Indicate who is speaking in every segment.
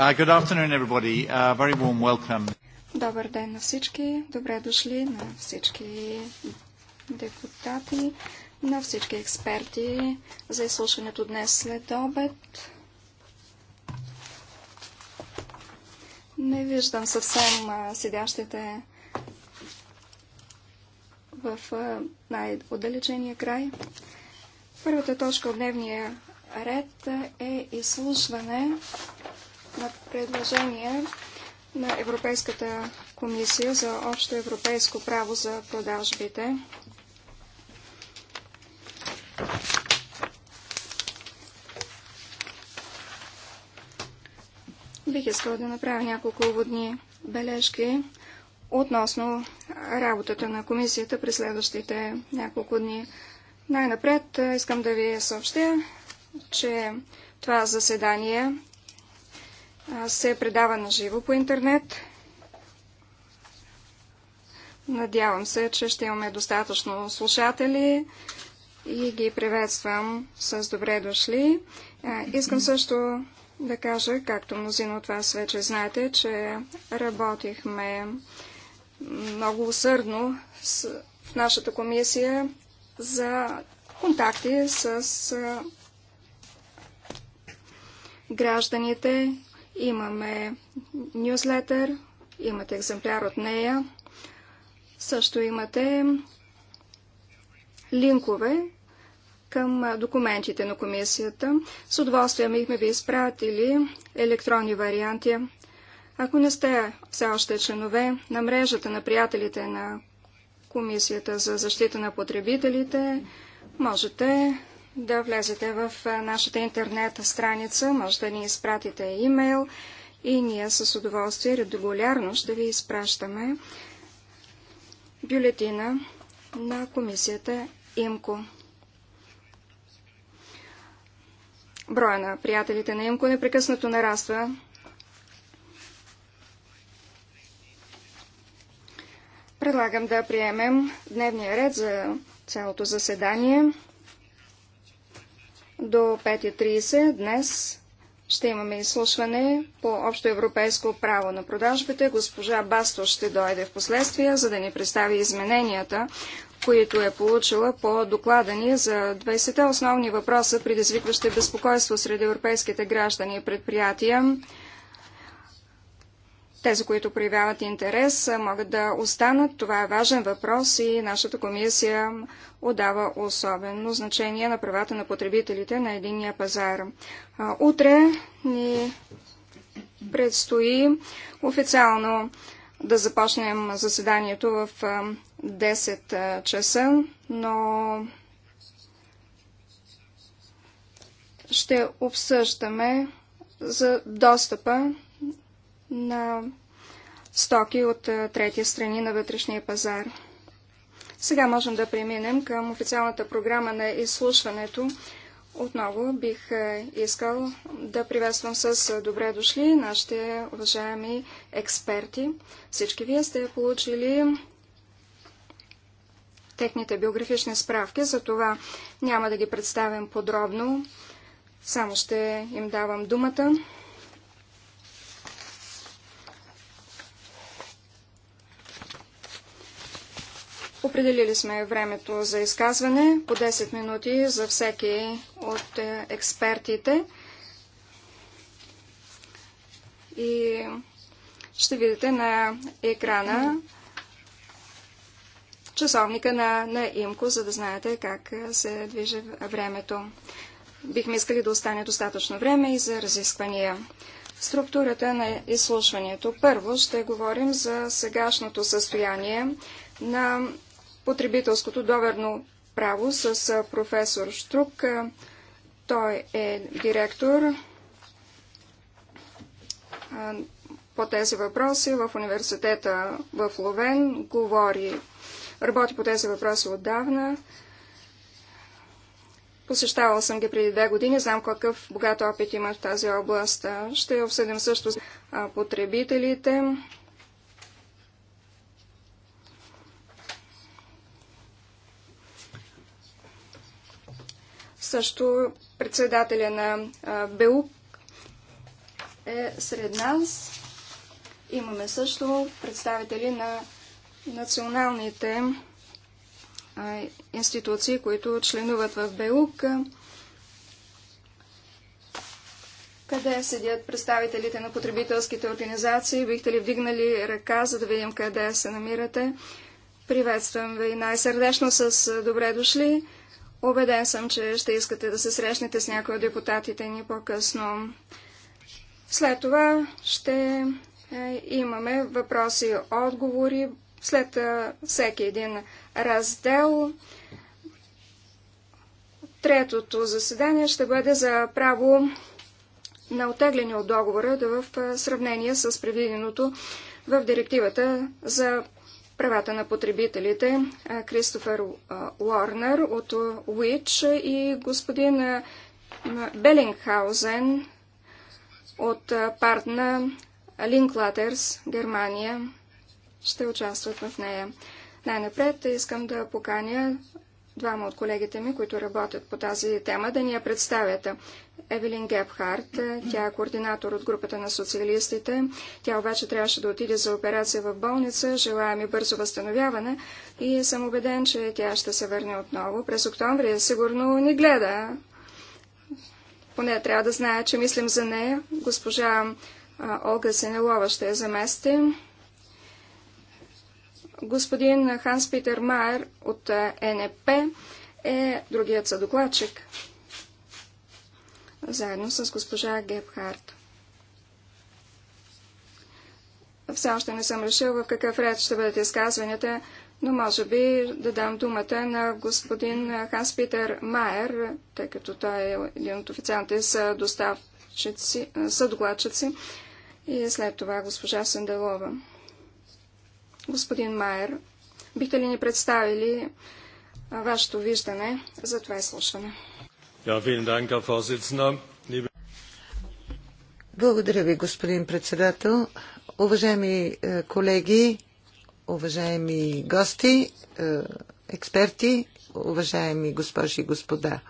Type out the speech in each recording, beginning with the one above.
Speaker 1: Uh,
Speaker 2: good afternoon, everybody. Uh, very warm welcome. Добър ден на всички. Добре дошли на всички депутати, на всички експерти за изслушването днес след обед. Не виждам съвсем седящите в най-отдалечения край. Първата точка от дневния ред е изслушване на предложение на Европейската комисия за общо европейско право за продажбите. Бих искала да направя няколко водни бележки относно работата на комисията през следващите няколко дни. Най-напред искам да ви съобщя, че това заседание се предава на живо по интернет. Надявам се, че ще имаме достатъчно слушатели и ги приветствам с добре дошли. Е, искам също да кажа, както мнозина от вас вече знаете, че работихме много усърдно в нашата комисия за контакти с е, гражданите Имаме нюзлетър, имате екземпляр от нея. Също имате линкове към документите на комисията. С удоволствие бихме ви изпратили електронни варианти. Ако не сте все още членове на мрежата на приятелите на Комисията за защита на потребителите, можете да влезете в нашата интернет страница, може да ни изпратите имейл и ние с удоволствие регулярно ще ви изпращаме бюлетина на комисията ИМКО. Броя на приятелите на ИМКО непрекъснато нараства. Предлагам да приемем дневния ред за цялото заседание до 5.30 днес ще имаме изслушване по общо европейско право на продажбите. Госпожа Басто ще дойде в последствие, за да ни представи измененията, които е получила по доклада ни за 20-те основни въпроса, предизвикващи безпокойство сред европейските граждани и предприятия тези, които проявяват интерес, могат да останат. Това е важен въпрос и нашата комисия отдава особено значение на правата на потребителите на единния пазар. Утре ни предстои официално да започнем заседанието в 10 часа, но ще обсъждаме за достъпа на стоки от е, трети страни на вътрешния пазар. Сега можем да преминем към официалната програма на изслушването. Отново бих е, искал да приветствам с е, добре дошли нашите уважаеми експерти. Всички вие сте получили техните биографични справки, за това няма да ги представям подробно. Само ще им давам думата. Определили сме времето за изказване по 10 минути за всеки от е, експертите. И ще видите на екрана часовника на, на ИМКО, за да знаете как е, се движи времето. Бихме искали да остане достатъчно време и за разисквания. Структурата на изслушването. Първо ще говорим за сегашното състояние на потребителското доверно право с професор Штрук. Той е директор по тези въпроси в университета в Ловен. Говори, работи по тези въпроси отдавна. Посещавал съм ги преди две години, знам какъв богат опит има в тази област. Ще обсъдим също потребителите Също председателя на БЕУК е сред нас. Имаме също представители на националните институции, които членуват в БЕУК, къде седят представителите на потребителските организации. Бихте ли вдигнали ръка, за да видим къде се намирате? Приветствам ви най-сърдечно с добре дошли. Обеден съм, че ще искате да се срещнете с някои от депутатите ни по-късно. След това ще е, имаме въпроси-отговори след е, всеки един раздел. Третото заседание ще бъде за право на отегляне от договора да в е, сравнение с предвиденото в директивата за правата на потребителите Кристофер Уорнер от Уич и господин Белингхаузен от партна Линклатерс, Германия, ще участват в нея. Най-напред искам да поканя двама от колегите ми, които работят по тази тема, да ни я представят. Евелин Гепхарт. Тя е координатор от групата на социалистите. Тя обаче трябваше да отиде за операция в болница. Желая ми бързо възстановяване и съм убеден, че тя ще се върне отново. През октомври сигурно ни гледа. Поне трябва да знае, че мислим за нея. Госпожа Олга Сенелова ще я замести. Господин Ханс Питер Майер от НП е другият съдокладчик. докладчик заедно с госпожа Гебхарт. Все още не съм решил в какъв ред ще бъдат изказванията, но може би да дам думата на господин Ханс Питер Майер, тъй като той е един от официалните съдогладчици, и след това госпожа Сенделова. Господин Майер, бихте ли ни представили вашето виждане за това изслушване?
Speaker 1: Благодаря ви, господин председател. Уважаеми е, колеги, уважаеми гости, е, експерти, уважаеми госпожи и господа.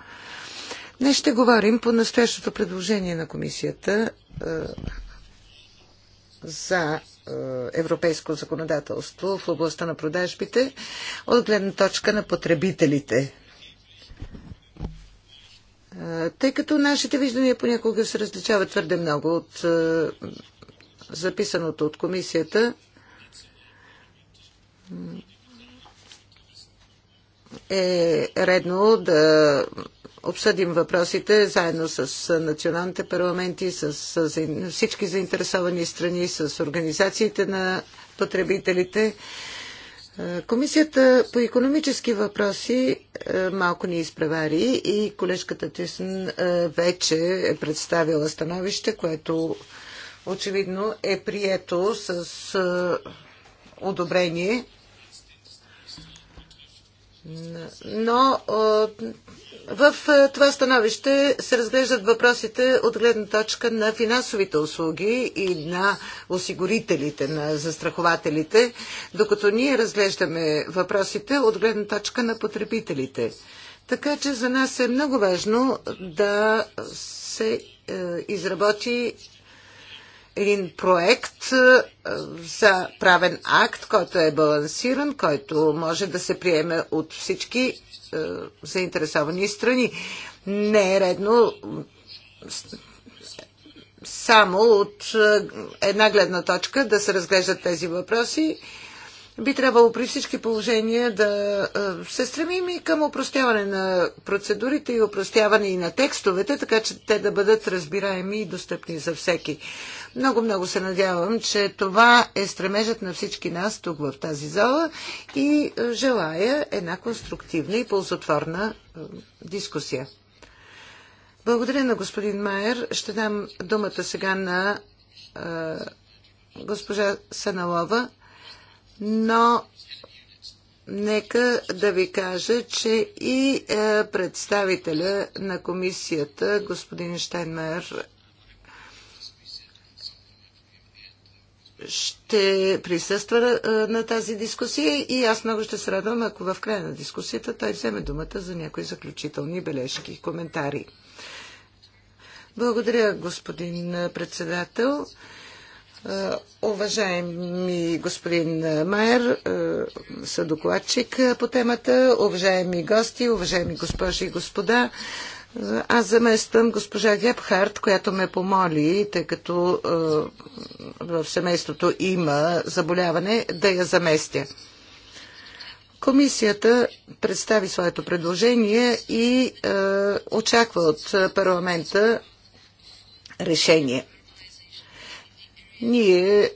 Speaker 1: Днес ще говорим по настоящото предложение на комисията е, за европейско законодателство в областта на продажбите от гледна точка на потребителите. Е, тъй като нашите виждания понякога се различават твърде много от е, записаното от комисията, е редно да обсъдим въпросите заедно с националните парламенти, с всички заинтересовани страни, с организациите на потребителите. Е, Комисията по економически въпроси е, малко ни изпревари и колежката Тисн е, вече е представила становище, което очевидно е прието с одобрение. Но в е, това становище се разглеждат въпросите от гледна точка на финансовите услуги и на осигурителите, на застрахователите, докато ние разглеждаме въпросите от гледна точка на потребителите. Така че за нас е много важно да се е, изработи един проект е, за правен акт, който е балансиран, който може да се приеме от всички е, заинтересовани страни. Не е редно само от е, една гледна точка да се разглеждат тези въпроси. Би трябвало при всички положения да се стремим и към упростяване на процедурите и упростяване и на текстовете, така че те да бъдат разбираеми и достъпни за всеки. Много-много се надявам, че това е стремежът на всички нас тук в тази зала и е, желая една конструктивна и ползотворна е, дискусия. Благодаря на господин Майер. Ще дам думата сега на е, госпожа Саналова, но нека да ви кажа, че и е, представителя на комисията, господин Штайнмайер, ще присъства на тази дискусия и аз много ще се радвам, ако в края на дискусията той вземе думата за някои заключителни бележки и коментари. Благодаря, господин председател. Уважаеми господин Майер, съдокладчик по темата, уважаеми гости, уважаеми госпожи и господа, аз замествам госпожа Гепхарт, която ме помоли, тъй като е, в семейството има заболяване, да я заместя. Комисията представи своето предложение и е, очаква от парламента решение. Ние е,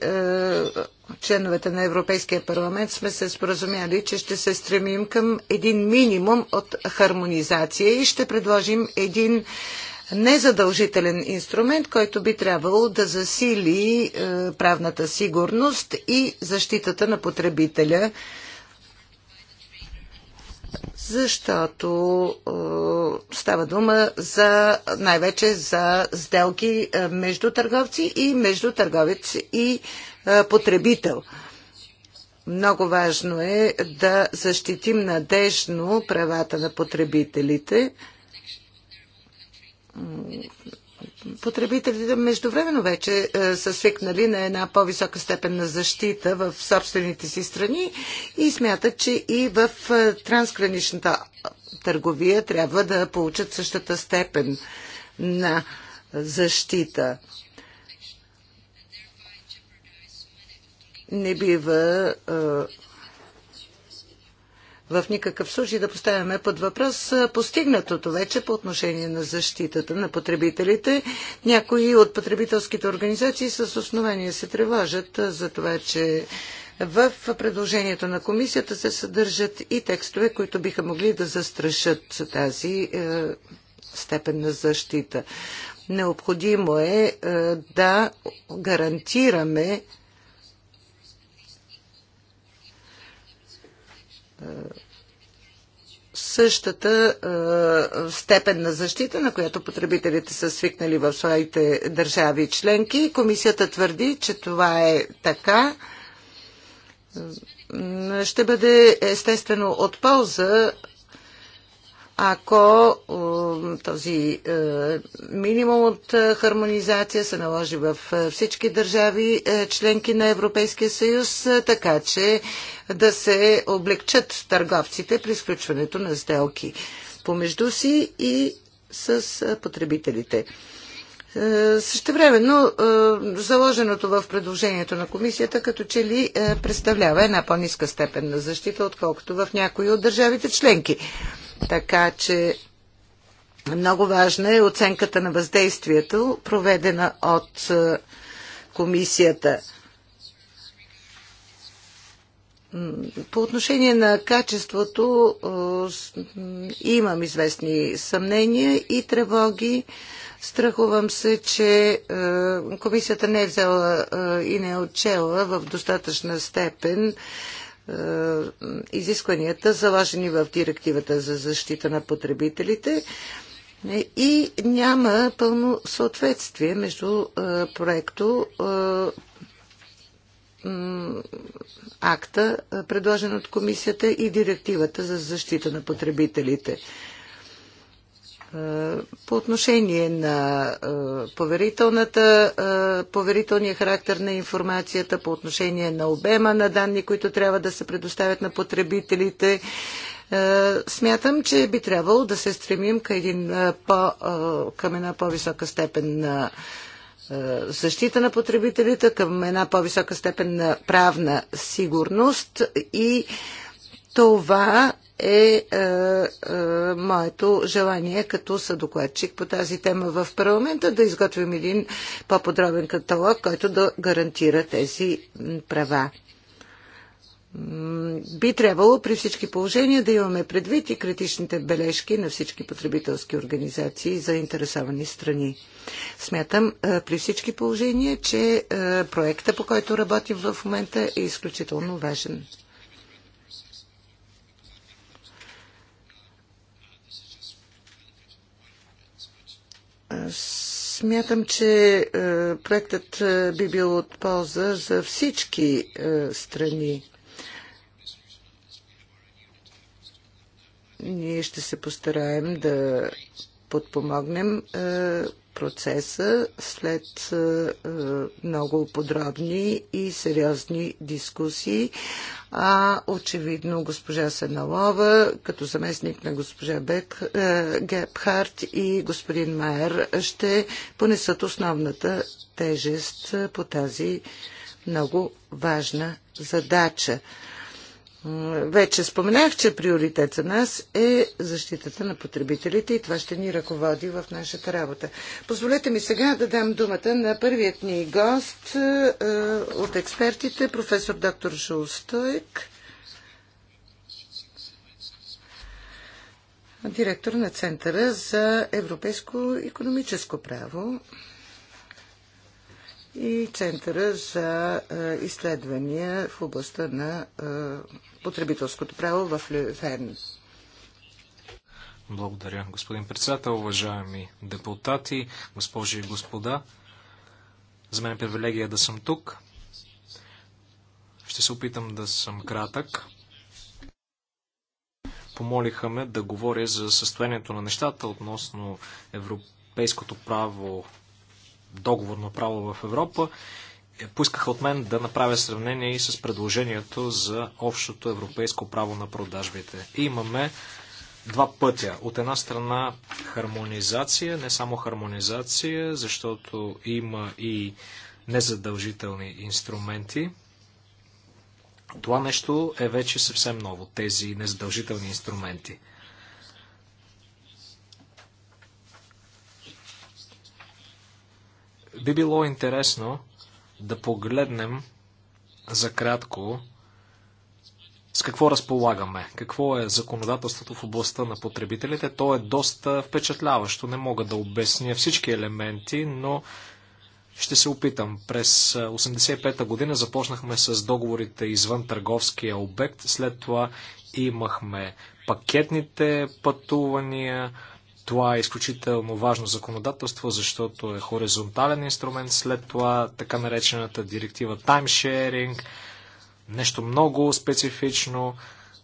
Speaker 1: членовете на Европейския парламент сме се споразумяли, че ще се стремим към един минимум от хармонизация и ще предложим един незадължителен инструмент, който би трябвало да засили е, правната сигурност и защитата на потребителя защото е, става дума за, най-вече за сделки е, между търговци и между търговец и е, потребител. Много важно е да защитим надежно правата на потребителите потребителите междувременно вече е, са свикнали на една по-висока степен на защита в собствените си страни и смятат, че и в е, трансграничната търговия трябва да получат същата степен на защита. Не бива е, в никакъв случай да поставяме под въпрос постигнатото вече по отношение на защитата на потребителите. Някои от потребителските организации с основание се тревожат за това, че в предложението на комисията се съдържат и текстове, които биха могли да застрашат тази е, степен на защита. Необходимо е, е да гарантираме същата е, степен на защита, на която потребителите са свикнали в своите държави и членки. Комисията твърди, че това е така. Ще бъде естествено от полза ако този е, минимум от е, хармонизация се наложи в е, всички държави, членки на Европейския съюз, така че да се облегчат търговците при сключването на сделки помежду си и с потребителите. Същевременно, заложеното в предложението на комисията като че ли представлява една по-ниска степен на защита, отколкото в някои от държавите членки. Така че много важна е оценката на въздействието, проведена от е, комисията. По отношение на качеството е, имам известни съмнения и тревоги. Страхувам се, че е, комисията не е взела и не е отчела в достатъчна степен е, изискванията, заложени в директивата за защита на потребителите и няма пълно съответствие между е, проекто е, акта, предложен от комисията и директивата за защита на потребителите. Е, по отношение на е, поверителната, е, поверителния характер на информацията, по отношение на обема на данни, които трябва да се предоставят на потребителите, смятам, че би трябвало да се стремим към, един, по, към една по-висока степен на защита на потребителите, към една по-висока степен на правна сигурност и това е, е, е моето желание като съдокладчик по тази тема в парламента да изготвим един по-подробен каталог, който да гарантира тези права. Би трябвало при всички положения да имаме предвид и критичните бележки на всички потребителски организации за интересовани страни. Смятам е, при всички положения, че е, проекта, по който работим в момента, е изключително важен. Смятам, че е, проектът е, би бил от полза за всички е, страни. Ние ще се постараем да подпомогнем процеса след много подробни и сериозни дискусии. А очевидно госпожа Сеналова, като заместник на госпожа Бек, Гепхарт и господин Майер ще понесат основната тежест по тази много важна задача. Вече споменах, че приоритет за нас е защитата на потребителите и това ще ни ръководи в нашата работа. Позволете ми сега да дам думата на първият ни гост е, от експертите, професор доктор Шулстойк, директор на Центъра за европейско економическо право и Центъра за е, изследвания в областта на е, потребителското право в Люферн.
Speaker 3: Благодаря, господин председател, уважаеми депутати, госпожи и господа. За мен е привилегия да съм тук. Ще се опитам да съм кратък. Помолиха ме да говоря за състоянието на нещата относно европейското право договорно право в Европа, е, поискаха от мен да направя сравнение и с предложението за общото европейско право на продажбите. И имаме два пътя. От една страна хармонизация, не само хармонизация, защото има и незадължителни инструменти. Това нещо е вече съвсем ново, тези незадължителни инструменти – Би било интересно да погледнем за кратко с какво разполагаме, какво е законодателството в областта на потребителите. То е доста впечатляващо. Не мога да обясня всички елементи, но ще се опитам. През 1985 година започнахме с договорите извън търговския обект, след това имахме пакетните пътувания, това е изключително важно законодателство, защото е хоризонтален инструмент, след това така наречената директива таймшеринг, нещо много специфично,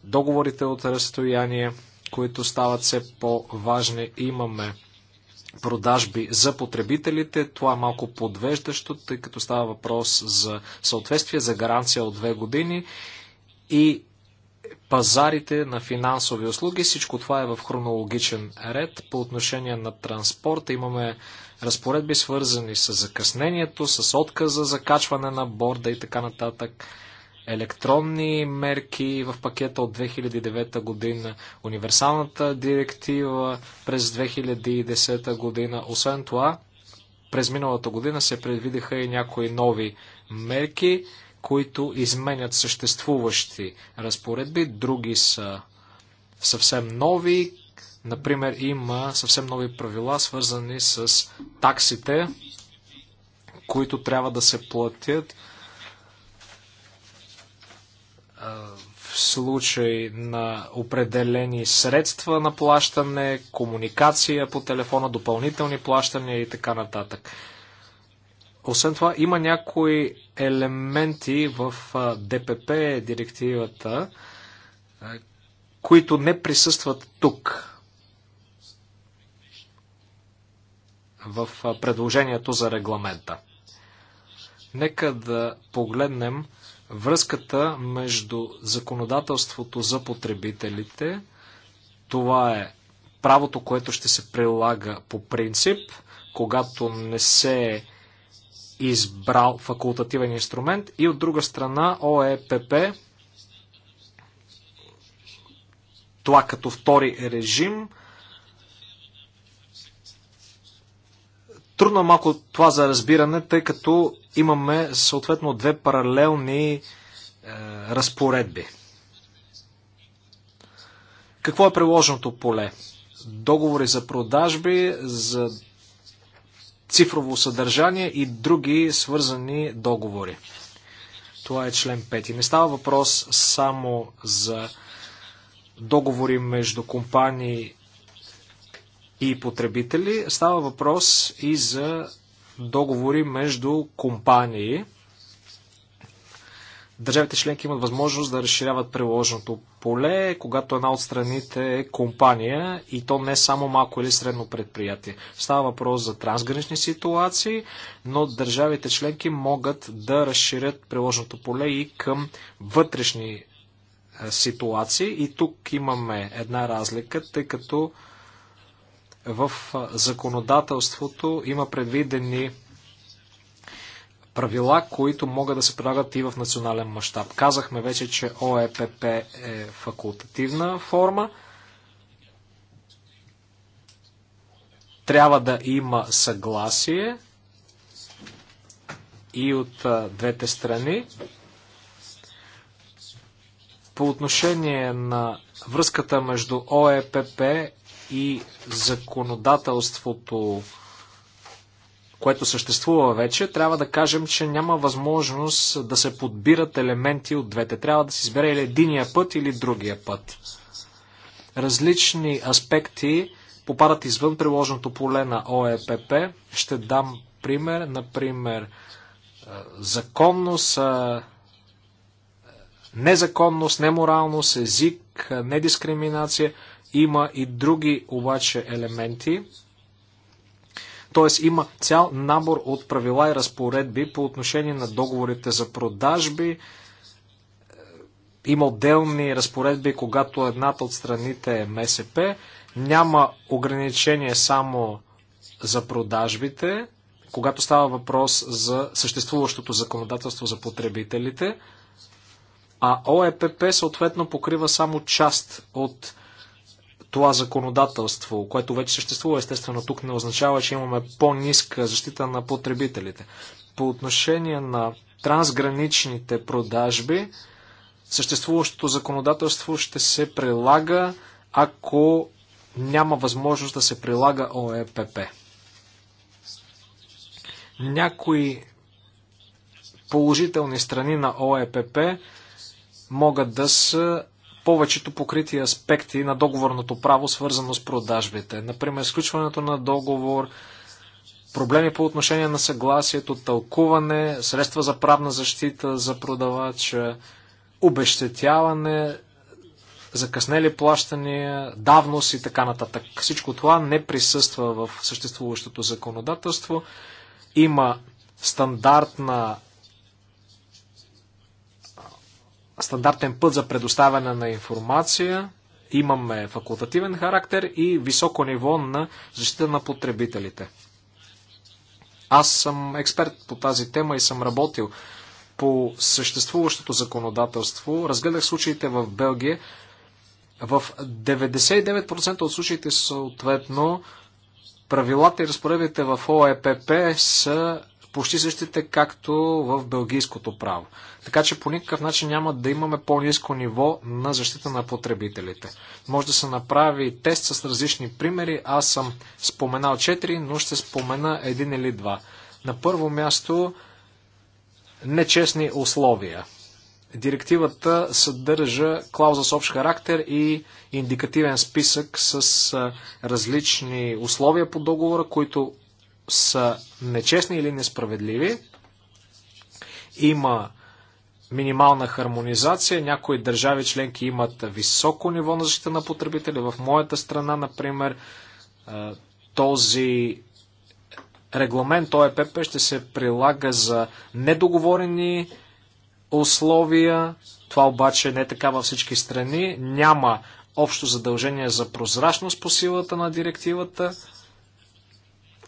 Speaker 3: договорите от разстояние, които стават все по-важни. Имаме продажби за потребителите. Това е малко подвеждащо, тъй като става въпрос за съответствие, за гаранция от две години и пазарите на финансови услуги. Всичко това е в хронологичен ред. По отношение на транспорта имаме разпоредби свързани с закъснението, с отказа за качване на борда и така нататък. Електронни мерки в пакета от 2009 година, универсалната директива през 2010 година. Освен това, през миналата година се предвидиха и някои нови мерки които изменят съществуващи разпоредби, други са съвсем нови. Например, има съвсем нови правила, свързани с таксите, които трябва да се платят в случай на определени средства на плащане, комуникация по телефона, допълнителни плащания и така нататък. Освен това, има някои елементи в ДПП директивата, които не присъстват тук в предложението за регламента. Нека да погледнем връзката между законодателството за потребителите, това е правото, което ще се прилага по принцип, когато не се избрал факултативен инструмент и от друга страна ОЕПП това като втори режим. Трудно е малко това за разбиране, тъй като имаме съответно две паралелни е, разпоредби. Какво е приложеното поле? Договори за продажби, за цифрово съдържание и други свързани договори. Това е член 5. Не става въпрос само за договори между компании и потребители. Става въпрос и за договори между компании – държавите членки имат възможност да разширяват приложеното поле, когато една от страните е компания и то не е само малко или средно предприятие. Става въпрос за трансгранични ситуации, но държавите членки могат да разширят приложеното поле и към вътрешни е, ситуации. И тук имаме една разлика, тъй като в е, законодателството има предвидени правила, които могат да се прилагат и в национален мащаб. Казахме вече, че ОЕПП е факултативна форма. Трябва да има съгласие и от двете страни. По отношение на връзката между ОЕПП и законодателството което съществува вече, трябва да кажем, че няма възможност да се подбират елементи от двете. Трябва да се избере или единия път, или другия път. Различни аспекти попадат извън приложеното поле на ОЕПП. Ще дам пример. Например, законност, незаконност, неморалност, език, недискриминация. Има и други обаче елементи – Тоест има цял набор от правила и разпоредби по отношение на договорите за продажби. Има отделни разпоредби, когато едната от страните е МСП. Няма ограничение само за продажбите, когато става въпрос за съществуващото законодателство за потребителите, а ОЕПП съответно покрива само част от това законодателство, което вече съществува, естествено тук не означава, че имаме по-ниска защита на потребителите. По отношение на трансграничните продажби, съществуващото законодателство ще се прилага, ако няма възможност да се прилага ОЕПП. Някои положителни страни на ОЕПП могат да са повечето покрити аспекти на договорното право, свързано с продажбите. Например, изключването на договор, проблеми по отношение на съгласието, тълкуване, средства за правна защита за продавача, обещетяване, закъснели плащания, давност и така нататък. Всичко това не присъства в съществуващото законодателство. Има стандартна стандартен път за предоставяне на информация. Имаме факултативен характер и високо ниво на защита на потребителите. Аз съм експерт по тази тема и съм работил по съществуващото законодателство. Разгледах случаите в Белгия. В 99% от случаите съответно правилата и разпоредбите в ОЕПП са почти същите, както в белгийското право. Така че по никакъв начин няма да имаме по-низко ниво на защита на потребителите. Може да се направи тест с различни примери. Аз съм споменал 4, но ще спомена един или два. На първо място нечестни условия. Директивата съдържа клауза с общ характер и индикативен списък с различни условия по договора, които са нечестни или несправедливи. Има минимална хармонизация. Някои държави членки имат високо ниво на защита на потребители. В моята страна, например, този регламент ОЕПП ще се прилага за недоговорени условия. Това обаче не е така във всички страни. Няма общо задължение за прозрачност по силата на директивата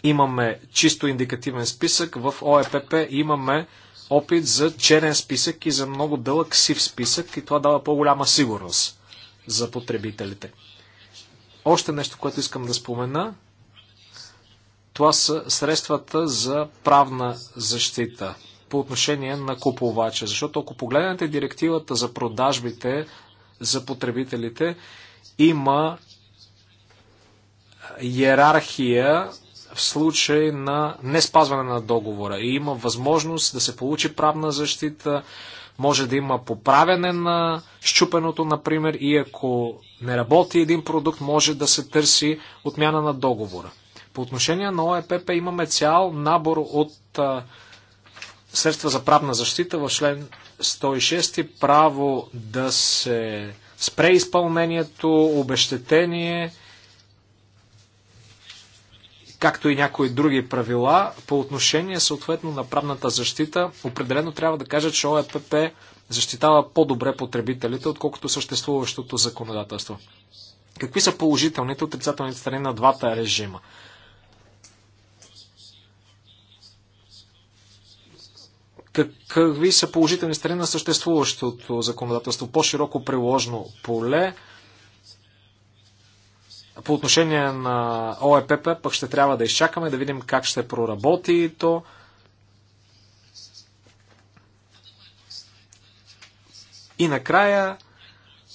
Speaker 3: имаме чисто индикативен списък, в ОЕПП имаме опит за черен списък и за много дълъг сив списък и това дава по-голяма сигурност за потребителите. Още нещо, което искам да спомена, това са средствата за правна защита по отношение на купувача. Защото ако погледнете директивата за продажбите за потребителите, има иерархия в случай на не спазване на договора и има възможност да се получи правна защита, може да има поправяне на щупеното, например, и ако не работи един продукт, може да се търси отмяна на договора. По отношение на ОЕПП имаме цял набор от а, средства за правна защита в член 106 право да се спре изпълнението, обещетение, както и някои други правила. По отношение съответно на правната защита, определено трябва да кажа, че ОЕПП защитава по-добре потребителите, отколкото съществуващото законодателство. Какви са положителните отрицателните страни на двата режима? Какви са положителни страни на съществуващото законодателство? По-широко приложно поле, по отношение на ОЕПП пък ще трябва да изчакаме да видим как ще проработи то. И накрая,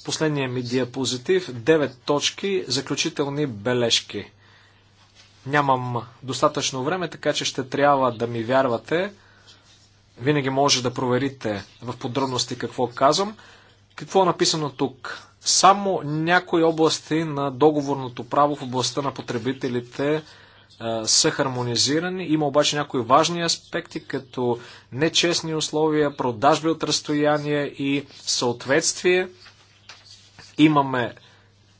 Speaker 3: последния ми диапозитив, 9 точки, заключителни бележки. Нямам достатъчно време, така че ще трябва да ми вярвате. Винаги може да проверите в подробности какво казвам. Какво е написано тук? Само някои области на договорното право в областта на потребителите е, са хармонизирани. Има обаче някои важни аспекти, като нечестни условия, продажби от разстояние и съответствие. Имаме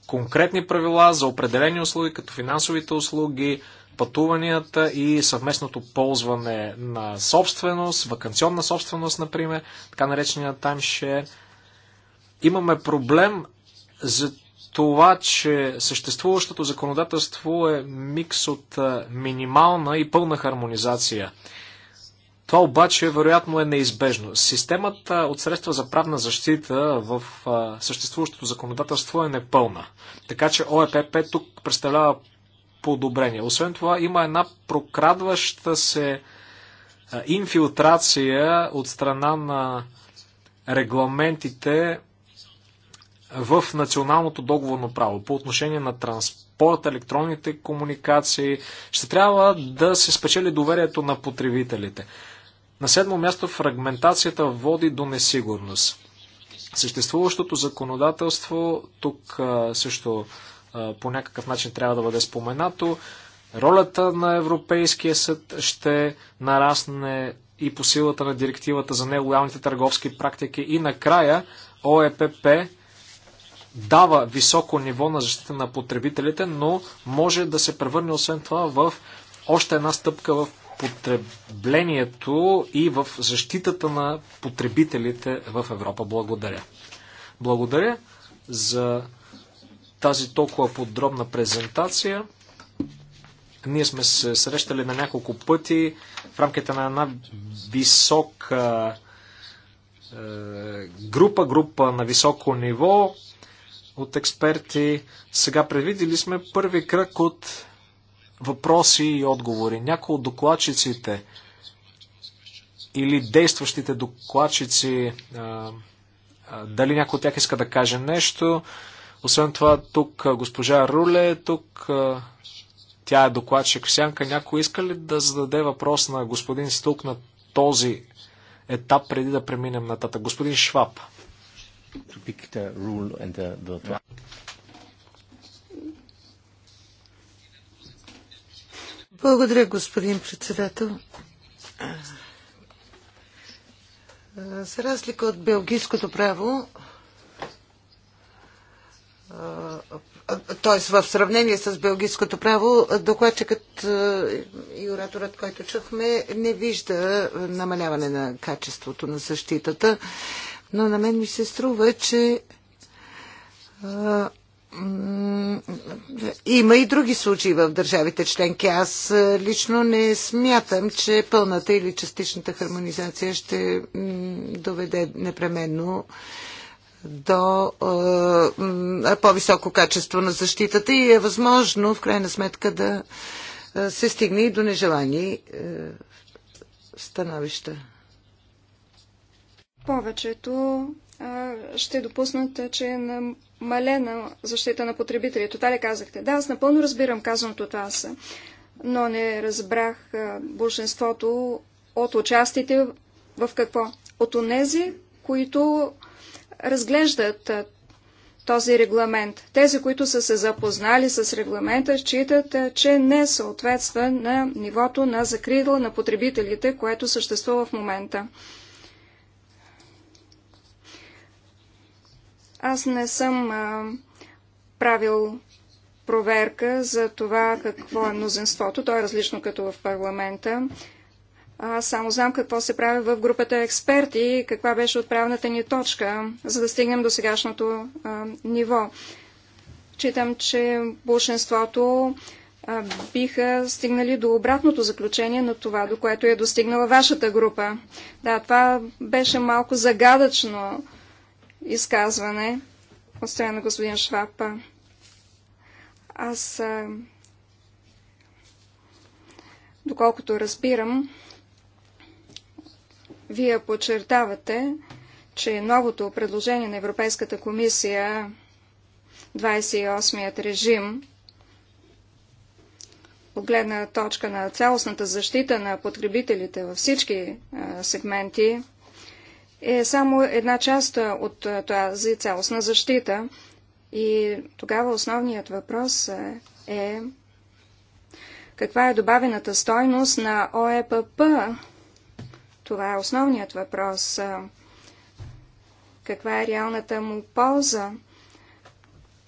Speaker 3: конкретни правила за определени услуги, като финансовите услуги, пътуванията и съвместното ползване на собственост, вакансионна собственост, например, така наречения таймшер. Имаме проблем за това, че съществуващото законодателство е микс от минимална и пълна хармонизация. Това обаче вероятно е неизбежно. Системата от средства за правна защита в съществуващото законодателство е непълна. Така че ОЕПП тук представлява подобрение. Освен това има една прокрадваща се инфилтрация от страна на регламентите в националното договорно право по отношение на транспорт, електронните комуникации. Ще трябва да се спечели доверието на потребителите. На седмо място фрагментацията води до несигурност. Съществуващото законодателство тук също по някакъв начин трябва да бъде споменато. Ролята на Европейския съд ще нарасне и по силата на директивата за нелоялните търговски практики. И накрая ОЕПП дава високо ниво на защита на потребителите, но може да се превърне освен това в още една стъпка в потреблението и в защитата на потребителите в Европа. Благодаря. Благодаря за тази толкова подробна презентация. Ние сме се срещали на няколко пъти в рамките на една висока е, група, група на високо ниво от експерти. Сега предвидили сме първи кръг от въпроси и отговори. Някои от докладчиците или действащите докладчици, дали някой от тях иска да каже нещо. Освен това, тук госпожа Руле, е тук тя е докладчик в сянка. Някой иска ли да зададе въпрос на господин Стук на този етап, преди да преминем нататък? Господин Шваб. The...
Speaker 1: Благодаря, господин председател. За разлика от белгийското право, т.е. в сравнение с белгийското право, докладчикът и ораторът, който чухме, не вижда намаляване на качеството на защитата но на мен ми се струва, че има и други случаи в държавите членки. Аз лично не смятам, че пълната или частичната хармонизация ще доведе непременно до по-високо качество на защитата и е възможно в крайна сметка да се стигне и до нежелани становища
Speaker 2: повечето ще допуснат, че е намалена защита на потребителите. Това ли казахте? Да, аз напълно разбирам казаното от вас, но не разбрах большинството от участите в какво? От онези, които разглеждат този регламент. Тези, които са се запознали с регламента, считат, че не съответства на нивото на закрила на потребителите, което съществува в момента. Аз не съм а, правил проверка за това какво е мнозинството. То е различно като в парламента. Аз само знам какво се прави в групата експерти и каква беше отправната ни точка, за да стигнем до сегашното а, ниво. Читам, че большинството а, биха стигнали до обратното заключение на това, до което е достигнала вашата група. Да, това беше малко загадъчно изказване от страна на господин Швапа. Аз, а, доколкото разбирам, вие подчертавате, че новото предложение на Европейската комисия, 28-ят режим, от гледна точка на цялостната защита на потребителите във всички а, сегменти, е само една част от тази цялостна защита. И тогава основният въпрос е каква е добавената стойност на ОЕПП? Това е основният въпрос. Каква е реалната му полза?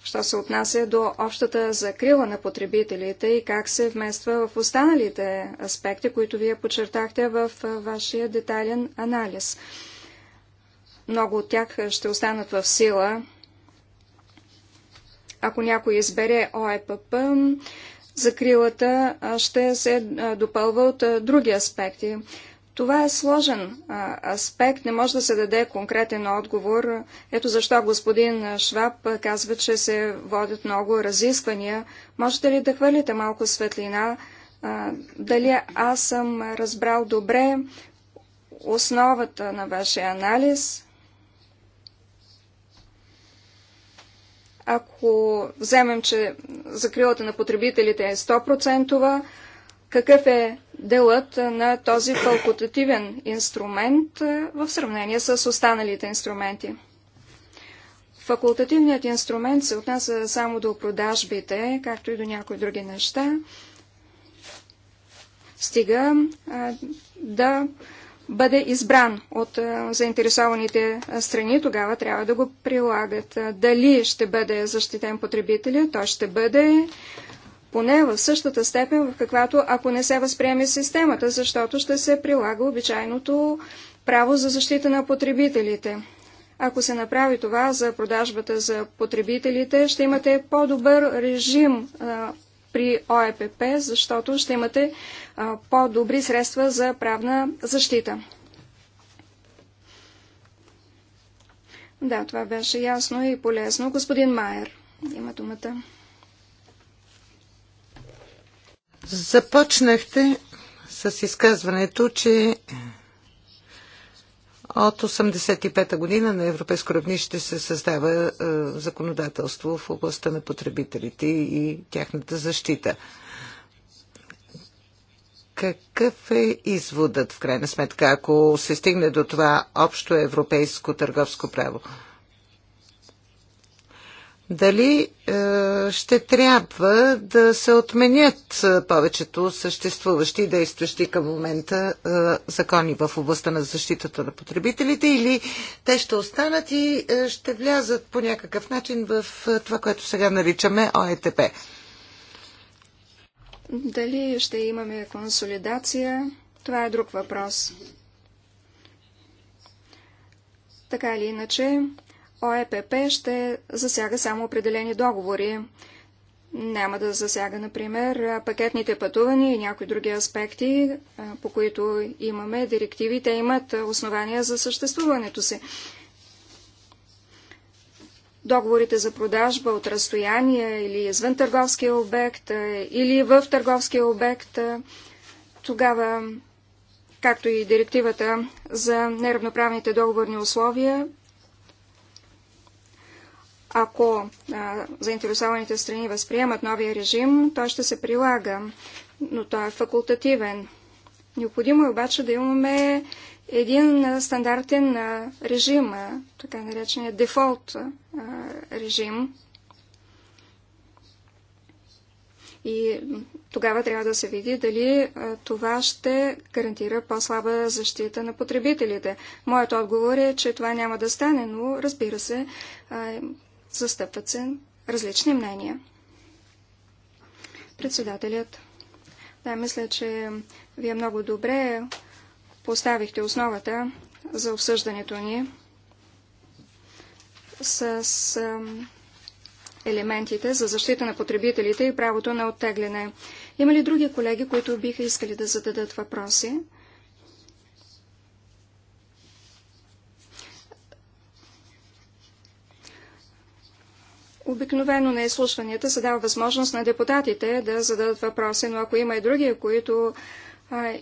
Speaker 2: Що се отнася до общата закрила на потребителите и как се вмества в останалите аспекти, които вие подчертахте в вашия детайлен анализ? Много от тях ще останат в сила. Ако някой избере ОЕПП, закрилата ще се допълва от други аспекти. Това е сложен аспект, не може да се даде конкретен отговор. Ето защо господин Шваб казва, че се водят много разисквания. Можете ли да хвърлите малко светлина? Дали аз съм разбрал добре основата на вашия анализ? ако вземем, че закрилата на потребителите е 100%, какъв е делът на този факултативен инструмент е, в сравнение с останалите инструменти? Факултативният инструмент се отнася само до продажбите, както и до някои други неща. Стига а, е, да бъде избран от заинтересованите страни, тогава трябва да го прилагат. Дали ще бъде защитен потребителя, той ще бъде поне в същата степен, в каквато ако не се възприеме системата, защото ще се прилага обичайното право за защита на потребителите. Ако се направи това за продажбата за потребителите, ще имате по-добър режим при ОЕПП, защото ще имате по-добри средства за правна защита. Да, това беше ясно и полезно. Господин Майер
Speaker 1: има думата. Започнахте с изказването, че от 1985-та година на европейско равнище се създава е, законодателство в областта на потребителите и тяхната защита. Какъв е изводът, в крайна сметка, ако се стигне до това общо европейско търговско право? дали е, ще трябва да се отменят е, повечето съществуващи и действащи към момента е, закони в областта на защитата на потребителите или те ще останат и е, ще влязат по някакъв начин в е, това, което сега наричаме ОЕТП.
Speaker 2: Дали ще имаме консолидация, това е друг въпрос. Така или иначе, ОЕПП ще засяга само определени договори. Няма да засяга, например, пакетните пътувания и някои други аспекти, по които имаме директиви. Те имат основания за съществуването си. Договорите за продажба от разстояние или извън търговския обект или в търговския обект, тогава, както и директивата за неравноправните договорни условия, ако а, заинтересованите страни възприемат новия режим, той ще се прилага, но той е факултативен. Необходимо е обаче да имаме един стандартен режим, така наречения дефолт режим. И тогава трябва да се види дали това ще гарантира по-слаба защита на потребителите. Моят отговор е, че това няма да стане, но разбира се, Застъпват се различни мнения. Председателят. Да, мисля, че вие много добре поставихте основата за обсъждането ни с елементите за защита на потребителите и правото на оттегляне. Има ли други колеги, които биха искали да зададат въпроси? Обикновено на изслушванията се дава възможност на депутатите да зададат въпроси, но ако има и други, които а,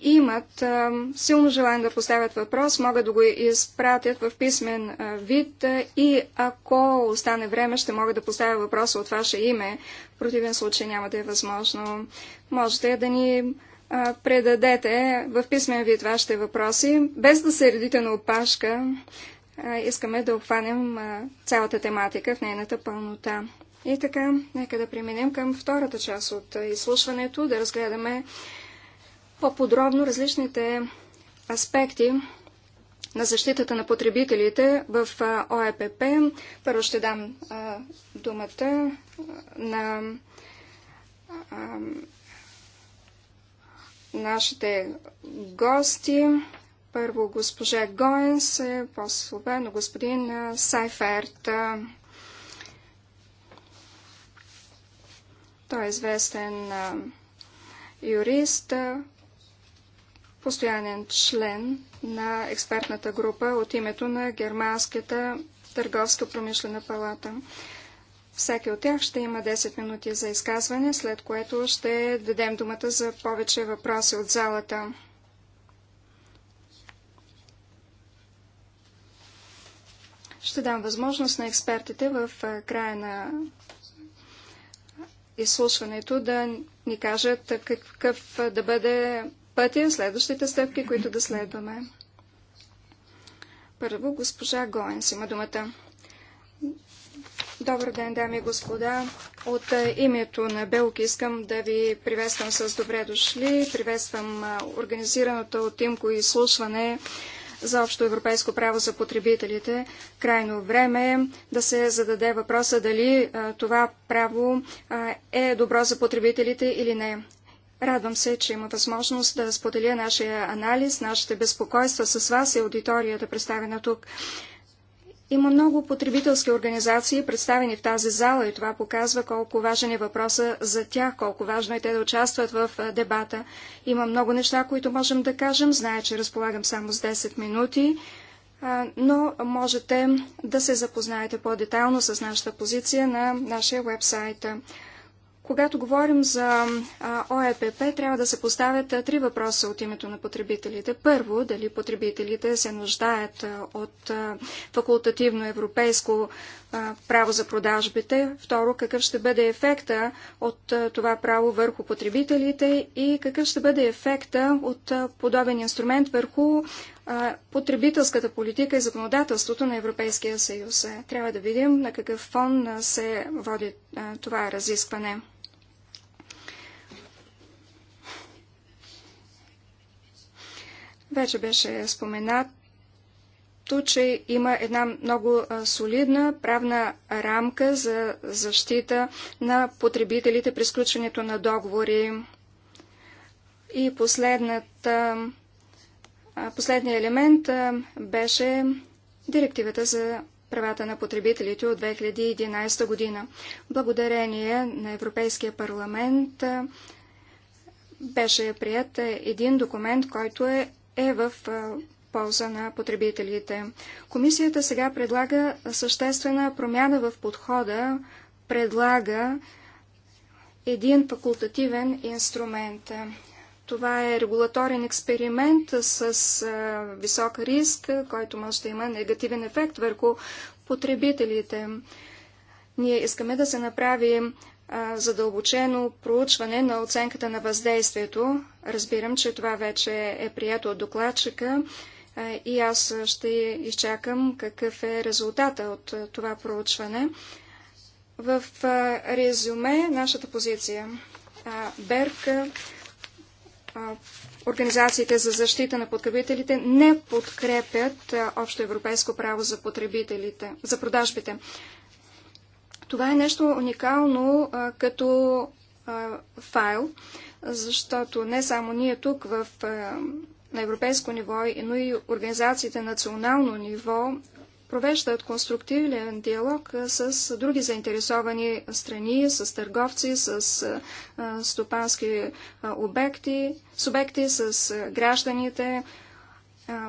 Speaker 2: имат а, силно желание да поставят въпрос, могат да го изпратят в писмен а, вид а, и ако остане време, ще могат да поставя въпроса от ваше име. В противен случай няма да е възможно. Можете да ни а, предадете в писмен вид вашите въпроси, без да се редите на опашка искаме да обхванем цялата тематика в нейната пълнота. И така, нека да преминем към втората част от изслушването, да разгледаме по-подробно различните аспекти на защитата на потребителите в ОЕПП. Първо ще дам а, думата на а, нашите гости. Първо госпожа Гоенс, е по-словено господин Сайферт. Той е известен юрист, постоянен член на експертната група от името на Германската търговска промишлена палата. Всеки от тях ще има 10 минути за изказване, след което ще дадем думата за повече въпроси от залата. Ще дам възможност на експертите в края на изслушването да ни кажат какъв да бъде пътя, следващите стъпки, които да следваме. Първо, госпожа Гоенс има думата. Добър ден, дами и господа. От името на Белки искам да ви приветствам с добре дошли. Приветствам организираното от Тимко изслушване за общо европейско право за потребителите. Крайно време е да се зададе въпроса дали това право е добро за потребителите или не. Радвам се, че има възможност да споделя нашия анализ, нашите безпокойства с вас и аудиторията, представена тук. Има много потребителски организации, представени в тази зала и това показва колко важен е въпроса за тях, колко важно е те да участват в дебата. Има много неща, които можем да кажем. Зная, че разполагам само с 10 минути, но можете да се запознаете по-детайлно с нашата позиция на нашия вебсайт. Когато говорим за ОЕПП, трябва да се поставят три въпроса от името на потребителите. Първо, дали потребителите се нуждаят от факултативно европейско право за продажбите. Второ, какъв ще бъде ефекта от това право върху потребителите и какъв ще бъде ефекта от подобен инструмент върху потребителската политика и законодателството на Европейския съюз. Трябва да видим на какъв фон се води това разискване. Вече беше споменато, че има една много солидна правна рамка за защита на потребителите при сключването на договори. И последната, последният елемент беше директивата за правата на потребителите от 2011 година. Благодарение на Европейския парламент беше прият един документ, който е е в полза на потребителите. Комисията сега предлага съществена промяна в подхода, предлага един факултативен инструмент. Това е регулаторен експеримент с висок риск, който може да има негативен ефект върху потребителите. Ние искаме да се направи задълбочено проучване на оценката на въздействието. Разбирам, че това вече е прието от докладчика и аз ще изчакам какъв е резултата от това проучване. В резюме нашата позиция. Берк, организациите за защита на потребителите не подкрепят общо европейско право за потребителите, за продажбите. Това е нещо уникално а, като а, файл, защото не само ние тук в, а, на европейско ниво, но и организациите на национално ниво провеждат конструктивен диалог с други заинтересовани страни, с търговци, с стопански обекти, субекти, с гражданите,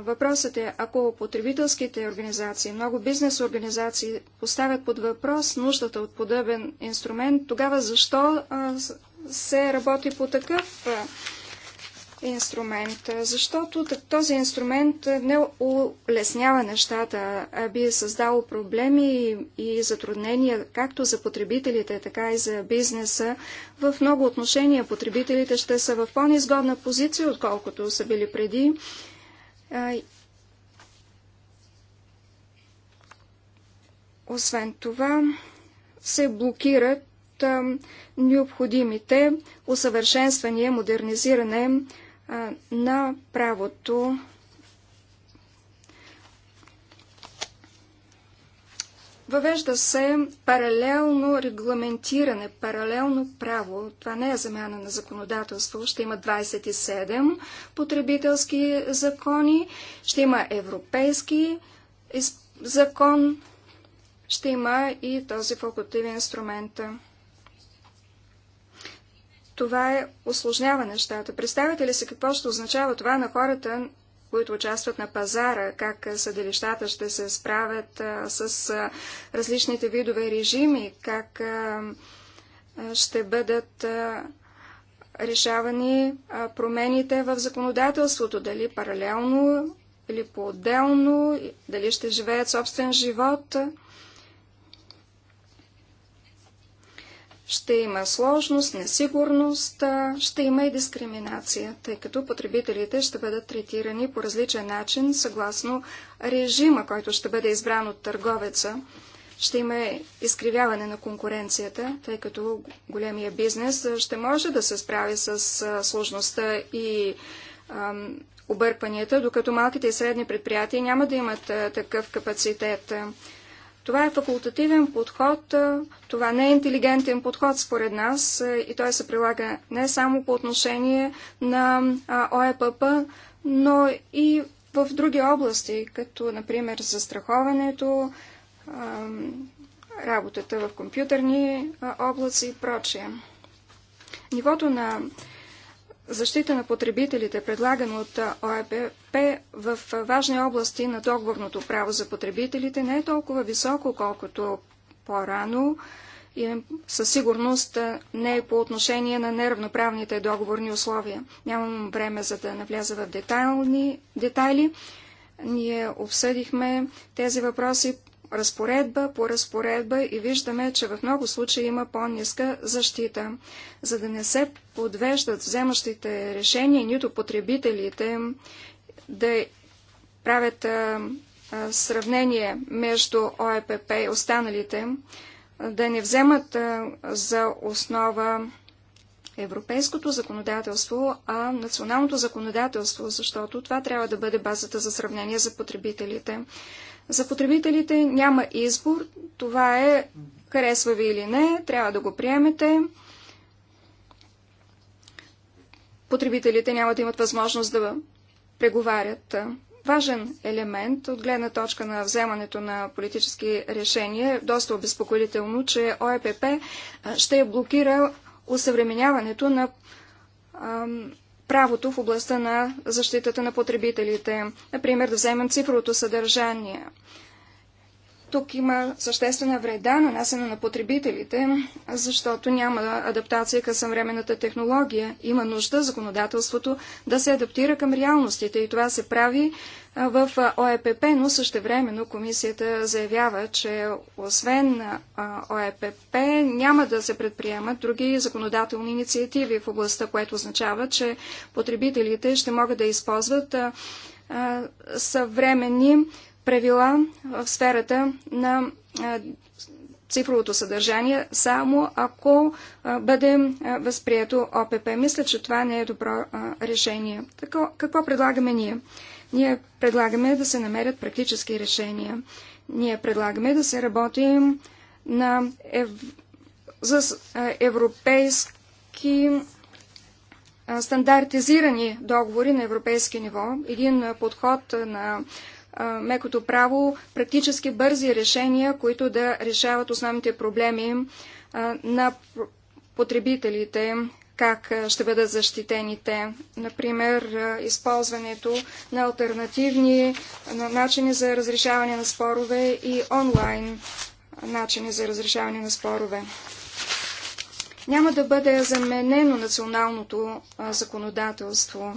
Speaker 2: Въпросът е, ако потребителските организации, много бизнес организации поставят под въпрос нуждата от подобен инструмент, тогава защо се работи по такъв инструмент? Защото този инструмент не улеснява нещата, а би създал проблеми и затруднения както за потребителите, така и за бизнеса. В много отношения потребителите ще са в по-низгодна позиция, отколкото са били преди освен това, се блокират необходимите усъвършенствания, модернизиране на правото Въвежда се паралелно регламентиране, паралелно право. Това не е замяна на законодателство. Ще има 27 потребителски закони, ще има европейски закон, ще има и този факултивен инструмент. Това е осложнява нещата. Представете ли се какво ще означава това на хората които участват на пазара, как съдилищата ще се справят с различните видове режими, как ще бъдат решавани промените в законодателството, дали паралелно или по-отделно, дали ще живеят собствен живот. ще има сложност, несигурност, ще има и дискриминация, тъй като потребителите ще бъдат третирани по различен начин, съгласно режима, който ще бъде избран от търговеца. Ще има изкривяване на конкуренцията, тъй като големия бизнес ще може да се справи с сложността и ам, докато малките и средни предприятия няма да имат такъв капацитет. Това е факултативен подход, това не е интелигентен подход според нас и той се прилага не само по отношение на ОЕПП, но и в други области, като например застраховането, работата в компютърни облаци и прочее. Нивото на защита на потребителите, предлагано от ОЕПП в важни области на договорното право за потребителите, не е толкова високо, колкото по-рано и със сигурност не е по отношение на неравноправните договорни условия. Нямам време за да навляза в детайлни, детайли. Ние обсъдихме тези въпроси разпоредба по разпоредба и виждаме, че в много случаи има по-ниска защита. За да не се подвеждат вземащите решения, нито потребителите да правят а, а, сравнение между ОЕПП и останалите, да не вземат а, за основа европейското законодателство, а националното законодателство, защото това трябва да бъде базата за сравнение за потребителите. За потребителите няма избор. Това е харесва ви или не, трябва да го приемете. Потребителите няма да имат възможност да преговарят. Важен елемент от гледна точка на вземането на политически решения е доста обезпокоително, че ОЕПП ще блокира усъвременяването на ам, правото в областта на защитата на потребителите. Например, да вземем цифровото съдържание. Тук има съществена вреда, нанасена на потребителите, защото няма адаптация към съвременната технология. Има нужда законодателството да се адаптира към реалностите и това се прави в ОЕПП, но същевременно комисията заявява, че освен ОЕПП няма да се предприемат други законодателни инициативи в областта, което означава, че потребителите ще могат да използват съвременни правила в сферата на цифровото съдържание, само ако бъде възприето ОПП. Мисля, че това не е добро решение. какво предлагаме ние? Ние предлагаме да се намерят практически решения. Ние предлагаме да се работим на ев... за европейски стандартизирани договори на европейски ниво, един подход на мекото право, практически бързи решения, които да решават основните проблеми на потребителите, как ще бъдат защитени те. Например, използването на альтернативни начини за разрешаване на спорове и онлайн начини за разрешаване на спорове. Няма да бъде заменено националното законодателство.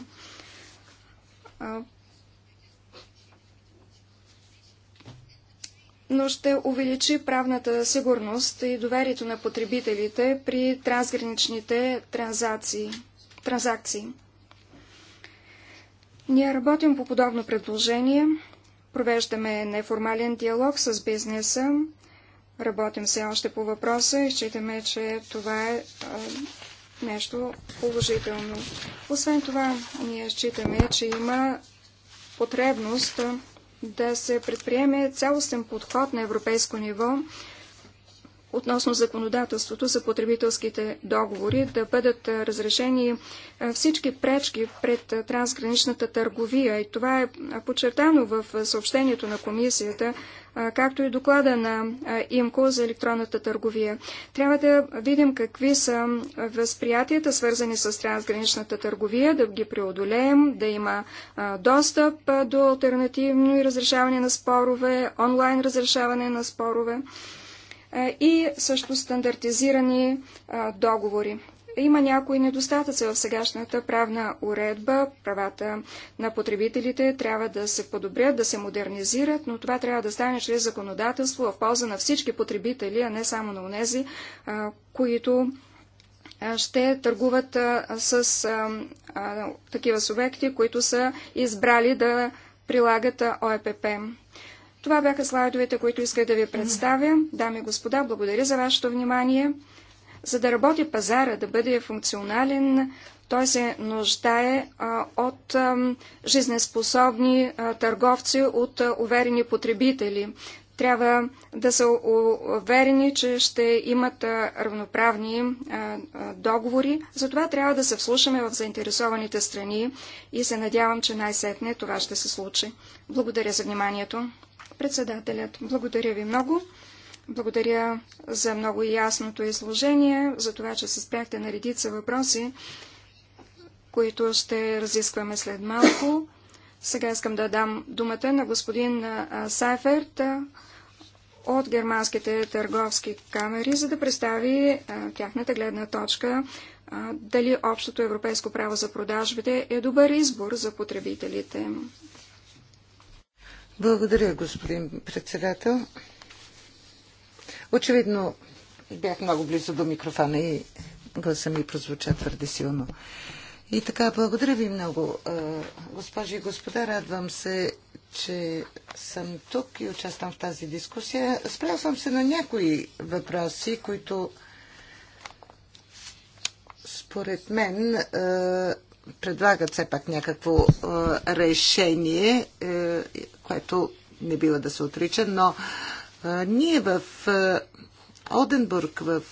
Speaker 2: но ще увеличи правната сигурност и доверието на потребителите при трансграничните транзакции. Ние работим по подобно предложение, провеждаме неформален диалог с бизнеса, работим все още по въпроса и считаме, че това е нещо положително. Освен това, ние считаме, че има потребност да се предприеме цялостен подход на европейско ниво относно законодателството за потребителските договори, да бъдат разрешени всички пречки пред трансграничната търговия. И това е подчертано в съобщението на комисията както и доклада на ИМКО за електронната търговия. Трябва да видим какви са възприятията, свързани с трансграничната търговия, да ги преодолеем, да има достъп до альтернативно и разрешаване на спорове, онлайн разрешаване на спорове и също стандартизирани договори има някои недостатъци в сегашната правна уредба. Правата на потребителите трябва да се подобрят, да се модернизират, но това трябва да стане чрез законодателство в полза на всички потребители, а не само на унези, които ще търгуват с такива субекти, които са избрали да прилагат ОЕПП. Това бяха слайдовете, които исках да ви представя. Дами и господа, благодаря за вашето внимание. За да работи пазара, да бъде функционален, той се нуждае а, от а, жизнеспособни а, търговци, от а, уверени потребители. Трябва да са уверени, че ще имат а, равноправни а, а, договори. Затова трябва да се вслушаме в заинтересованите страни и се надявам, че най-сетне това ще се случи. Благодаря за вниманието. Председателят, благодаря ви много. Благодаря за много ясното изложение, за това, че се спряхте на редица въпроси, които ще разискваме след малко. Сега искам да дам думата на господин Сайферт от германските търговски камери, за да представи тяхната гледна точка дали общото европейско право за продажбите е добър избор за потребителите.
Speaker 1: Благодаря, господин председател. Очевидно бях много близо до микрофона и гласа ми прозвуча твърде силно. И така, благодаря ви много. Госпожи и господа, радвам се, че съм тук и участвам в тази дискусия. Спрял съм се на някои въпроси, които според мен предлагат все пак някакво решение, което не бива да се отрича, но ние в Оденбург, в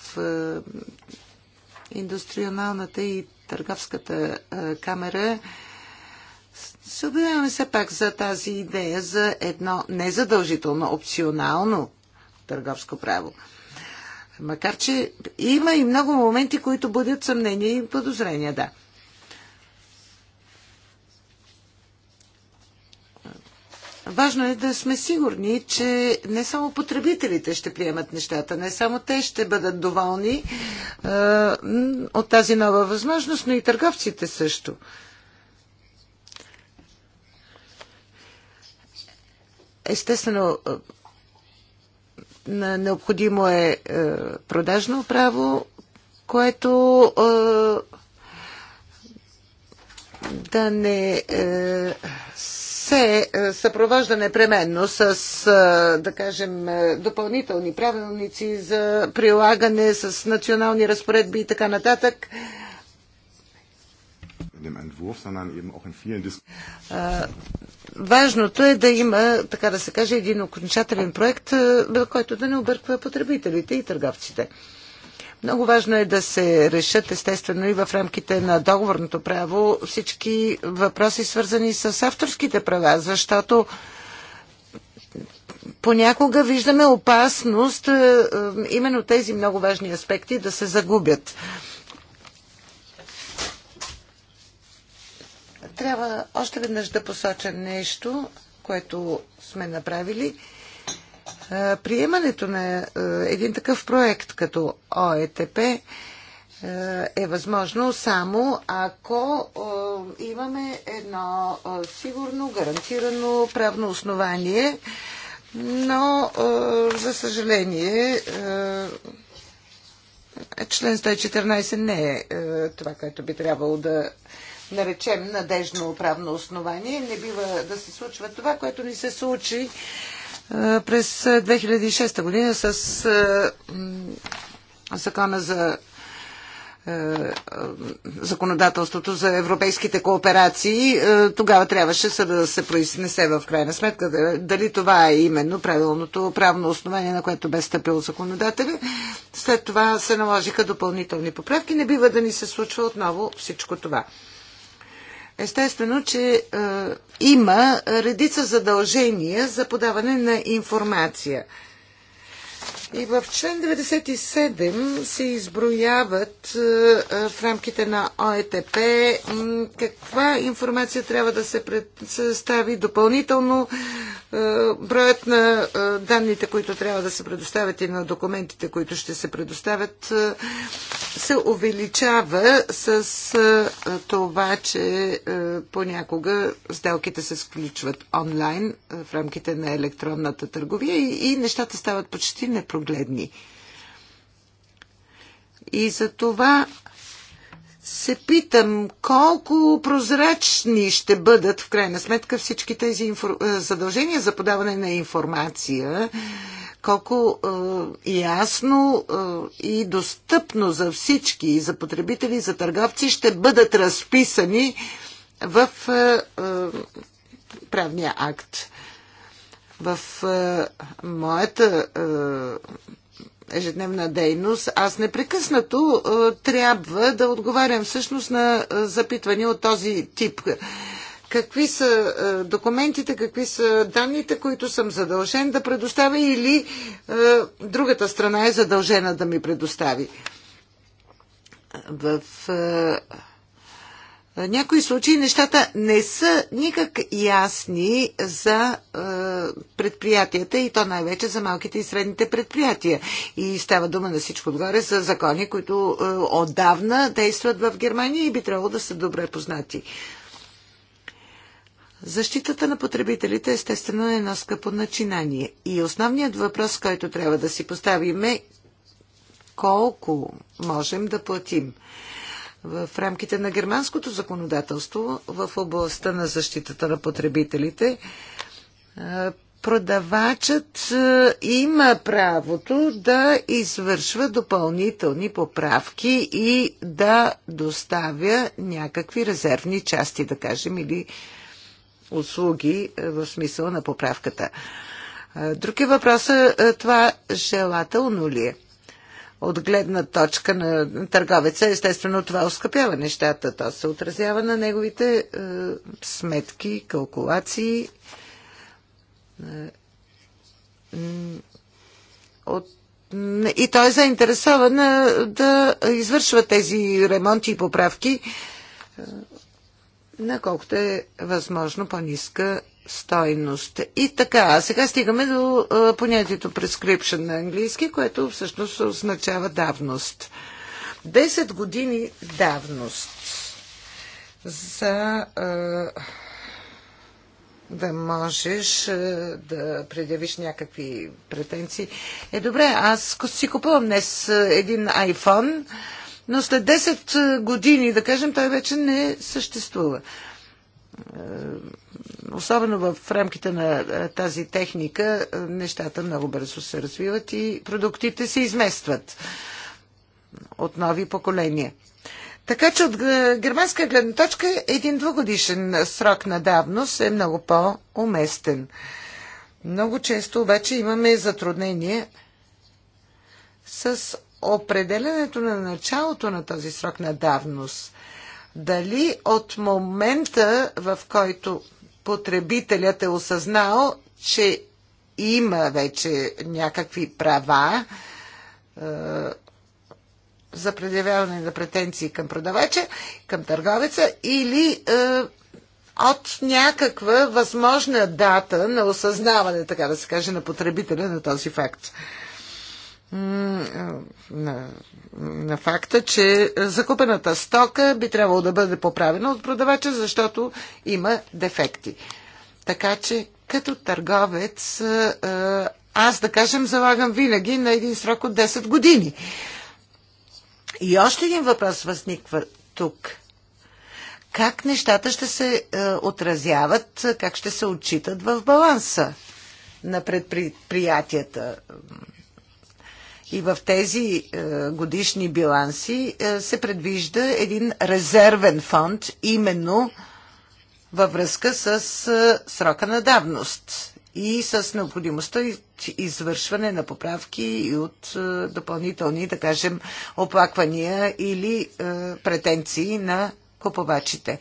Speaker 1: индустриалната и търговската камера, се обявяваме все пак за тази идея за едно незадължително, опционално търговско право. Макар, че има и много моменти, които будят съмнение и подозрения, да. Важно е да сме сигурни, че не само потребителите ще приемат нещата, не само те ще бъдат доволни е, от тази нова възможност, но и търговците също. Естествено, е, необходимо е, е продажно право, което е, да не е, се е, съпровожда непременно с, е, да кажем, е, допълнителни правилници за прилагане, с национални разпоредби и така нататък. Важното е да има, така да се каже, един окончателен проект, който да не обърква потребителите и търговците. Много важно е да се решат естествено и в рамките на договорното право всички въпроси, свързани с авторските права, защото понякога виждаме опасност е, е, именно тези много важни аспекти да се загубят. Трябва още веднъж да посоча нещо, което сме направили – е, приемането на е, един такъв проект като ОЕТП е, е възможно само ако имаме едно сигурно, гарантирано правно основание, но за съжаление член 114 не е това, което би трябвало да наречем надежно правно основание. Не бива да се случва това, което ни се случи през 2006 година с закона за законодателството за европейските кооперации, тогава трябваше съда да се произнесе в крайна сметка дали това е именно правилното правно основание, на което бе стъпил законодателя. След това се наложиха допълнителни поправки. Не бива да ни се случва отново всичко това. Естествено, че е, има редица задължения за подаване на информация. И в член 97 се изброяват е, е, в рамките на ОЕТП каква информация трябва да се представи допълнително е, броят на данните, които трябва да се предоставят и на документите, които ще се предоставят, се увеличава с това, че понякога сделките се сключват онлайн в рамките на електронната търговия и нещата стават почти непрогнозни погледни. И за това се питам колко прозрачни ще бъдат в крайна сметка всички тези инфор... Е, задължения за подаване на информация, колко е, ясно е, и достъпно за всички, и за потребители, и за търговци ще бъдат разписани в е, е, правния акт. В е, моята е, ежедневна дейност, аз непрекъснато е, трябва да отговарям всъщност на запитвания от този тип. Какви са документите, какви са данните, които съм задължен да предоставя или другата страна е задължена да ми предостави. В някои случаи нещата не са никак ясни за е, предприятията и то най-вече за малките и средните предприятия. И става дума на всичко отгоре за закони, които е, отдавна действат в Германия и би трябвало да са добре познати. Защитата на потребителите естествено е едно скъпо начинание. И основният въпрос, който трябва да си поставим е колко можем да платим в рамките на германското законодателство в областта на защитата на потребителите. Е, продавачът е, има правото да извършва допълнителни поправки и да доставя някакви резервни части, да кажем, или услуги е, в смисъла на поправката. Друг е това желателно ли е? от гледна точка на търговеца, естествено това оскъпява нещата. То се отразява на неговите е, сметки, калкулации. Е, от... И той е заинтересован е, да извършва тези ремонти и поправки е, наколкото е възможно по-ниска стойност. И така, а сега стигаме до понятието prescription на английски, което всъщност означава давност. 10 години давност за да можеш да предявиш някакви претенции. Е добре, аз си купувам днес един iPhone, но след 10 години, да кажем, той вече не съществува. Е, особено в рамките на е, тази техника, е, нещата много бързо се развиват и продуктите се изместват от нови поколения. Така че от германска гледна точка един двугодишен срок на давност е много по-уместен. Много често обаче имаме затруднение с определенето на началото на този срок на давност. Дали от момента, в който потребителят е осъзнал, че има вече някакви права е, за предявяване на претенции към продавача, към търговеца или е, от някаква възможна дата на осъзнаване, така да се каже, на потребителя на този факт на, на факта, че закупената стока би трябвало да бъде поправена от продавача, защото има дефекти. Така че, като търговец, аз, да кажем, залагам винаги на един срок от 10 години. И още един въпрос възниква тук. Как нещата ще се отразяват, как ще се отчитат в баланса на предприятията? И в тези е, годишни биланси е, се предвижда един резервен фонд именно във връзка с е, срока на давност и с необходимостта извършване на поправки и от допълнителни, да кажем, оплаквания или претенции на купувачите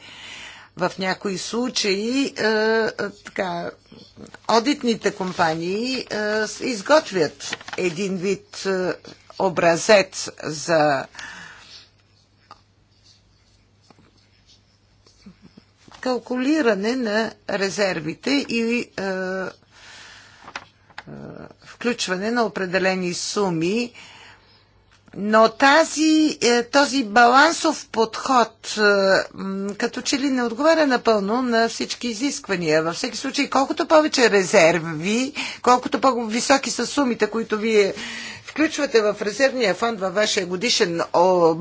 Speaker 1: в някои случаи е, е, така, одитните компании е, изготвят един вид образец за калкулиране на резервите и включване на определени суми но тази, е, този балансов подход е, като че ли не отговаря напълно на всички изисквания. Във всеки случай, колкото повече резерви, колкото по-високи са сумите, които вие включвате в резервния фонд във вашия годишен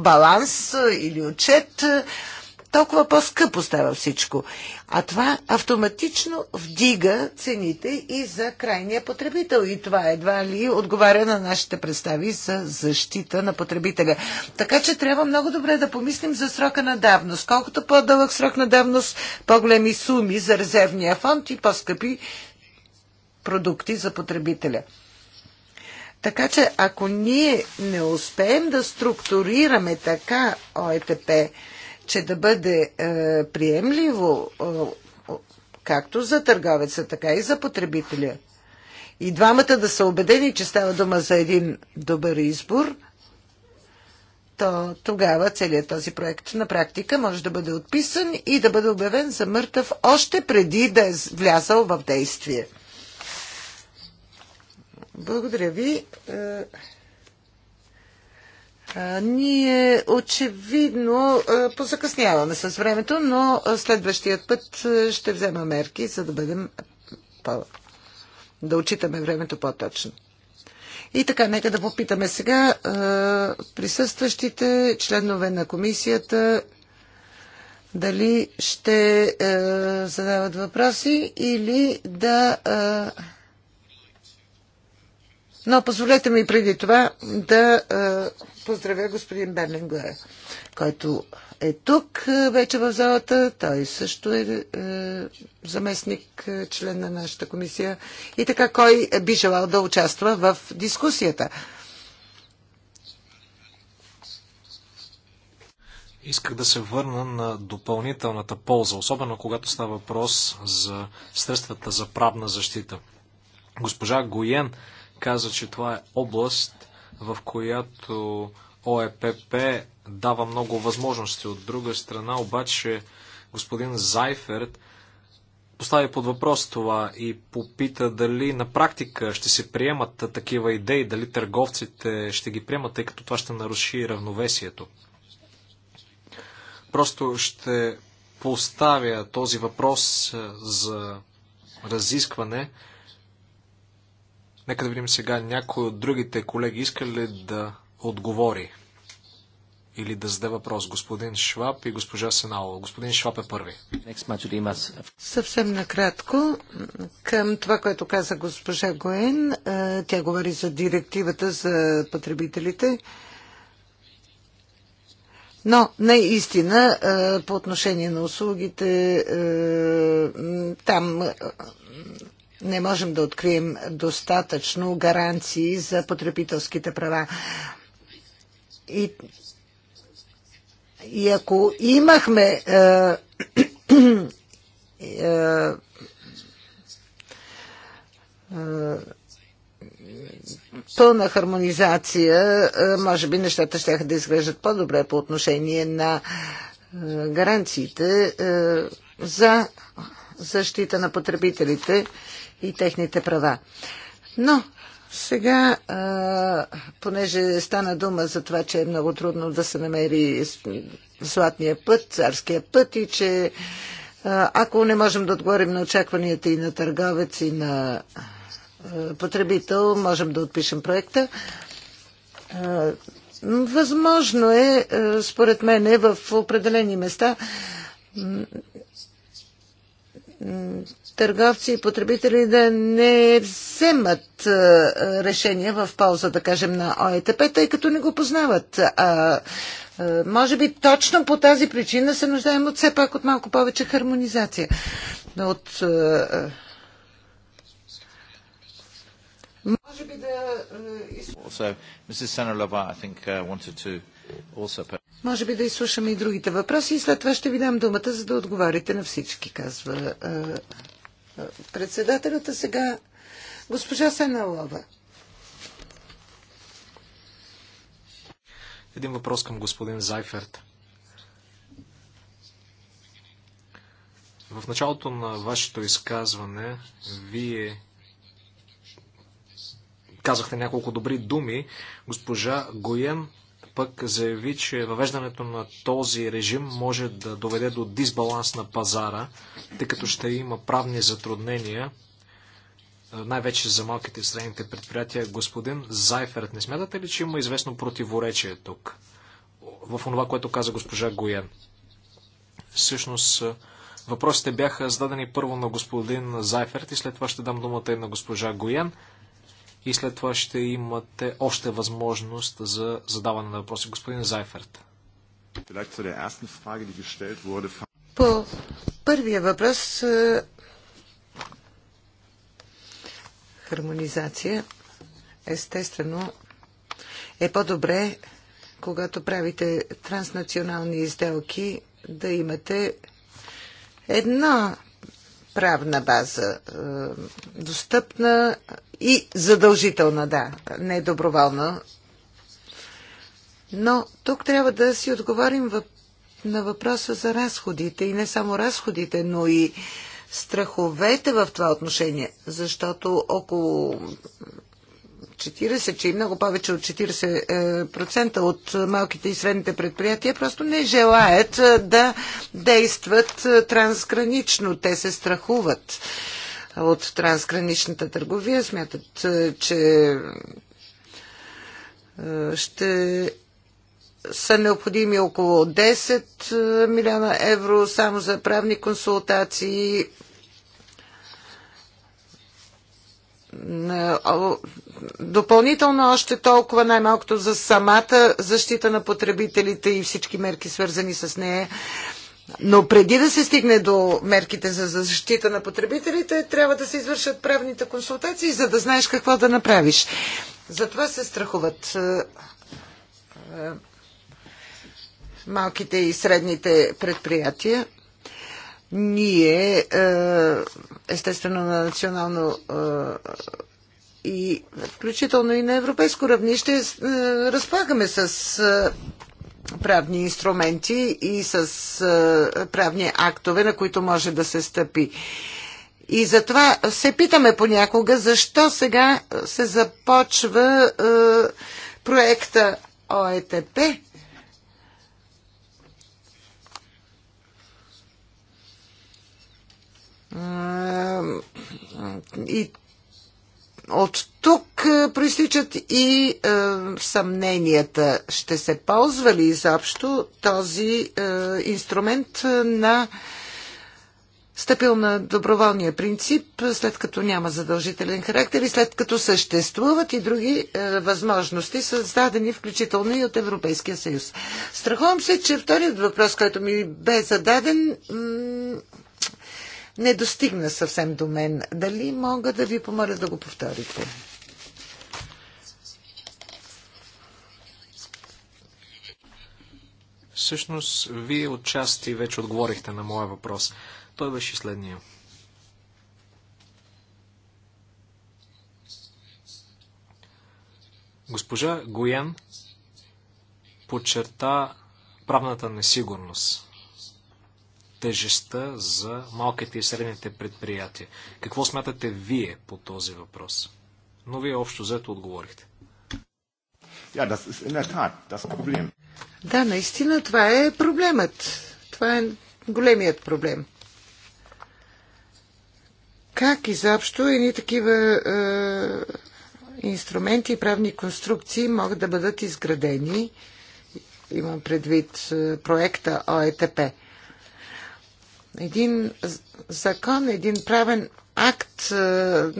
Speaker 1: баланс е, или отчет, толкова по-скъпо става всичко. А това автоматично вдига цените и за крайния потребител. И това едва ли отговаря на нашите представи за защита на потребителя. Така че трябва много добре да помислим за срока на давност. Колкото по-дълъг срок на давност, по-големи суми за резервния фонд и по-скъпи продукти за потребителя. Така че ако ние не успеем да структурираме така ОЕТП, че да бъде е, приемливо е, както за търговеца, така и за потребителя. И двамата да са убедени, че става дума за един добър избор, то тогава целият този проект на практика може да бъде отписан и да бъде обявен за мъртъв още преди да е влязал в действие. Благодаря ви. Е, ние очевидно позакъсняваме с времето, но следващият път ще взема мерки, за да бъдем по... да отчитаме времето по-точно. И така, нека да попитаме сега присъстващите членове на комисията дали ще задават въпроси или да но позволете ми преди това да е, поздравя господин Бернингуер, който е тук е, вече в залата. Той също е, е заместник член на нашата комисия. И така, кой би желал да участва в дискусията?
Speaker 3: Исках да се върна на допълнителната полза, особено когато става въпрос за средствата за правна защита. Госпожа Гоен каза, че това е област, в която ОЕПП дава много възможности. От друга страна, обаче, господин Зайферт постави под въпрос това и попита дали на практика ще се приемат такива идеи, дали търговците ще ги приемат, тъй като това ще наруши равновесието. Просто ще поставя този въпрос за разискване. Нека да видим сега някой от другите колеги иска ли да отговори или да зададе въпрос. Господин Шваб и госпожа Сенало. Господин Шваб е първи.
Speaker 1: Съвсем накратко, към това, което каза госпожа Гоен, е, тя говори за директивата за потребителите. Но наистина е, по отношение на услугите е, там не можем да открием достатъчно гаранции за потребителските права. И, и ако имахме е, е, е, пълна хармонизация, може би нещата ще да изглеждат по-добре по отношение на гаранциите за защита на потребителите и техните права. Но сега, а, понеже стана дума за това, че е много трудно да се намери златния път, царския път и че а, ако не можем да отговорим на очакванията и на търговец и на а, потребител, можем да отпишем проекта. А, възможно е, а, според мен, е в определени места търговци и потребители да не вземат решения в полза, да кажем, на ОЕТП, тъй като не го познават. А, може би точно по тази причина се нуждаем от все пак от малко повече хармонизация. От, може би да... Uh, може би да изслушаме и другите въпроси и след това ще ви дам думата, за да отговарите на всички, казва председателята. Сега госпожа Сеналова.
Speaker 3: Един въпрос към господин Зайферт. В началото на вашето изказване вие казахте няколко добри думи. Госпожа Гоен пък заяви, че въвеждането на този режим може да доведе до дисбаланс на пазара, тъй като ще има правни затруднения, най-вече за малките и средните предприятия. Господин Зайферт, не смятате ли, че има известно противоречие тук? В това, което каза госпожа Гоен? Всъщност, въпросите бяха зададени първо на господин Зайферт и след това ще дам думата и на госпожа Гоян и след това ще имате още възможност за задаване на въпроси. Господин Зайферт.
Speaker 1: По първия въпрос е, хармонизация естествено е по-добре, когато правите транснационални изделки, да имате една правна база е, достъпна и задължителна, да, не доброволна. Но тук трябва да си отговорим на въпроса за разходите и не само разходите, но и страховете в това отношение, защото около 40, че и много повече от 40% е, от малките и средните предприятия просто не желаят е, да действат е, трансгранично. Те се страхуват от трансграничната търговия. Смятат, че ще са необходими около 10 милиона евро само за правни консултации Е, допълнително още толкова, най-малкото за самата защита на потребителите и всички мерки свързани с нея. Но преди да се стигне до мерките за защита на потребителите, трябва да се извършат правните консултации, за да знаеш какво да направиш. Затова се страхуват е, е, малките и средните предприятия. Ние, е, естествено, на национално е, и включително и на европейско равнище е, разполагаме с правни инструменти и с правни актове, на които може да се стъпи. И затова се питаме понякога защо сега се започва проекта ОЕТП, И от тук проистичат и е, съмненията. Ще се ползва ли изобщо този е, инструмент на стъпил на доброволния принцип, след като няма задължителен характер и след като съществуват и други е, възможности, създадени включително и от Европейския съюз. Страхувам се, че вторият въпрос, който ми бе зададен, не достигна съвсем до мен. Дали мога да ви помоля да го повторите?
Speaker 3: Всъщност, вие отчасти вече отговорихте на моя въпрос. Той беше следния. Госпожа Гоян подчерта правната несигурност тежеста за малките и средните предприятия. Какво смятате вие по този въпрос? Но вие общо взето отговорихте.
Speaker 1: Да, наистина това е проблемът. Това е големият проблем. Как изобщо едни такива е, инструменти и правни конструкции могат да бъдат изградени? Имам предвид е, проекта ОЕТП един закон, един правен акт, е,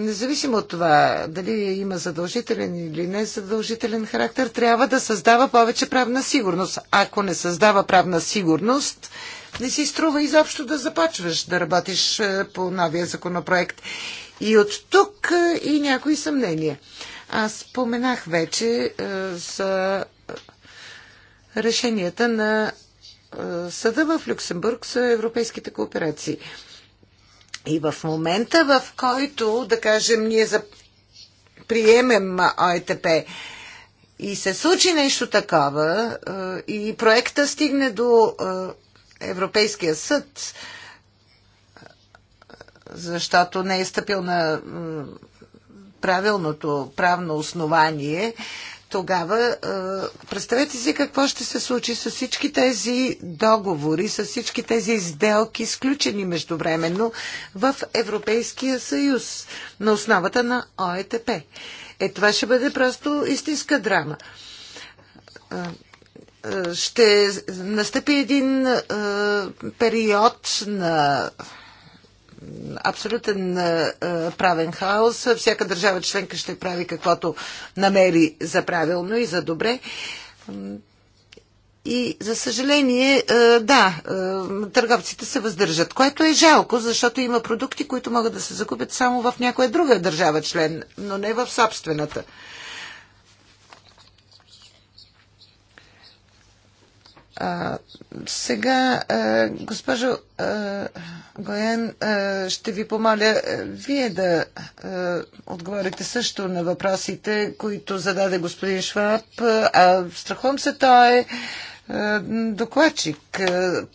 Speaker 1: независимо от това дали има задължителен или не задължителен характер, трябва да създава повече правна сигурност. Ако не създава правна сигурност, не си струва изобщо да започваш да работиш е, по новия законопроект. И от тук е, и някои съмнения. Аз споменах вече за решенията на е, съда в Люксембург са европейските кооперации. И в момента, в който, да кажем, ние за... приемем ОЕТП и се случи нещо такова е, и проекта стигне до е, Европейския съд, защото не е стъпил на правилното правно основание, тогава е, представете си какво ще се случи с всички тези договори, с всички тези сделки, сключени междувременно в Европейския съюз на основата на ОЕТП. Е, това ще бъде просто истинска драма. Е, е, ще настъпи един период на абсолютен е, е, правен хаос. Всяка държава членка ще прави каквото намери за правилно и за добре. И, за съжаление, е, да, търговците се въздържат, което е жалко, защото има продукти, които могат да се закупят само в някоя друга държава член, но не в собствената. А, сега, а, госпожо а, Гоен, а, ще ви помоля а, вие да а, отговорите също на въпросите, които зададе господин Шваб. А, страхувам се, той е докладчик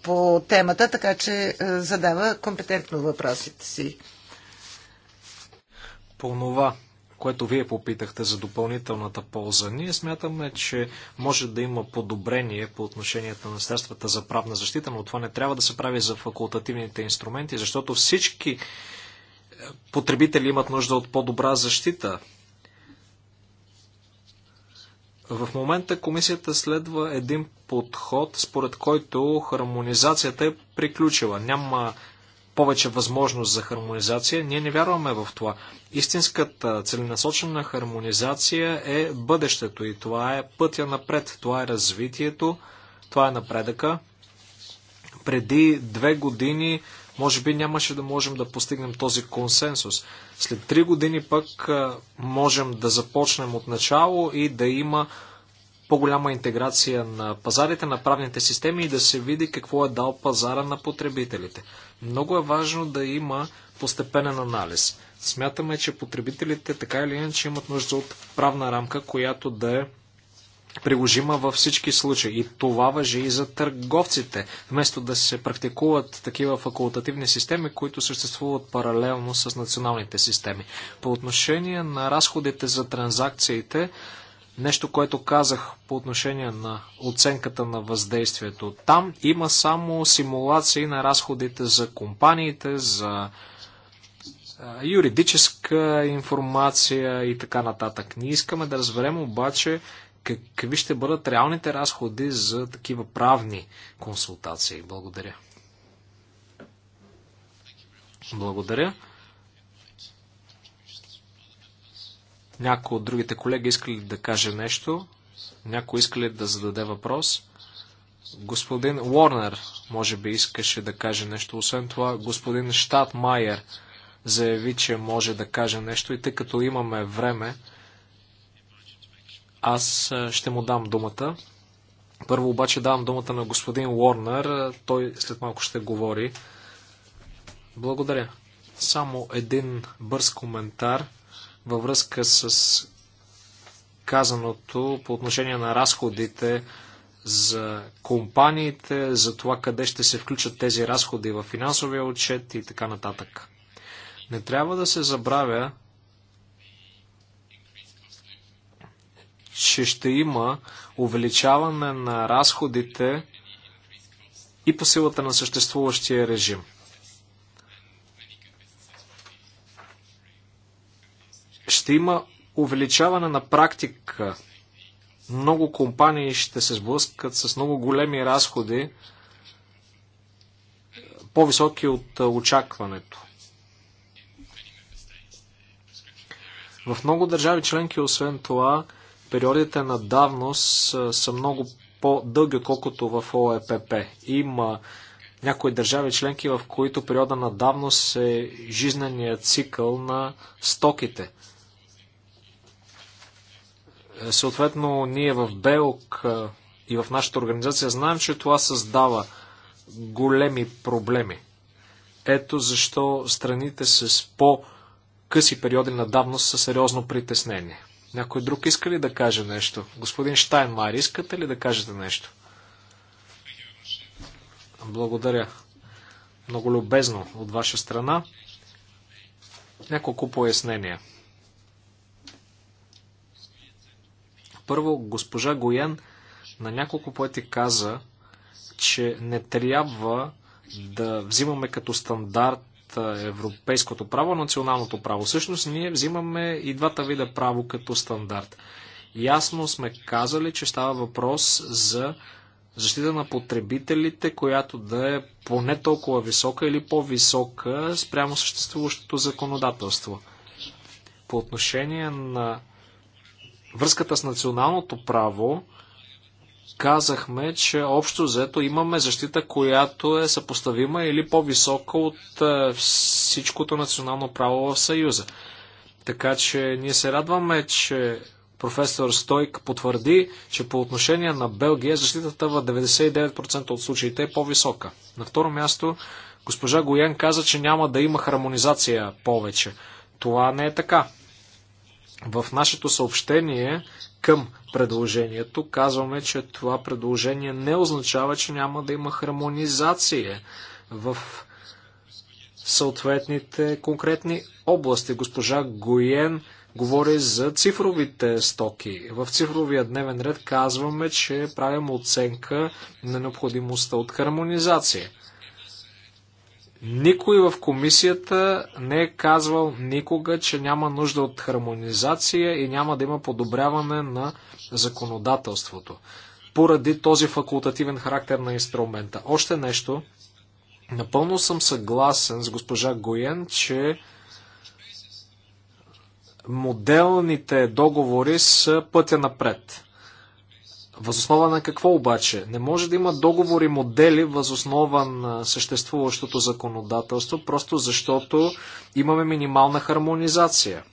Speaker 1: по темата, така че задава компетентно
Speaker 3: въпросите си. По това, което вие попитахте за допълнителната полза. Ние смятаме, че може да има подобрение по отношението на средствата за правна защита, но това не трябва да се прави за факултативните инструменти, защото всички е, потребители имат нужда от по-добра защита. В момента комисията следва един подход, според който хармонизацията е приключила. Няма повече възможност за хармонизация. Ние не вярваме в това. Истинската целенасочена хармонизация е бъдещето и това е пътя напред, това е развитието, това е напредъка. Преди две години може би нямаше да можем да постигнем този консенсус. След три години пък можем да започнем от начало и да има по-голяма интеграция на пазарите, на правните системи и да се види какво е дал пазара на потребителите. Много е важно да има постепенен анализ. Смятаме, че потребителите така или иначе имат нужда от правна рамка, която да е приложима във всички случаи. И това въжи и за търговците. Вместо да се практикуват такива факултативни системи, които съществуват паралелно с националните системи. По отношение на разходите за транзакциите, нещо, което казах по отношение на оценката на въздействието. Там има само симулации на разходите за компаниите, за юридическа информация и така нататък. Ние искаме да разберем обаче какви ще бъдат реалните разходи за такива правни консултации. Благодаря. Благодаря. Някой от другите колеги иска ли да каже нещо? Някой иска ли да зададе въпрос? Господин Уорнер, може би, искаше да каже нещо. Освен това, господин Штатмайер заяви, че може да каже нещо и тъй като имаме време, аз ще му дам думата. Първо обаче давам думата на господин Уорнер. Той след малко ще говори. Благодаря. Само един бърз коментар – във връзка с казаното по отношение на разходите за компаниите, за това къде ще се включат тези разходи в финансовия отчет и така нататък. Не трябва да се забравя, че ще има увеличаване на разходите и по силата на съществуващия режим – ще има увеличаване на практика. Много компании ще се сблъскат с много големи разходи, по-високи от очакването. В много държави членки, освен това, периодите на давност са много по-дълги, отколкото в ОЕПП. Има някои държави членки, в които периода на давност е жизненият цикъл на стоките – Съответно, ние в БЕОК и в нашата организация знаем, че това създава големи проблеми. Ето защо страните с по-къси периоди на давност са сериозно притеснени. Някой друг иска ли да каже нещо? Господин Штайнмайер, искате ли да кажете нещо? Благодаря. Много любезно от ваша страна. Няколко пояснения. Първо, госпожа Гоен на няколко пъти каза, че не трябва да взимаме като стандарт европейското право, националното право. Всъщност ние взимаме и двата вида право като стандарт. Ясно сме казали, че става въпрос за защита на потребителите, която да е поне толкова висока или по-висока спрямо съществуващото законодателство. По отношение на връзката с националното право казахме, че общо взето имаме защита, която е съпоставима или по-висока от е, всичкото национално право в Съюза. Така че ние се радваме, че професор Стойк потвърди, че по отношение на Белгия защитата в 99% от случаите е по-висока. На второ място, госпожа Гоян каза, че няма да има хармонизация повече. Това не е така. В нашето съобщение към предложението казваме, че това предложение не означава, че няма да има хармонизация в съответните конкретни области. Госпожа Гоен говори за цифровите стоки. В цифровия дневен ред казваме, че правим оценка на необходимостта от хармонизация. Никой в комисията не е казвал никога, че няма нужда от хармонизация и няма да има подобряване на законодателството, поради този факултативен характер на инструмента. Още нещо. Напълно съм съгласен с госпожа Гоен, че моделните договори са пътя напред. Възоснова на какво обаче? Не може да има договори модели възоснова на съществуващото законодателство, просто защото имаме минимална хармонизация.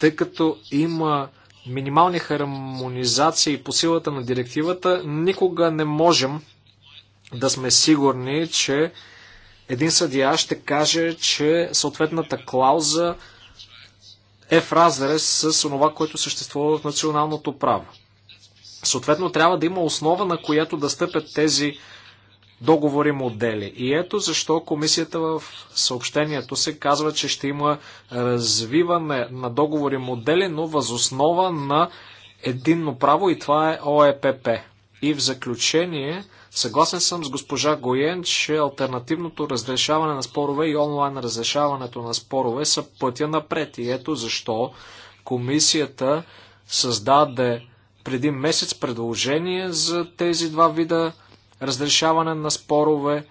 Speaker 3: Тъй като има минимални хармонизации по силата на директивата, никога не можем да сме сигурни, че един съдия ще каже, че съответната клауза е в разрез с това, което съществува в националното право. Съответно, трябва да има основа, на която да стъпят тези договори модели. И ето защо комисията в съобщението се казва, че ще има развиване на договори модели, но възоснова на единно право и това е ОЕПП. И в заключение, съгласен съм с госпожа Гоен, че альтернативното разрешаване на спорове и онлайн разрешаването на спорове са пътя напред. И ето защо комисията създаде преди месец предложение за тези два вида разрешаване на спорове.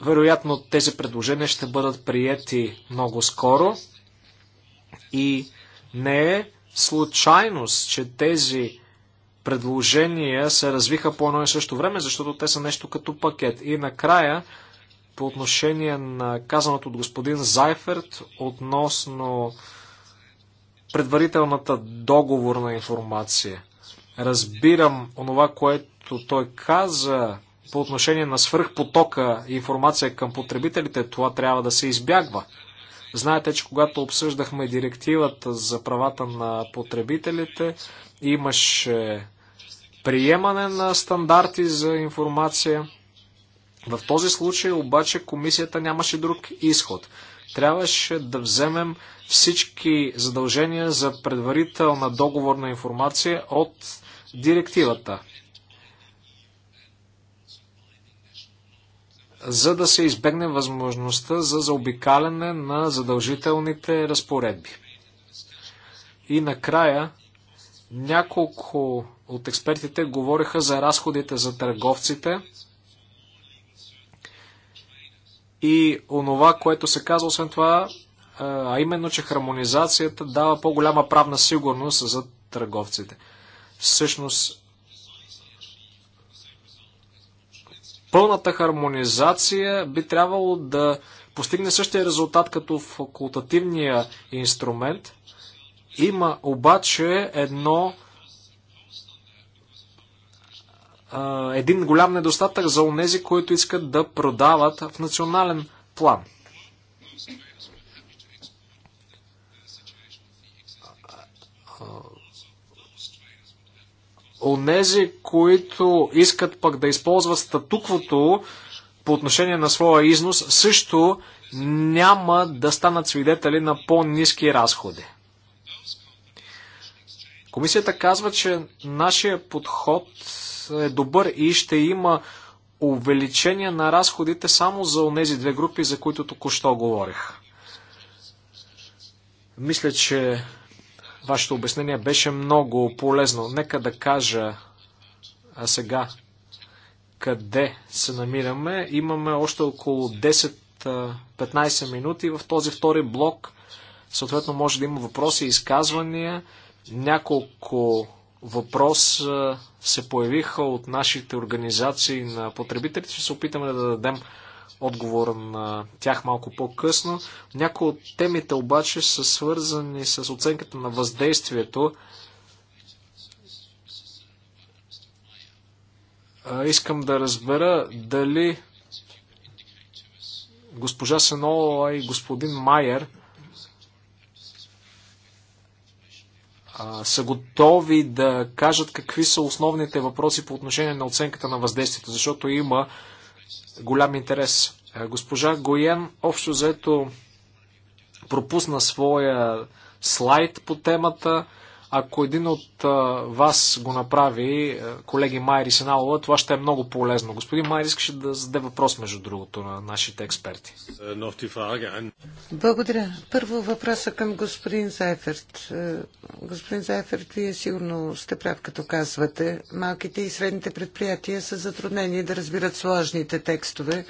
Speaker 3: Вероятно тези предложения ще бъдат приети много скоро и не е случайност, че тези предложения се развиха по едно и също време, защото те са нещо като пакет. И накрая, по отношение на казаното от господин Зайферт относно предварителната договорна информация. Разбирам онова, което той каза по отношение на свръхпотока информация към потребителите, това трябва да се избягва. Знаете, че когато обсъждахме директивата за правата на потребителите, имаше приемане на стандарти за информация. В този случай обаче комисията нямаше друг изход. Трябваше да вземем всички задължения за предварителна договорна информация от директивата. за да се избегне възможността за заобикаляне на задължителните разпоредби. И накрая няколко от експертите говориха за разходите за търговците и онова, което се казва освен това, а именно, че хармонизацията дава по-голяма правна сигурност за търговците. Всъщност, пълната хармонизация би трябвало да постигне същия резултат като факултативния инструмент. Има обаче едно един голям недостатък за онези, които искат да продават в национален план. Онези, които искат пък да използват статуквото по отношение на своя износ, също няма да станат свидетели на по-низки разходи. Комисията казва, че нашия подход е добър и ще има увеличение на разходите само за тези две групи, за които току-що говорих. Мисля, че вашето обяснение беше много полезно. Нека да кажа а сега къде се намираме. Имаме още около 10-15 минути в този втори блок. Съответно, може да има въпроси и изказвания. Няколко въпрос се появиха от нашите организации на потребителите. Ще се опитаме да дадем отговор на тях малко по-късно. Някои от темите обаче са свързани с оценката на въздействието. Искам да разбера дали госпожа Сенова и господин Майер – са готови да кажат какви са основните въпроси по отношение на оценката на въздействието, защото има голям интерес. Госпожа Гоен общо заето пропусна своя слайд по темата. Ако един от вас го направи, колеги Майри Сеналова, това ще е много полезно. Господин Майри искаше да зададе въпрос, между другото, на нашите експерти.
Speaker 1: Благодаря. Първо въпроса към господин Зайферт. Е, господин Зайферт, вие сигурно сте прав, като казвате. Малките и средните предприятия са затруднени да разбират сложните текстове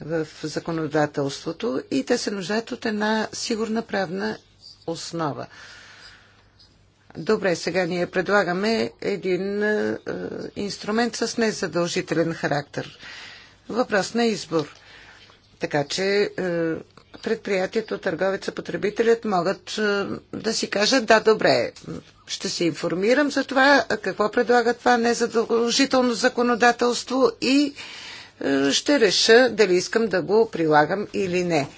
Speaker 1: в законодателството и те се нуждаят от една сигурна правна основа. Добре, сега ние предлагаме един е, инструмент с незадължителен характер. Въпрос на избор. Така че е, предприятието, търговеца, потребителят могат е, да си кажат да, добре, ще се информирам за това, какво предлага това незадължително законодателство и е, ще реша дали искам да го прилагам или не.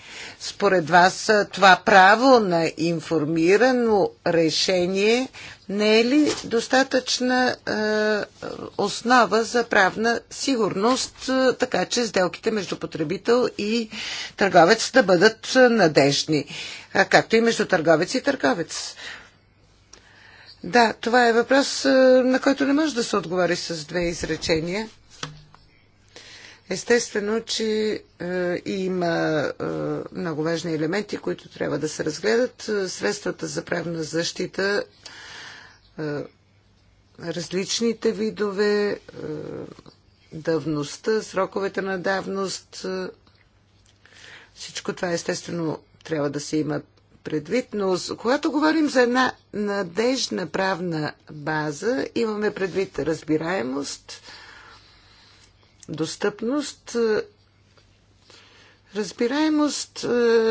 Speaker 1: Според вас това право на информирано решение не е ли достатъчна е, основа за правна сигурност, така че сделките между потребител и търговец да бъдат надежни, както и между търговец и търговец? Да, това е въпрос, на който не може да се отговори с две изречения. Естествено, че е, има е, много важни елементи, които трябва да се разгледат. Средствата за правна защита, е, различните видове, е, давността, сроковете на давност, е, всичко това естествено трябва да се има предвид, но когато говорим за една надежна правна база, имаме предвид разбираемост, достъпност, е, разбираемост е,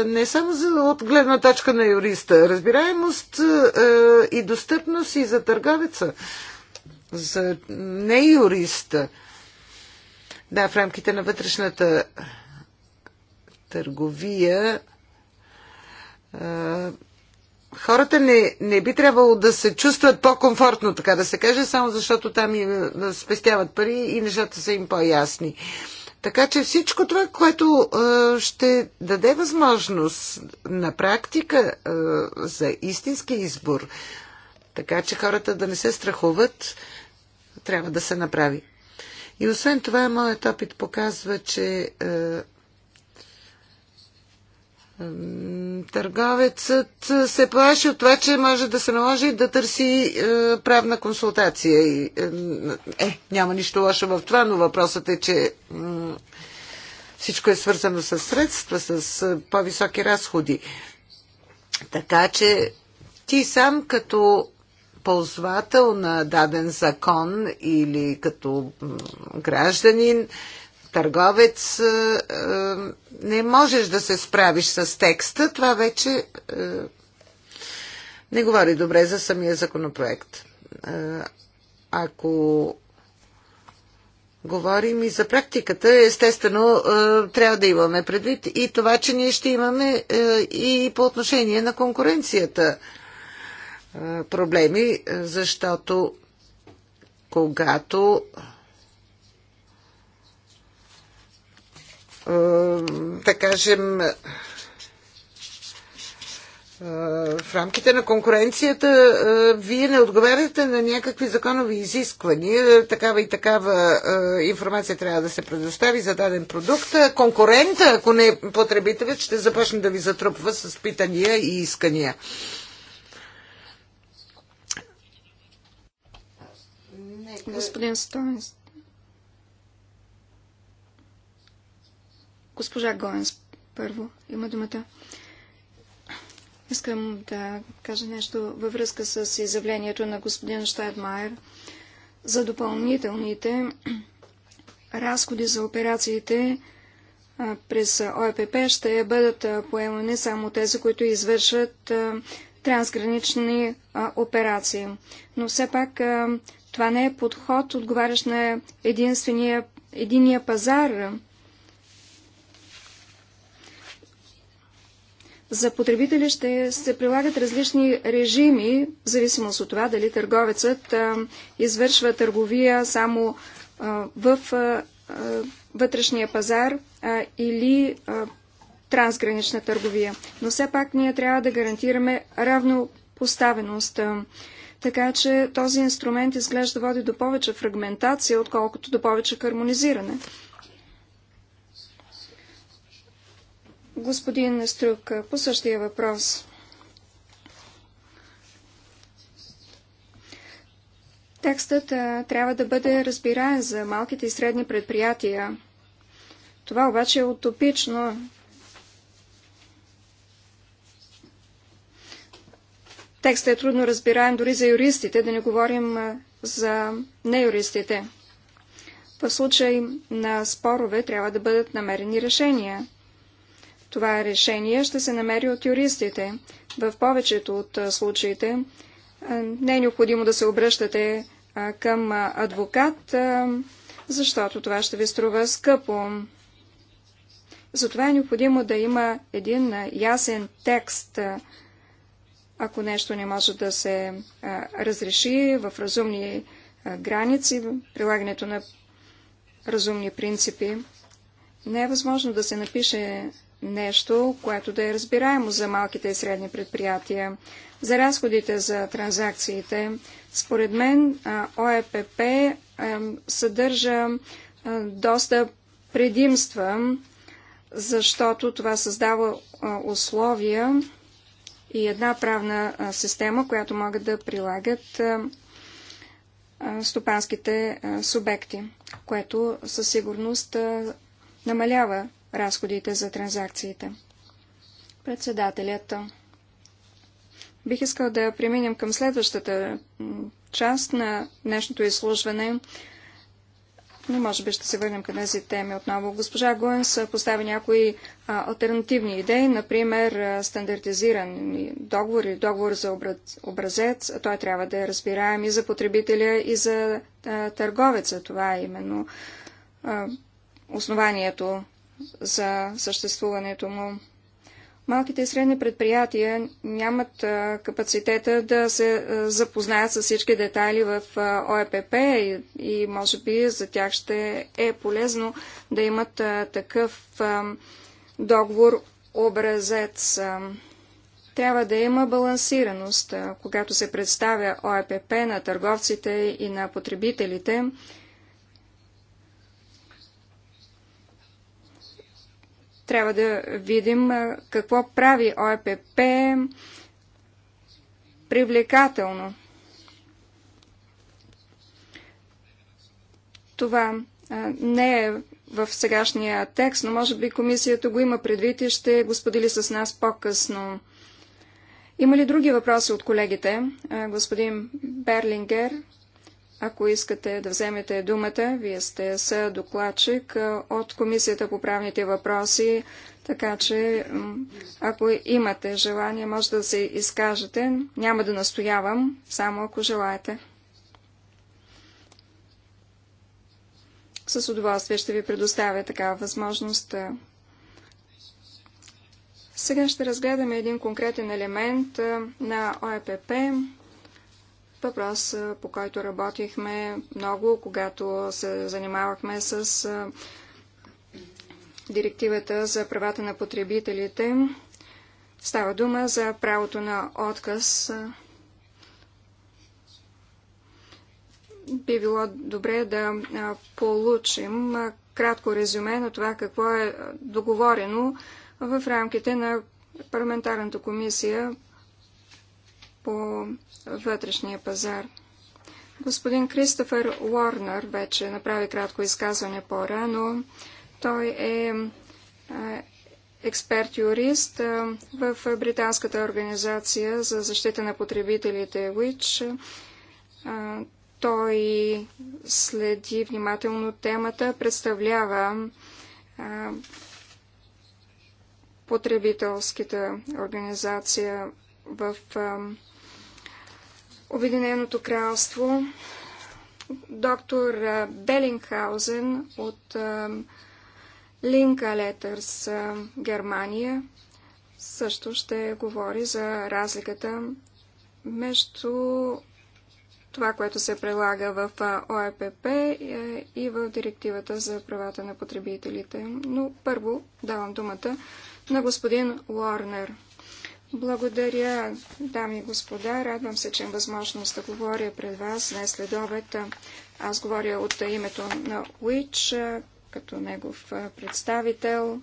Speaker 1: не само за, от гледна точка на юриста, разбираемост е, и достъпност и за търговеца, за не юриста. Да, в рамките на вътрешната търговия хората не, не би трябвало да се чувстват по-комфортно, така да се каже, само защото там им, спестяват пари и нещата са им по-ясни. Така че всичко това, което е, ще даде възможност на практика е, за истински избор, така че хората да не се страхуват, трябва да се направи. И освен това, моят опит показва, че е, Търговецът се плаши от това, че може да се наложи да търси е, правна консултация. Е, е, няма нищо лошо в това, но въпросът е, че всичко е свързано с средства, с е, по-високи разходи. Така че ти сам като ползвател на даден закон или като гражданин търговец е, е, не можеш да се справиш с текста, това вече е, не говори добре за самия законопроект. Ако говорим и за практиката, естествено трябва да имаме предвид и това, че ние ще имаме и по отношение на конкуренцията проблеми, защото когато да кажем, в рамките на конкуренцията вие не отговаряте на някакви законови изисквания. Такава и такава информация трябва да се предостави за даден продукт. Конкурента, ако не е потребителят, ще започне да ви затрупва с питания и искания. Господин
Speaker 2: Стоенс, Госпожа Гоенс първо има думата. Искам да кажа нещо във връзка с изявлението на господин Штайдмайер за допълнителните разходи за операциите през ОЕПП ще бъдат поемани само тези, които извършват трансгранични операции. Но все пак това не е подход, отговарящ на единствения единия пазар. за потребители ще се прилагат различни режими, в зависимост от това дали търговецът а, извършва търговия само а, в а, вътрешния пазар а, или а, трансгранична търговия. Но все пак ние трябва да гарантираме равнопоставеност. Така че този инструмент изглежда води до повече фрагментация, отколкото до повече хармонизиране. господин Струк по същия въпрос. Текстът трябва да бъде разбираен за малките и средни предприятия. Това обаче е утопично. Текстът е трудно разбираем дори за юристите, да не говорим за за неюристите. В случай на спорове трябва да бъдат намерени решения. Това решение ще се намери от юристите. В повечето от случаите не е необходимо да се обръщате към адвокат, защото това ще ви струва скъпо. Затова е необходимо да има един ясен текст, ако нещо не може да се разреши в разумни граници, прилагането на разумни принципи. Не е възможно да се напише нещо, което да е разбираемо за малките и средни предприятия. За разходите за транзакциите, според мен ОЕПП съдържа доста предимства, защото това създава условия и една правна система, която могат да прилагат стопанските субекти, което със сигурност намалява разходите за транзакциите. Председателят. Бих искал да преминем към следващата част на днешното изслужване, но може би ще се върнем към тези теми отново. Госпожа Гуенс постави някои а, альтернативни идеи, например стандартизиран договор или договор за образец. Той трябва да е разбираем и за потребителя, и за а, търговеца. Това е именно а, основанието за съществуването му. Малките и средни предприятия нямат капацитета да се запознаят с всички детайли в ОЕПП и, и може би за тях ще е полезно да имат такъв договор образец. Трябва да има балансираност, когато се представя ОЕПП на търговците и на потребителите. Трябва да видим какво прави ОЕПП привлекателно. Това не е в сегашния текст, но може би комисията го има предвид и ще го сподели с нас по-късно. Има ли други въпроси от колегите? Господин Берлингер, ако искате да вземете думата, вие сте са докладчик от Комисията по правните въпроси, така че ако имате желание, може да се изкажете. Няма да настоявам, само ако желаете. С удоволствие ще ви предоставя такава възможност. Сега ще разгледаме един конкретен елемент на ОЕПП, въпрос, по който работихме много, когато се занимавахме с директивата за правата на потребителите. Става дума за правото на отказ. Би било добре да получим кратко резюме на това какво е договорено в рамките на парламентарната комисия по вътрешния пазар. Господин Кристофер Уорнер вече направи кратко изказване по-рано. Той е експерт-юрист в Британската организация за защита на потребителите WICH. Той следи внимателно темата, представлява потребителската организация в Обединеното кралство, доктор Белингхаузен от Линка Летърс, Германия, също ще говори за разликата между това, което се прилага в ОЕПП е, и в директивата за правата на потребителите. Но първо давам думата на господин Лорнер. Благодаря, дами и господа. Радвам се, че имам възможност да говоря пред вас днес след обед. Аз говоря от името на Уич, като негов представител.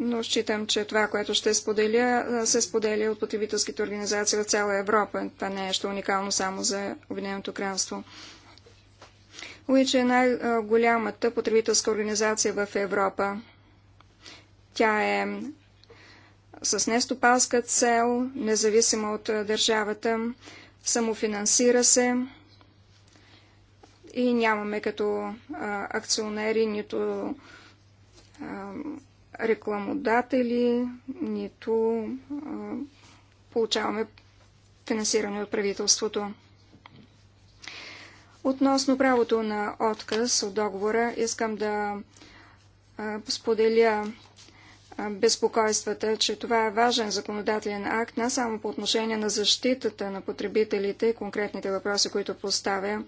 Speaker 2: Но считам, че това, което ще споделя, се споделя от потребителските организации в цяла Европа. Това не е нещо уникално само за Обединеното кралство. Уич е най-голямата потребителска организация в Европа. Тя е с нестопалска цел, независима от държавата, самофинансира се и нямаме като акционери нито рекламодатели, нито получаваме финансиране от правителството. Относно правото на отказ от договора, искам да споделя безпокойствата, че това е важен законодателен акт, не само по отношение на защитата на потребителите и конкретните въпроси, които поставя,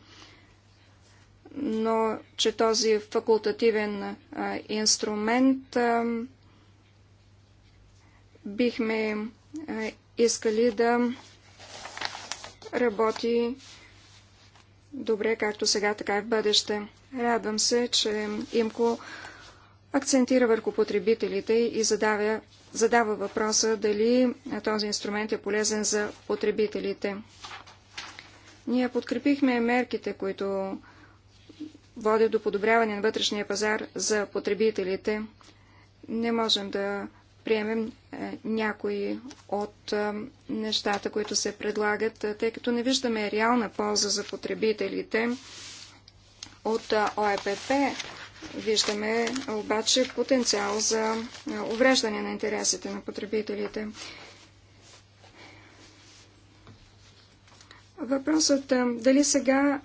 Speaker 2: но че този факултативен а, инструмент а, бихме а, искали да работи добре както сега, така и в бъдеще. Радвам се, че Имко акцентира върху потребителите и задава, задава въпроса дали този инструмент е полезен за потребителите. Ние подкрепихме мерките, които водят до подобряване на вътрешния пазар за потребителите. Не можем да приемем е, някои от е, нещата, които се предлагат, е, тъй като не виждаме реална полза за потребителите от ОЕПП, Виждаме обаче потенциал за увреждане на интересите на потребителите. Въпросът дали сега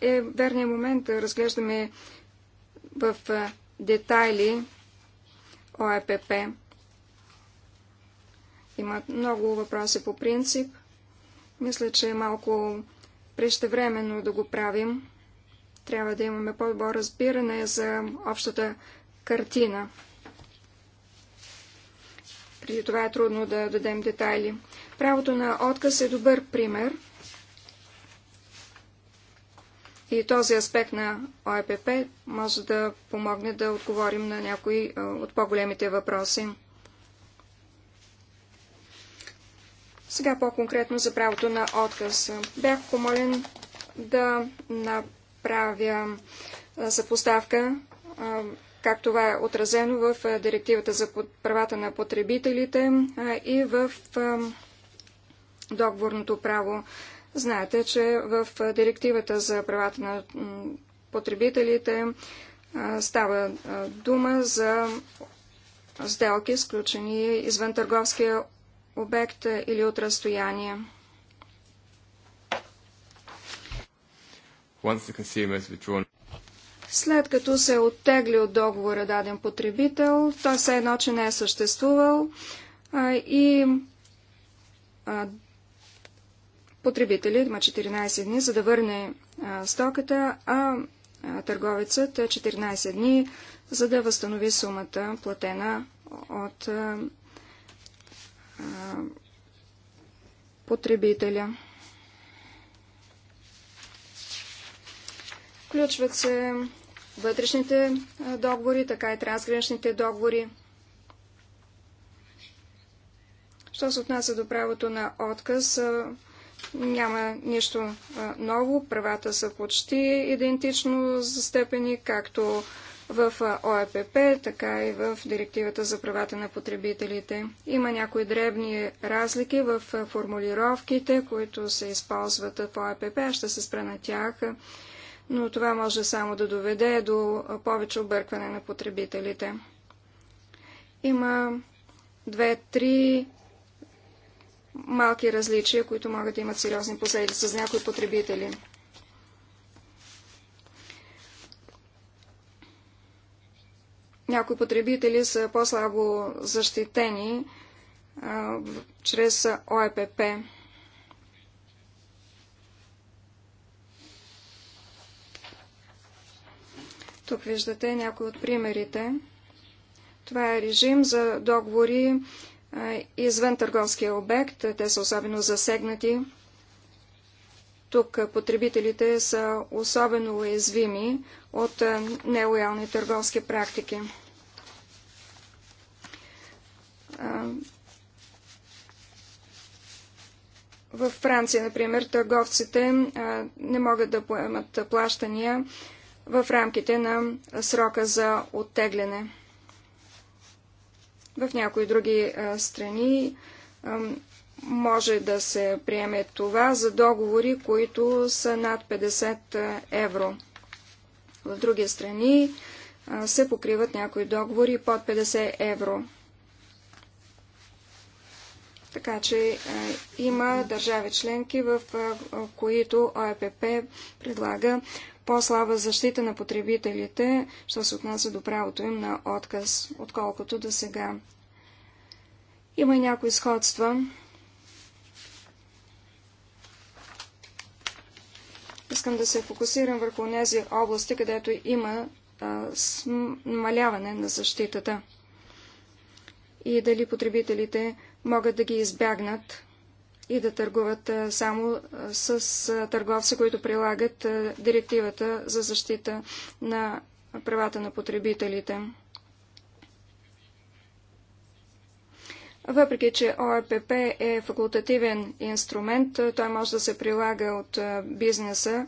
Speaker 2: е верният момент да разглеждаме в детайли ОЕПП. Има много въпроси по принцип. Мисля, че е малко прещевременно да го правим. Трябва да имаме по-добро разбиране за общата картина. Преди това е трудно да дадем детайли. Правото на отказ е добър пример. И този аспект на ОЕПП може да помогне да отговорим на някои от по-големите въпроси. Сега по-конкретно за правото на отказ. Бях помолен да на правя съпоставка как това е отразено в Директивата за правата на потребителите и в договорното право. Знаете, че в Директивата за правата на потребителите става дума за сделки, сключени извън търговския обект или от разстояние. След като се е оттегли от договора даден потребител, той все едно, че не е съществувал а, и а, потребители има 14 дни, за да върне а, стоката, а, а търговецът 14 е дни, за да възстанови сумата, платена от а, а, потребителя. Включват се вътрешните договори, така и трансграничните договори. Що се отнася до правото на отказ, няма нищо ново. Правата са почти идентично степени, както в ОЕПП, така и в Директивата за правата на потребителите. Има някои дребни разлики в формулировките, които се използват в ОЕПП. ще се спра на тях но това може само да доведе до повече объркване на потребителите. Има две-три малки различия, които могат да имат сериозни последици за някои потребители. Някои потребители са по-слабо защитени а, чрез ОЕПП. Тук виждате някои от примерите. Това е режим за договори извън търговския обект. Те са особено засегнати. Тук потребителите са особено уязвими от нелоялни търговски практики. В Франция, например, търговците не могат да поемат плащания в рамките на срока за оттегляне. В някои други страни може да се приеме това за договори, които са над 50 евро. В други страни се покриват някои договори под 50 евро. Така че има държави членки, в които ОЕПП предлага по-слаба защита на потребителите, що се отнася до правото им на отказ, отколкото до сега. Има и някои сходства. Искам да се фокусирам върху тези области, където има намаляване на защитата и дали потребителите могат да ги избягнат и да търгуват само с търговци, които прилагат директивата за защита на правата на потребителите. Въпреки, че ОЕПП е факултативен инструмент, той може да се прилага от бизнеса,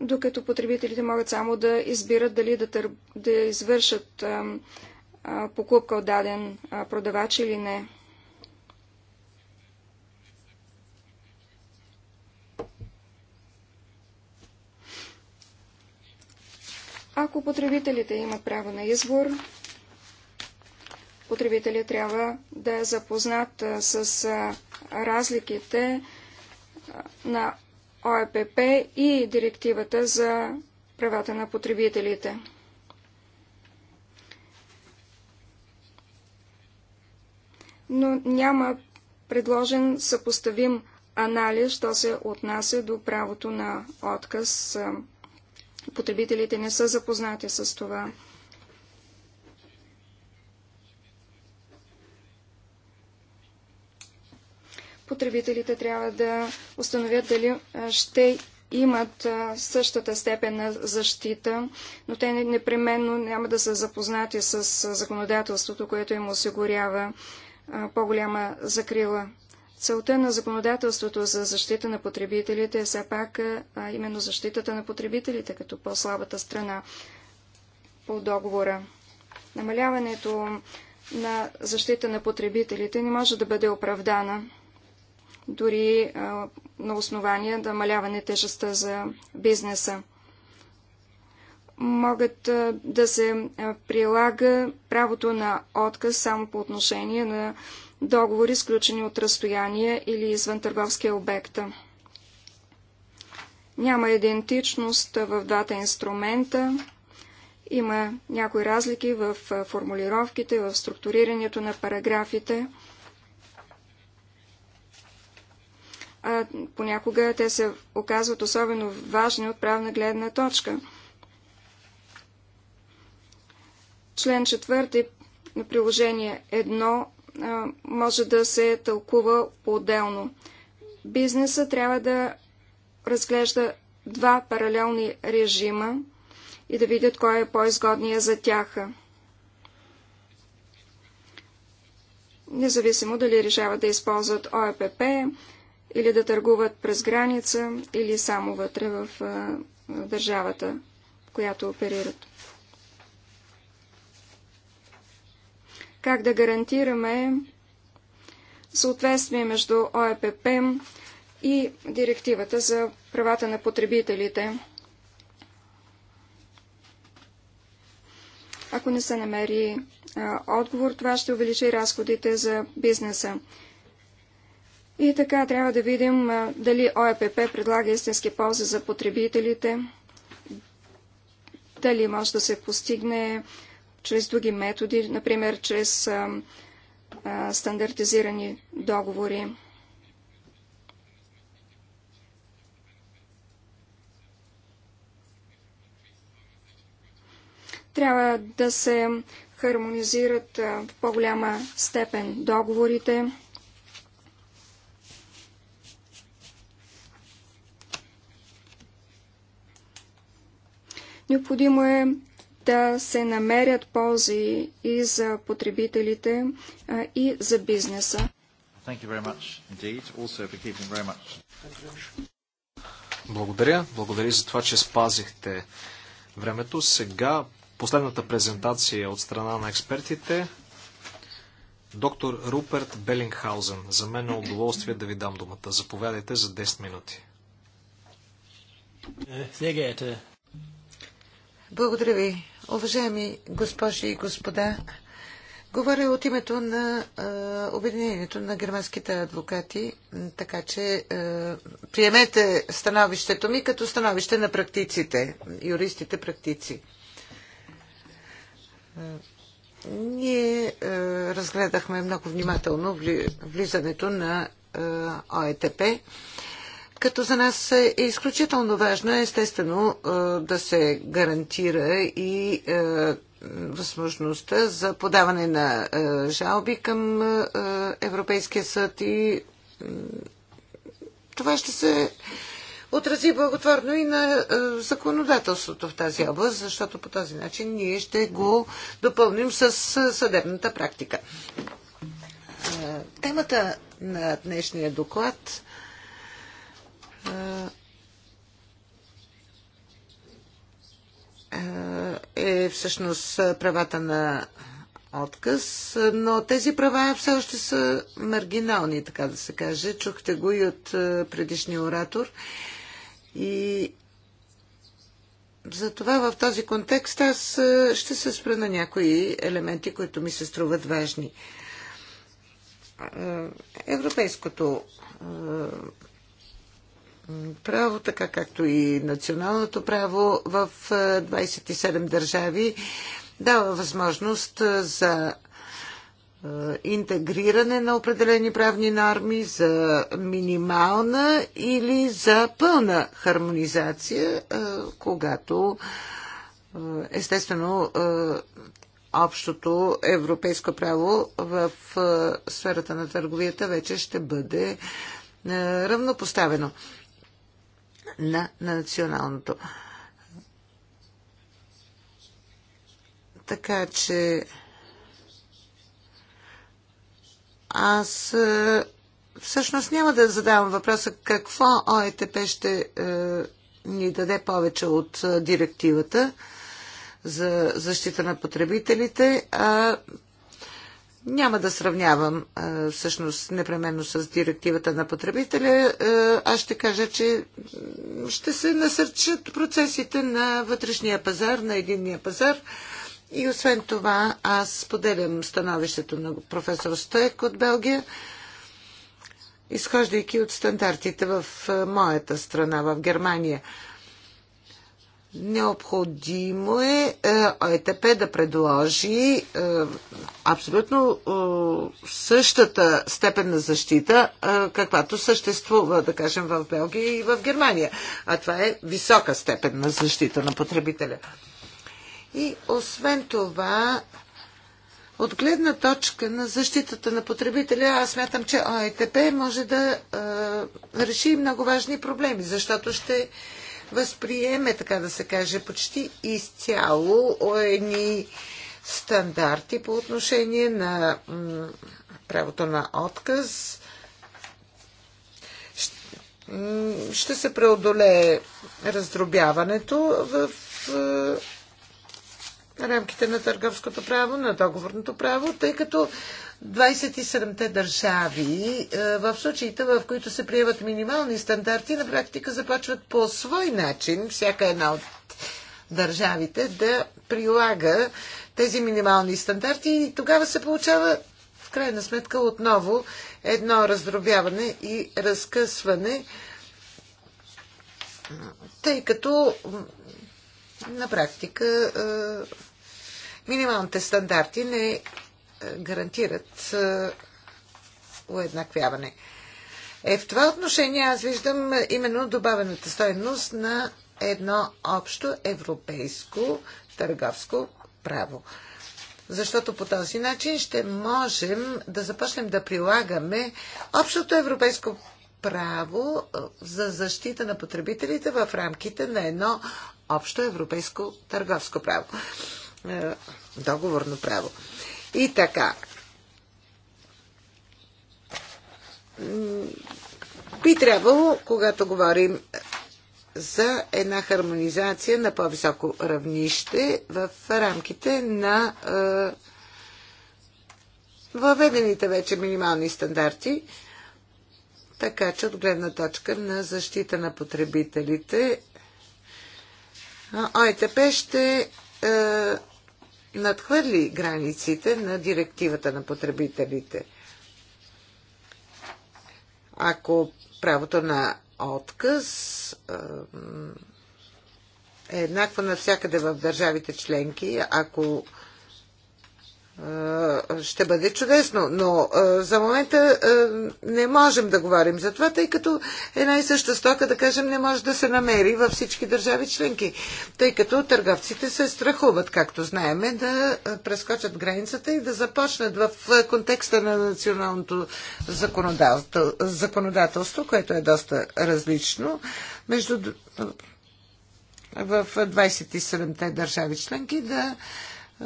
Speaker 2: докато потребителите могат само да избират дали да, тър... да извършат покупка от даден продавач или не. Ако потребителите имат право на избор, потребителят трябва да е запознат с разликите на ОЕПП и директивата за правата на потребителите. Но няма предложен съпоставим анализ, що се отнася до правото на отказ Потребителите не са запознати с това. Потребителите трябва да установят дали ще имат същата степен на защита, но те непременно няма да са запознати с законодателството, което им осигурява по-голяма закрила. Целта на законодателството за защита на потребителите е все пак а именно защитата на потребителите като по-слабата страна по договора. Намаляването на защита на потребителите не може да бъде оправдана дори а, на основание намаляване тежестта за бизнеса. Могат а, да се прилага правото на отказ само по отношение на договори, сключени от разстояние или извън търговския обект. Няма идентичност в двата инструмента. Има някои разлики в формулировките, в структурирането на параграфите. А понякога те се оказват особено важни от правна гледна точка. Член 4 на приложение 1 може да се тълкува по-отделно. Бизнеса трябва да разглежда два паралелни режима и да видят кой е по-изгодния за тях. Независимо дали решават да използват ОЕПП или да търгуват през граница или само вътре в държавата, в която оперират. как да гарантираме съответствие между ОЕПП и директивата за правата на потребителите. Ако не се намери а, отговор, това ще увеличи разходите за бизнеса. И така трябва да видим а, дали ОЕПП предлага истински ползи за потребителите, дали може да се постигне а, чрез други методи, например чрез а, а, стандартизирани договори. Трябва да се хармонизират а, в по-голяма степен договорите. Необходимо е да се намерят ползи и за потребителите, и за бизнеса.
Speaker 3: Благодаря. Благодаря за това, че спазихте времето. Сега последната презентация от страна на експертите. Доктор Руперт Белингхаузен. За мен е удоволствие да ви дам думата. Заповядайте за 10 минути.
Speaker 2: Е,
Speaker 1: Благодаря ви, Уважаеми госпожи и господа, говоря от името на е, Обединението на германските адвокати, така че е, приемете становището ми като становище на практиците, юристите-практици. Ние е, разгледахме много внимателно вли, влизането на е, ОЕТП като за нас е изключително важно, естествено, е, да се гарантира и е, възможността за подаване на е, жалби към Европейския съд и това ще се отрази благотворно и на законодателството в тази област, защото по този начин ние ще го допълним с съдебната практика. Темата на днешния доклад е, е всъщност правата на отказ, но тези права все още са маргинални, така да се каже. Чухте го и от е, предишния оратор. И затова в този контекст аз е, ще се спра на някои елементи, които ми се струват важни. Европейското право, така както и националното право в 27 е, държави, дава възможност е, за е, интегриране на определени правни норми, за минимална или за пълна хармонизация, когато естествено общото европейско право в сферата на търговията вече ще бъде равнопоставено на националното. Така че аз е, всъщност няма да задавам въпроса какво ОЕТП ще е, ни даде повече от е, директивата за защита на потребителите, а няма да сравнявам всъщност непременно с директивата на потребителя. Аз ще кажа, че ще се насърчат процесите на вътрешния пазар, на единния пазар. И освен това, аз поделям становището на професор Стоек от Белгия, изхождайки от стандартите в моята страна, в Германия. Необходимо е, е ОЕТП да предложи е, абсолютно е, същата степен на защита, каквато съществува, да кажем, в Белгия и в Германия. А това е висока степен на защита на потребителя. И освен това, от гледна точка на защитата на потребителя, аз смятам, че ОЕТП може да реши много важни проблеми, защото ще възприеме, така да се каже, почти изцяло едни стандарти по отношение на правото на отказ. Ще се преодолее раздробяването в рамките на търговското право, на договорното право, тъй като 27-те държави е, в случаите, в които се приемат минимални стандарти, на практика започват по свой начин, всяка една от държавите да прилага тези минимални стандарти и тогава се получава в крайна сметка отново едно раздробяване и разкъсване, тъй като на практика е, Минималните стандарти не е, гарантират е, уеднаквяване. Е, в това отношение аз виждам именно добавената стоеност на едно общо европейско търговско право. Защото по този начин ще можем да започнем да прилагаме общото европейско право е, за защита на потребителите в рамките на едно общо европейско търговско право. Е, договорно право. И така. Би трябвало, когато говорим за една хармонизация на по-високо равнище в рамките на е, въведените вече минимални стандарти, така че от гледна точка на защита на потребителите е, ОЕТП ще е, надхвърли границите на директивата на потребителите. Ако правото на отказ е еднакво навсякъде в държавите членки, ако е, ще бъде чудесно, но е, за момента е, не можем да говорим за това, тъй като една и съща стока, да кажем, не може да се намери във всички държави членки, тъй като търговците се страхуват, както знаеме, да прескочат границата и да започнат в контекста на националното законодателство, законодателство което е доста различно. Между в 27-те държави членки да е,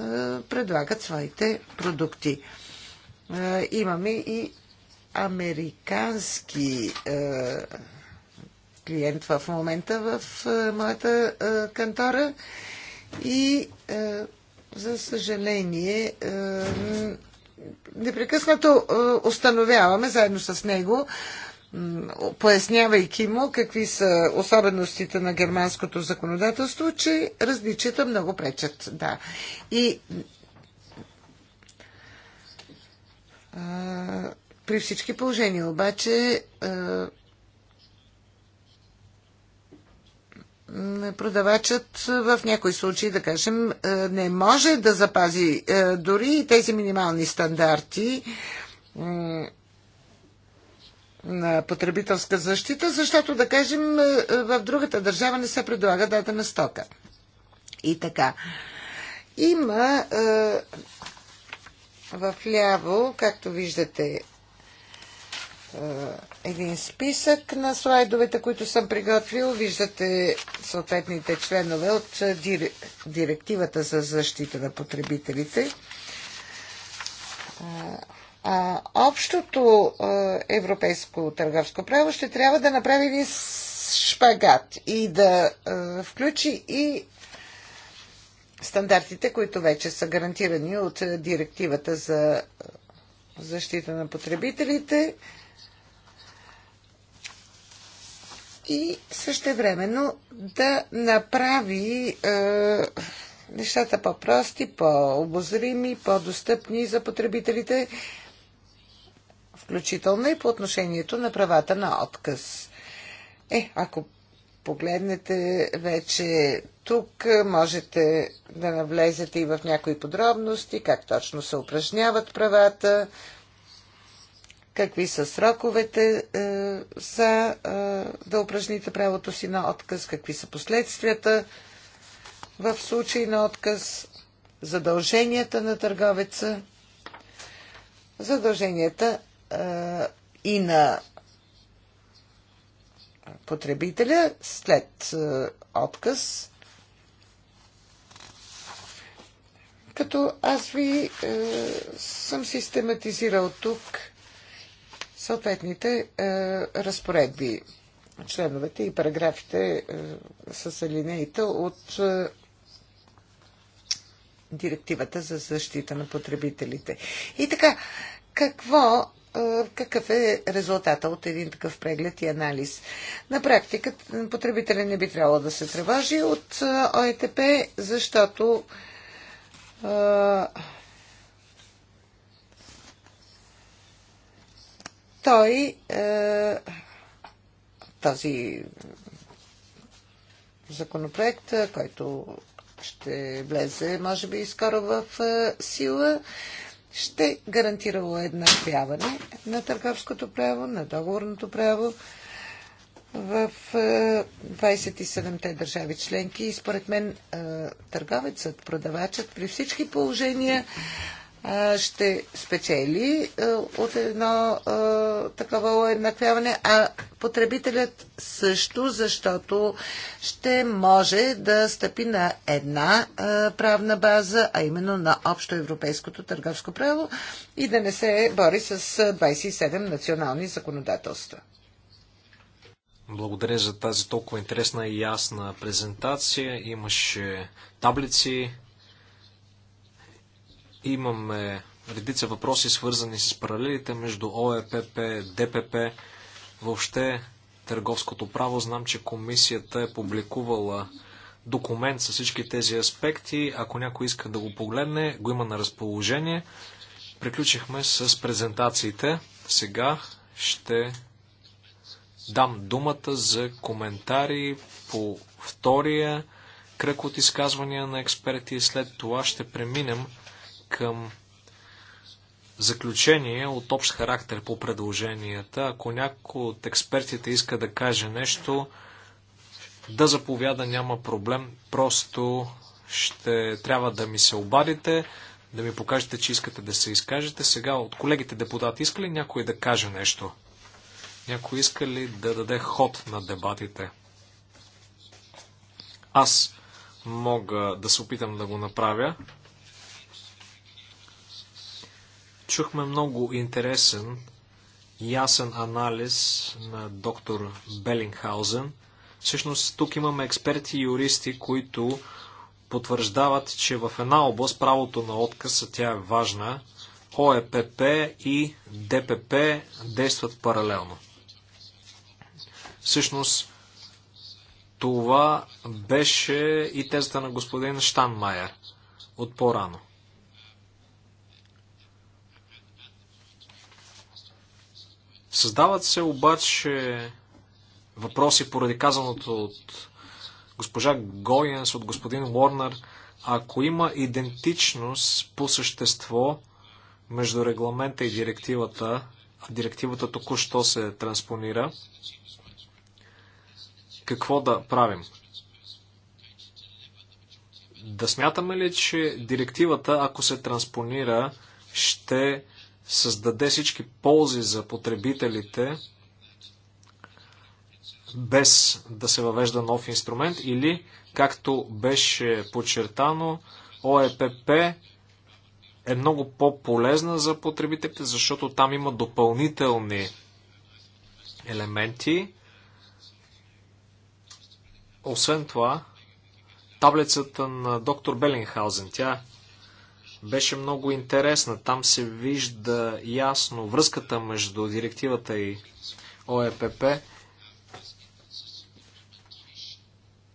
Speaker 1: предлагат своите продукти. Е, имаме и американски е, клиент в момента в моята кантора и за съжаление непрекъснато установяваме заедно с него пояснявайки му какви са особеностите на германското законодателство, че различията много пречат. Да. И а, при всички положения обаче а, продавачът в някои случаи, да кажем, не може да запази дори и тези минимални стандарти на потребителска защита, защото, да кажем, е, е, в другата държава не се предлага дадена стока. И така. Има е, в ляво, както виждате, е, един списък на слайдовете, които съм приготвил. Виждате съответните членове от е, директивата за защита на потребителите а, общото а, европейско търговско право ще трябва да направи един шпагат и да а, включи и стандартите, които вече са гарантирани от директивата за защита на потребителите и същевременно да направи е, нещата по-прости, по-обозрими, по-достъпни за потребителите. Е, включително и по отношението на правата на отказ. Е, ако погледнете вече тук, можете да навлезете и в някои подробности, как точно се упражняват правата, какви са сроковете е, за е, да упражните правото си на отказ, какви са последствията в случай на отказ, задълженията на търговеца, задълженията и на потребителя след е, отказ. Като аз ви е, съм систематизирал тук съответните е, разпоредби, членовете и параграфите е, с алинеите от е, директивата за защита на потребителите. И така, какво какъв е резултата от един такъв преглед и анализ. На практика потребителя не би трябвало да се тревожи от ОЕТП, защото той този законопроект, който ще влезе, може би, скоро в сила, ще гарантира уеднаквяване на търговското право, на договорното право в 27-те е, държави членки. И според мен е, търговецът, продавачът при всички положения ще спечели от едно такова уеднаквяване, а потребителят също, защото ще може да стъпи на една правна база, а именно на общо европейското търговско право и да не се бори с 27 национални законодателства.
Speaker 3: Благодаря за тази толкова интересна и ясна презентация. Имаше таблици, Имаме редица въпроси, свързани с паралелите между ОЕПП, ДПП, въобще търговското право. Знам, че комисията е публикувала документ с всички тези аспекти. Ако някой иска да го погледне, го има на разположение. Приключихме с презентациите. Сега ще дам думата за коментари по втория кръг от изказвания на експерти. След това ще преминем към заключение от общ характер по предложенията. Ако някой от експертите иска да каже нещо, да заповяда няма проблем. Просто ще трябва да ми се обадите, да ми покажете, че искате да се изкажете. Сега от колегите депутати иска ли някой да каже нещо? Някой иска ли да даде ход на дебатите? Аз мога да се опитам да го направя. Чухме много интересен, ясен анализ на доктор Белингхаузен. Всъщност тук имаме експерти и юристи, които потвърждават, че в една област правото на отказ, тя е важна, ОЕПП и ДПП действат паралелно. Всъщност, това беше и тезата на господин Штанмайер от по-рано. Създават се обаче въпроси поради казаното от госпожа Гоенс, от господин Уорнер. Ако има идентичност по същество между регламента и директивата, а директивата току-що се транспонира, какво да правим? Да смятаме ли, че директивата, ако се транспонира, ще създаде всички ползи за потребителите, без да се въвежда нов инструмент или, както беше подчертано, ОЕПП е много по-полезна за потребителите, защото там има допълнителни елементи. Освен това, таблицата на доктор Белинхаузен, тя беше много интересна. Там се вижда ясно връзката между директивата и ОЕПП.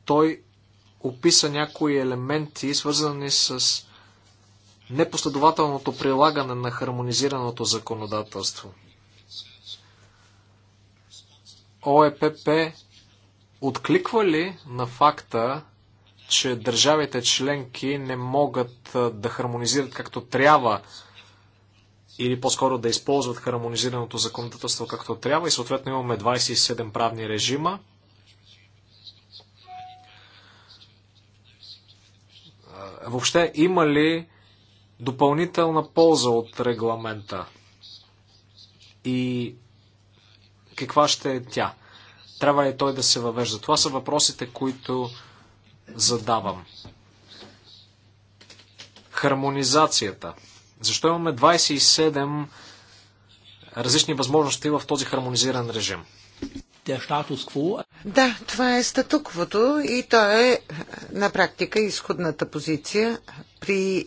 Speaker 3: Той описа някои елементи, свързани с непоследователното прилагане на хармонизираното законодателство. ОЕПП откликва ли на факта, че държавите членки не могат да хармонизират както трябва или по-скоро да използват хармонизираното законодателство както трябва и съответно имаме 27 правни режима. Въобще има ли допълнителна полза от регламента? И каква ще е тя? Трябва ли той да се въвежда? Това са въпросите, които задавам. Хармонизацията. Защо имаме 27 различни възможности в този хармонизиран режим? Да,
Speaker 1: това е статуквото и то е на практика изходната позиция при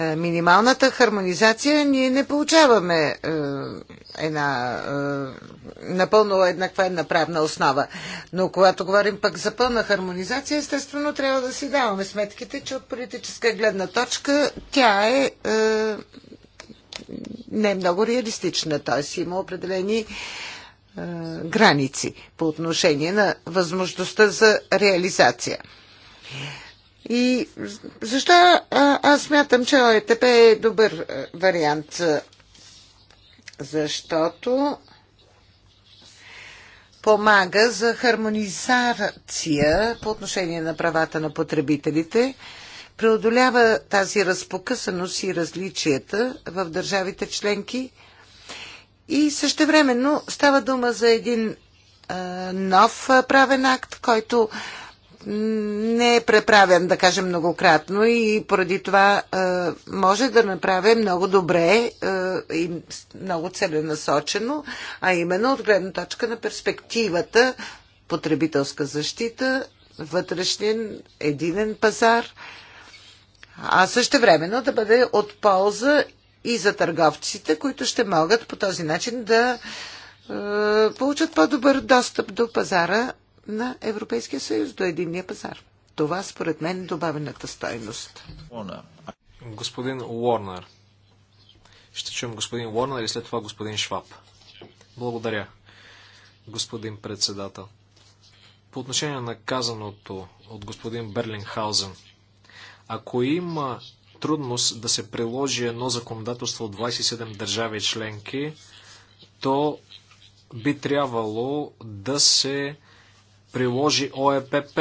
Speaker 1: е, минималната хармонизация ние не получаваме е, една е, напълно еднаква правна основа. Но когато говорим пък за пълна хармонизация, естествено трябва да си даваме сметките, че от политическа гледна точка тя е, е не е много реалистична. Т.е. има определени е, граници по отношение на възможността за реализация. И защо аз смятам, че ОЕТП е добър вариант? Защото помага за хармонизация по отношение на правата на потребителите, преодолява тази разпокъсаност и различията в държавите членки и същевременно става дума за един нов правен акт, който не е преправен, да кажем, многократно и поради това е, може да направя много добре е, и много целенасочено, а именно от гледна точка на перспективата потребителска защита, вътрешен единен пазар, а също времено да бъде от полза и за търговците, които ще могат по този начин да е, получат по-добър достъп до пазара на Европейския съюз до единния пазар. Това
Speaker 3: според мен е добавената стойност. Господин Уорнер. Ще чуем господин Уорнер и след това господин Шваб. Благодаря, господин председател. По отношение на казаното от господин Берлингхаузен, ако има трудност да се приложи едно законодателство от 27 държави членки, то би трябвало да се приложи ОЕПП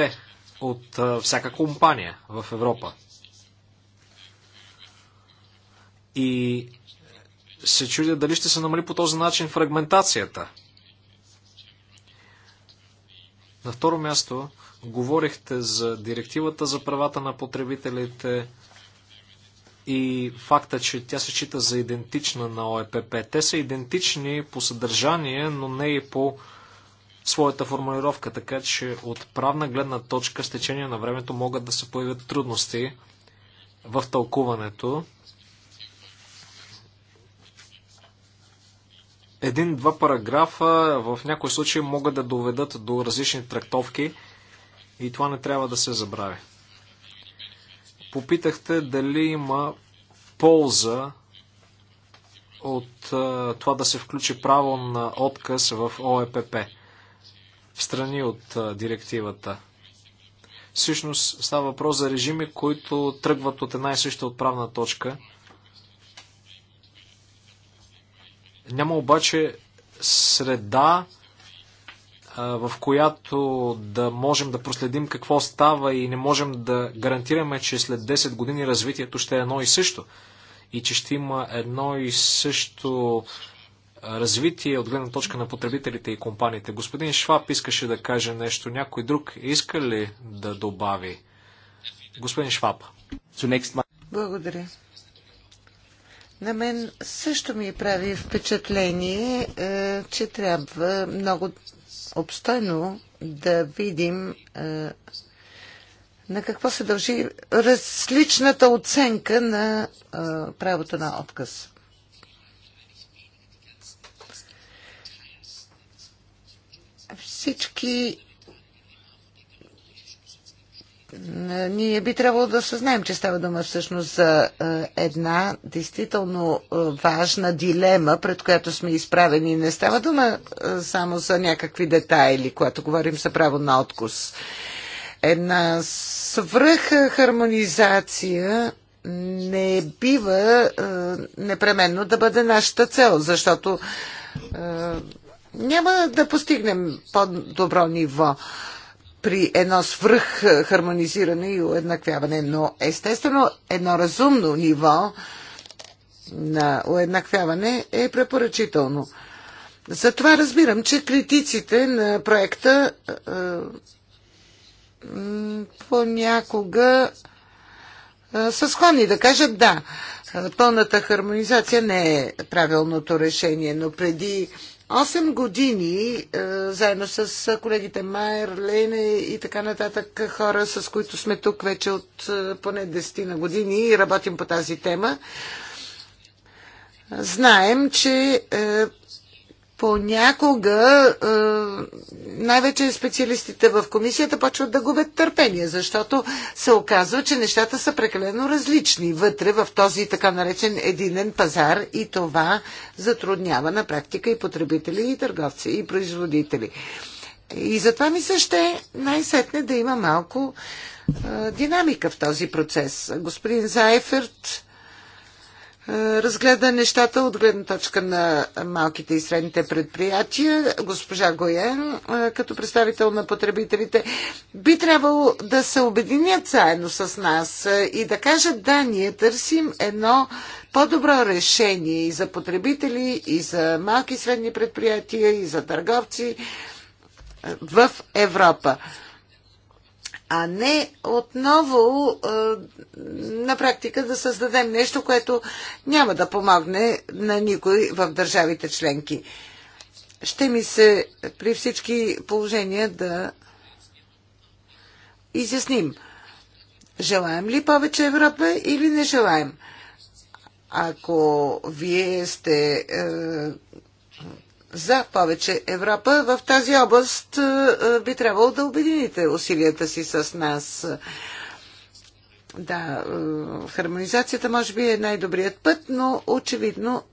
Speaker 3: от всяка компания в Европа. И се чудя дали ще се намали по този начин фрагментацията. На второ място, говорихте за директивата за правата на потребителите и факта, че тя се чита за идентична на ОЕПП. Те са идентични по съдържание, но не и по своята формулировка, така че от правна гледна точка с течение на времето могат да се появят трудности в тълкуването. Един-два параграфа в някои случаи могат да доведат до различни трактовки и това не трябва да се забрави. Попитахте дали има полза от това да се включи право на отказ в ОЕПП страни от директивата. Всъщност става въпрос за режими, които тръгват от една и съща отправна точка. Няма обаче среда, в която да можем да проследим какво става и не можем да гарантираме, че след 10 години развитието ще е едно и също и че ще има едно и също развитие от гледна точка на потребителите и компаниите. Господин Шваб искаше да каже нещо. Някой друг иска ли да добави? Господин Шваб.
Speaker 1: Благодаря. На мен също ми е прави впечатление, е, че трябва много обстойно да видим е, на какво се дължи различната оценка на правото на отказ. Всички ние би трябвало да съзнаем, че става дума всъщност за една действително важна дилема, пред която сме изправени. Не става дума само за някакви детайли, когато говорим за право на откус. Една свръххармонизация не бива непременно да бъде нашата цел, защото няма да постигнем по-добро ниво при едно свръх хармонизиране и уеднаквяване, но естествено едно разумно ниво на уеднаквяване е препоръчително. Затова разбирам, че критиците на проекта е, понякога е, са склонни да кажат да, пълната хармонизация не е правилното решение, но преди 8 години, е, заедно с колегите Майер, Лене и така нататък, хора, с които сме тук вече от е, поне 10 на години и работим по тази тема, знаем, че е, понякога е, най-вече специалистите в комисията почват да губят търпение, защото се оказва, че нещата са прекалено различни вътре в този така наречен единен пазар и това затруднява на практика и потребители, и търговци, и производители. И затова ми се ще най-сетне да има малко е, динамика в този процес. Господин Зайферт е, разгледа нещата от гледна точка на малките и средните предприятия. Госпожа Гоен е, като представител на потребителите, би трябвало да се обединят заедно с нас е, и да кажат да, ние търсим едно по-добро решение и за потребители, и за малки и средни предприятия, и за търговци в Европа а не отново е, на практика да създадем нещо, което няма да помогне на никой в държавите членки. Ще ми се при всички положения да изясним. Желаем ли повече Европа или не желаем? Ако вие сте е, за повече Европа. В тази област е, е, би трябвало да обедините усилията си с нас. Да, е, хармонизацията може би е най-добрият път, но очевидно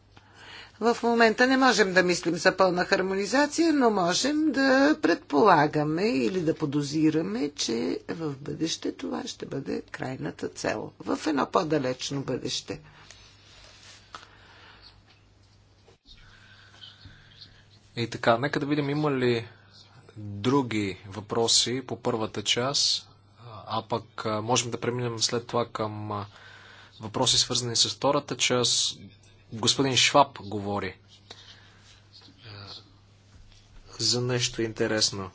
Speaker 1: в момента не можем да мислим за пълна хармонизация, но можем да предполагаме или да подозираме, че в бъдеще това ще бъде крайната цел. В едно по-далечно бъдеще.
Speaker 3: И така, нека да видим има ли други въпроси по първата част, а пък можем да преминем след това към въпроси свързани с втората част. Господин Шваб говори за нещо интересно.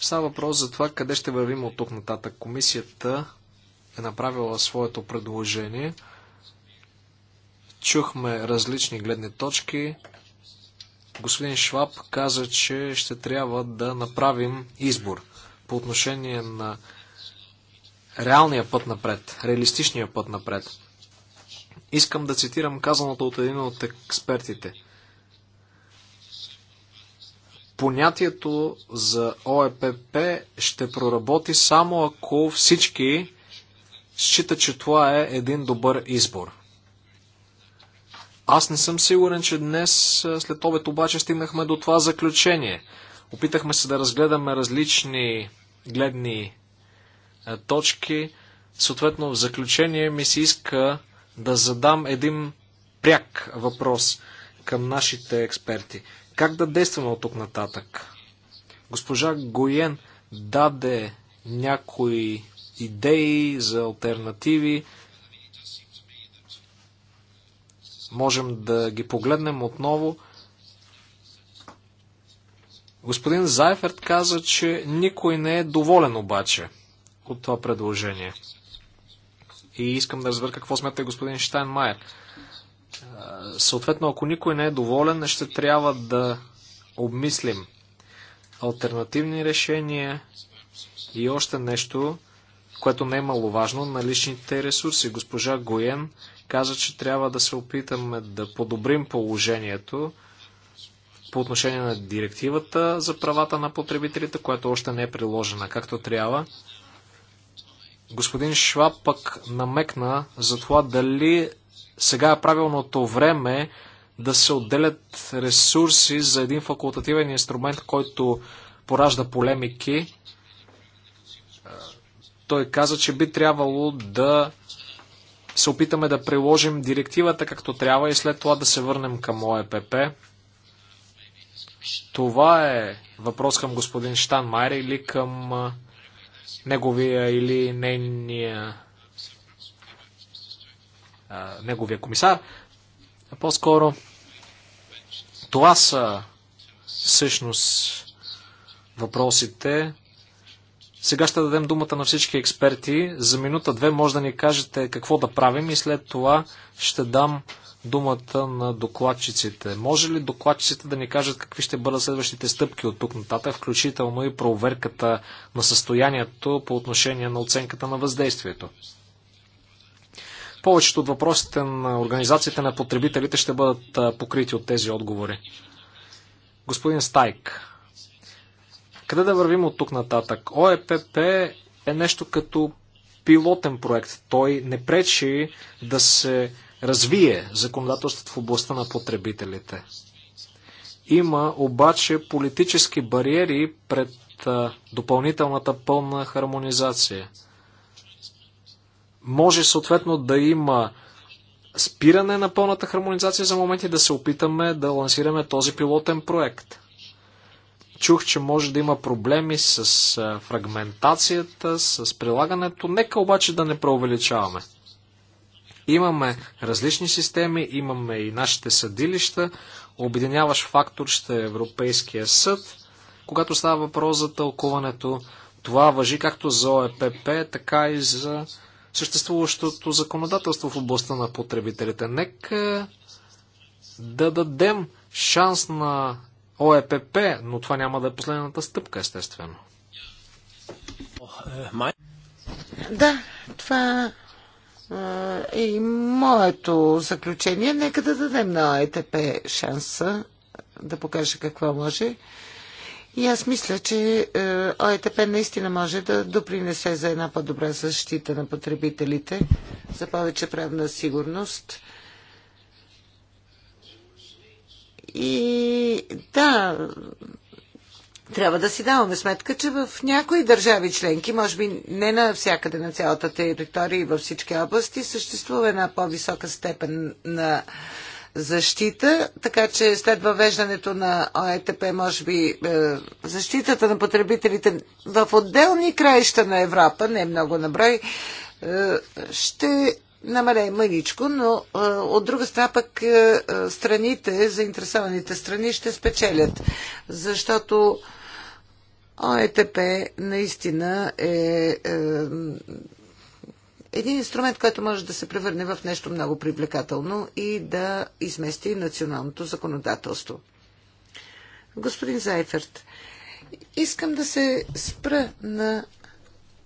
Speaker 3: Става въпрос за това къде ще вървим от тук нататък. Комисията е направила своето предложение. Чухме различни гледни точки. Господин Шваб каза, че ще трябва да направим избор по отношение на реалния път напред, реалистичния път напред. Искам да цитирам казаното от един от експертите. Понятието за ОЕПП ще проработи само ако всички считат, че това е един добър избор. Аз не съм сигурен, че днес след обед обаче стигнахме до това заключение. Опитахме се да разгледаме различни гледни точки. Съответно, в заключение ми се иска да задам един пряк въпрос към нашите експерти. Как да действаме от тук нататък? Госпожа Гоен даде някои идеи за альтернативи. Можем да ги погледнем отново. Господин Зайферт каза, че никой не е доволен обаче от това предложение. И искам да разбера какво смята господин Штайнмайер. Съответно, ако никой не е доволен, ще трябва да обмислим альтернативни решения и още нещо, което не е маловажно, наличните ресурси. Госпожа Гоен каза, че трябва да се опитаме да подобрим положението по отношение на директивата за правата на потребителите, която още не е приложена както трябва. Господин Шваб пък намекна за това дали сега е правилното време да се отделят ресурси за един факултативен инструмент, който поражда полемики. Той каза, че би трябвало да се опитаме да приложим директивата както трябва и след това да се върнем към ОЕПП. Това е въпрос към господин Штанмайер или към неговия или нейния неговия комисар. По-скоро това са всъщност въпросите, сега ще дадем думата на всички експерти. За минута-две може да ни кажете какво да правим и след това ще дам думата на докладчиците. Може ли докладчиците да ни кажат какви ще бъдат следващите стъпки от тук нататък, включително и проверката на състоянието по отношение на оценката на въздействието? Повечето от въпросите на организацията на потребителите ще бъдат покрити от тези отговори. Господин Стайк, къде да вървим от тук нататък? ОЕПП е нещо като пилотен проект. Той не пречи да се развие законодателството в областта на потребителите. Има обаче политически бариери пред допълнителната пълна хармонизация. Може съответно да има спиране на пълната хармонизация за моменти да се опитаме да лансираме този пилотен проект. Чух, че може да има проблеми с фрагментацията, с прилагането. Нека обаче да не преувеличаваме. Имаме различни системи, имаме и нашите съдилища. Обединяваш фактор ще е Европейския съд. Когато става въпрос за тълкуването, това въжи както за ОЕПП, така и за съществуващото законодателство в областта на потребителите. Нека да дадем шанс на ОЕПП, но това няма да е последната стъпка, естествено. Да,
Speaker 1: това е и моето заключение. Нека да дадем на ОЕТП шанса да покаже какво може. И аз мисля, че ОЕТП наистина може да допринесе за една по-добра защита на потребителите, за повече правна сигурност. И да, трябва да си даваме сметка, че в някои държави членки, може би не на всякъде на цялата територия и във всички области, съществува една по-висока степен на защита, така че след въвеждането на ОЕТП, може би е, защитата на потребителите в отделни краища на Европа, не е много наброй, ще намалее мъничко, но а, от друга страна пък а, страните, заинтересованите страни ще спечелят, защото ОЕТП наистина е, е един инструмент, който може да се превърне в нещо много привлекателно и да измести националното законодателство. Господин Зайферт, искам да се спра на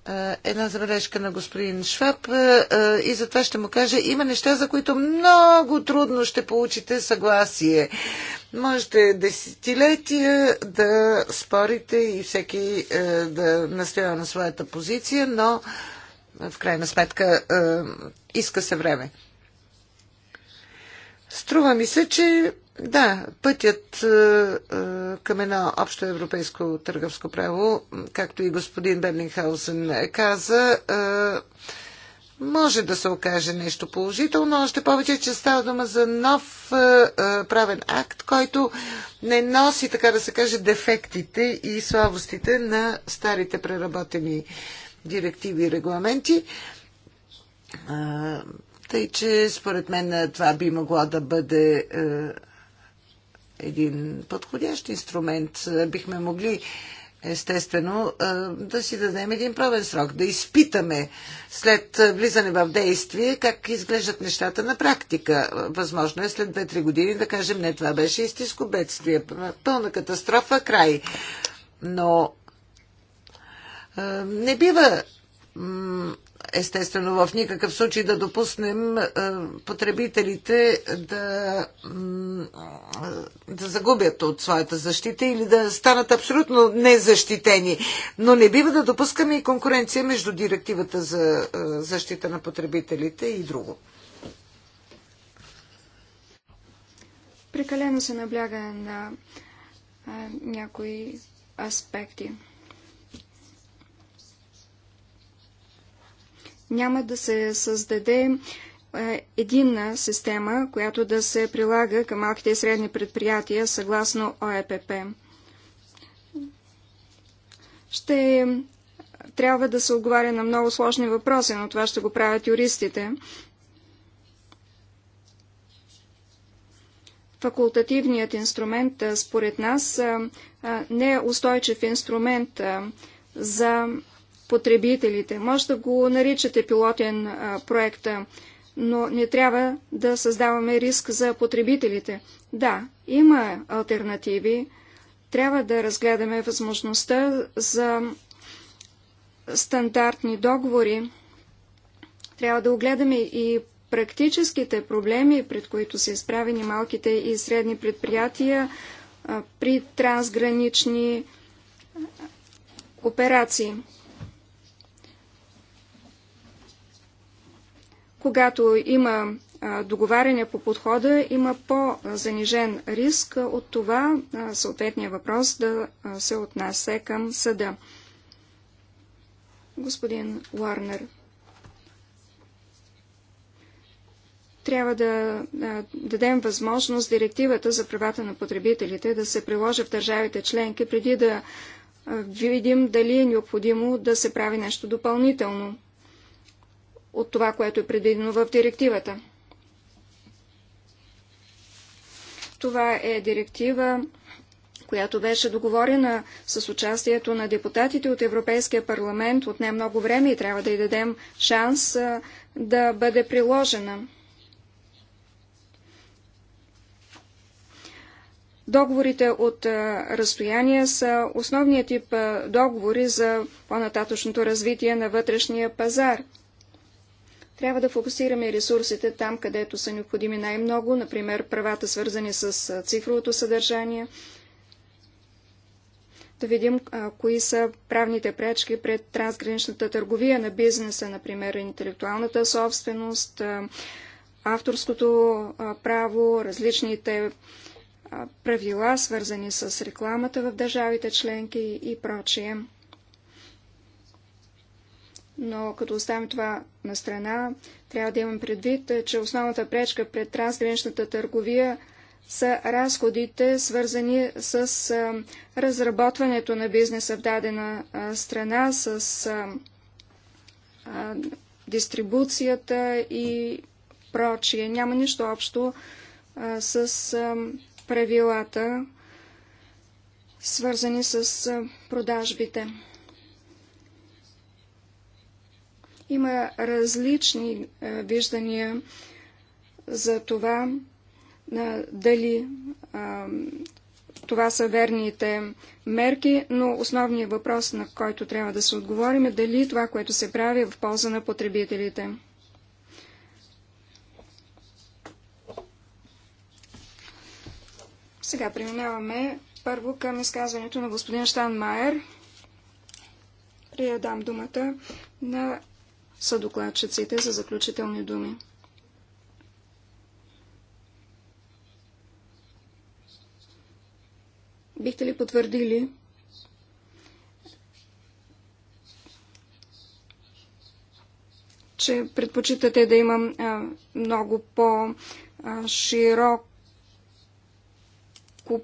Speaker 1: е, една забележка на господин Шваб е, е, и затова ще му кажа, има неща, за които много трудно ще получите съгласие. Можете десетилетия да спорите и всеки да настоява на своята позиция, но в крайна сметка иска се време. Струва ми се, че да, пътят е, е, към едно общо европейско търговско право, както и господин Бернинхаузен каза, е, може да се окаже нещо положително, още повече, че става дума за нов правен акт, който не носи, така да се каже, дефектите и слабостите на старите преработени директиви и регламенти. Тъй, че според мен това би могло да бъде един подходящ инструмент. Бихме могли естествено да си дадем един правен срок, да изпитаме след влизане в действие как изглеждат нещата на практика. Възможно е след 2-3 години да кажем не, това беше истинско бедствие, пълна катастрофа, край. Но не бива естествено в никакъв случай да допуснем е, потребителите да, да загубят от своята защита или да станат абсолютно незащитени. Но не бива да допускаме и конкуренция между директивата за е, защита на потребителите и друго.
Speaker 2: Прекалено се набляга на е, някои аспекти. няма да се създаде е, единна система, която да се прилага към малките и средни предприятия съгласно ОЕПП. Ще трябва да се отговаря на много сложни въпроси, но това ще го правят юристите. Факултативният инструмент, е, според нас, е, не е устойчив инструмент за потребителите. Може да го наричате пилотен проект, но не трябва да създаваме риск за потребителите. Да, има альтернативи. Трябва да разгледаме възможността за стандартни договори. Трябва да огледаме и практическите проблеми, пред които са изправени малките и средни предприятия при трансгранични операции. Когато има договаряне по подхода, има по-занижен риск от това съответния въпрос да се отнася към съда. Господин Ларнер. трябва да дадем възможност директивата за правата на потребителите да се приложи в държавите членки, преди да видим дали е необходимо да се прави нещо допълнително от това, което е предвидено в директивата. Това е директива, която беше договорена с участието на депутатите от Европейския парламент от не много време и трябва да й дадем шанс да бъде приложена. Договорите от разстояние са основният тип договори за по-нататъчното развитие на вътрешния пазар – трябва да фокусираме ресурсите там, където са необходими най-много, например правата свързани с цифровото съдържание. Да видим а, кои са правните пречки пред трансграничната търговия на бизнеса, например интелектуалната собственост, а, авторското а, право, различните правила, свързани с рекламата в държавите членки и прочие но като оставим това на страна, трябва да имам предвид, че основната пречка пред трансграничната търговия са разходите, свързани с разработването на бизнеса в дадена страна, с дистрибуцията и прочие. Няма нищо общо с правилата, свързани с продажбите. Има различни е, виждания за това, дали е, това са верните мерки, но основният въпрос, на който трябва да се отговорим е дали това, което се прави е в полза на потребителите. Сега преминаваме първо към изказването на господин Штан Майер. дам думата на са докладчиците за заключителни думи. Бихте ли потвърдили, че предпочитате да имам а, много по-широко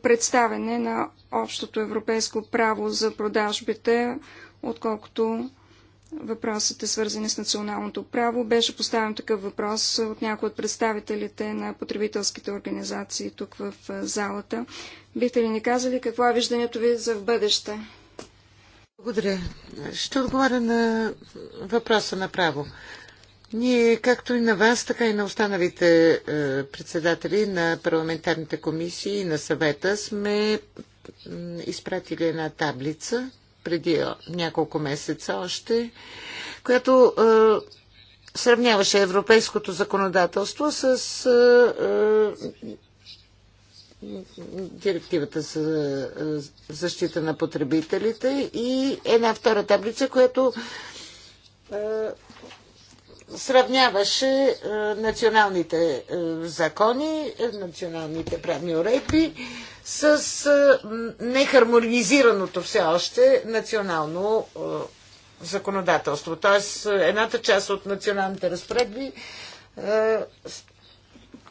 Speaker 2: представене на общото европейско право за продажбите, отколкото въпросите, свързани с националното право. Беше поставен такъв въпрос от някои от представителите на потребителските организации тук в залата. Бихте ли ни казали какво е виждането ви за в бъдеще?
Speaker 1: Благодаря. Ще отговоря на въпроса на право. Ние, както и на вас, така и на останалите е, председатели на парламентарните комисии и на съвета, сме изпратили една таблица преди няколко месеца още, която е, сравняваше европейското законодателство с е, е, директивата за защита на потребителите и една втора таблица, която е, сравняваше е, националните е, закони, националните правни уредби с нехармонизираното все още национално законодателство. Тоест, едната част от националните разпредби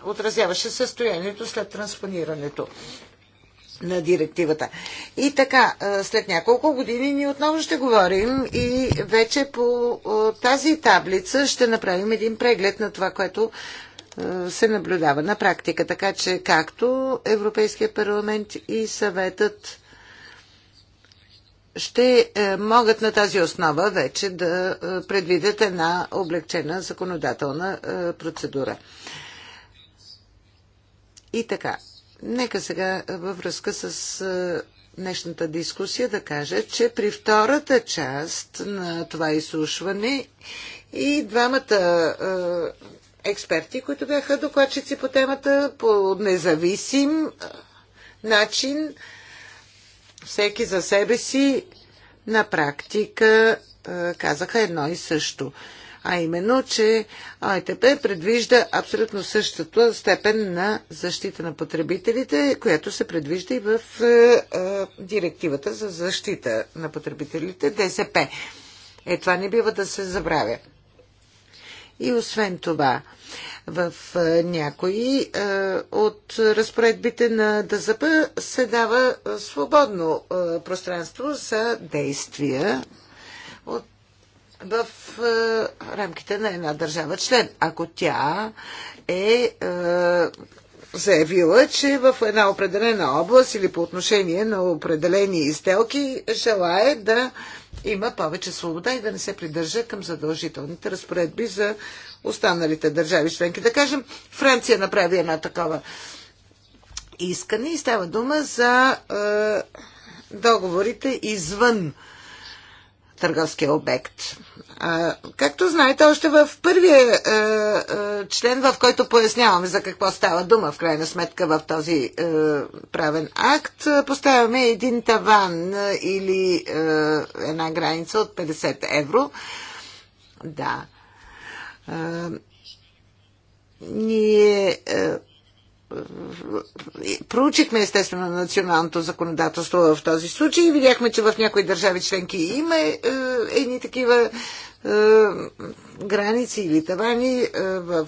Speaker 1: отразяваше състоянието след транспонирането на директивата. И така, след няколко години ние отново ще говорим и вече по тази таблица ще направим един преглед на това, което е, се наблюдава на практика. Така че както Европейския парламент и съветът ще е, могат на тази основа вече да е, предвидят една облегчена законодателна процедура. И така, нека сега във връзка с днешната дискусия да кажа, че при втората част на това изслушване и двамата експерти, които бяха докладчици по темата, по независим начин, всеки за себе си, на практика казаха едно и също. А именно, че ОЕТП предвижда абсолютно същата степен на защита на потребителите, която се предвижда и в директивата за защита на потребителите ДСП. Е, това не бива да се забравя. И освен това, в някои от разпоредбите на ДЗП се дава свободно пространство за действия в рамките на една държава член, ако тя е заявила, че в една определена област или по отношение на определени изделки желае да има повече свобода и да не се придържа към задължителните разпоредби за останалите държави членки. Да кажем, Франция направи една такова искане и става дума за е, договорите извън търговския обект. А, както знаете, още в първия а, е, а, е, член, в който поясняваме за какво става дума, в крайна сметка, в този а, е, правен акт, поставяме един таван а, или а, една граница от 50 евро. Да. А, ние. А, проучихме естествено националното законодателство в този случай и видяхме, че в някои държави членки има е, едни такива е, граници или тавани е, в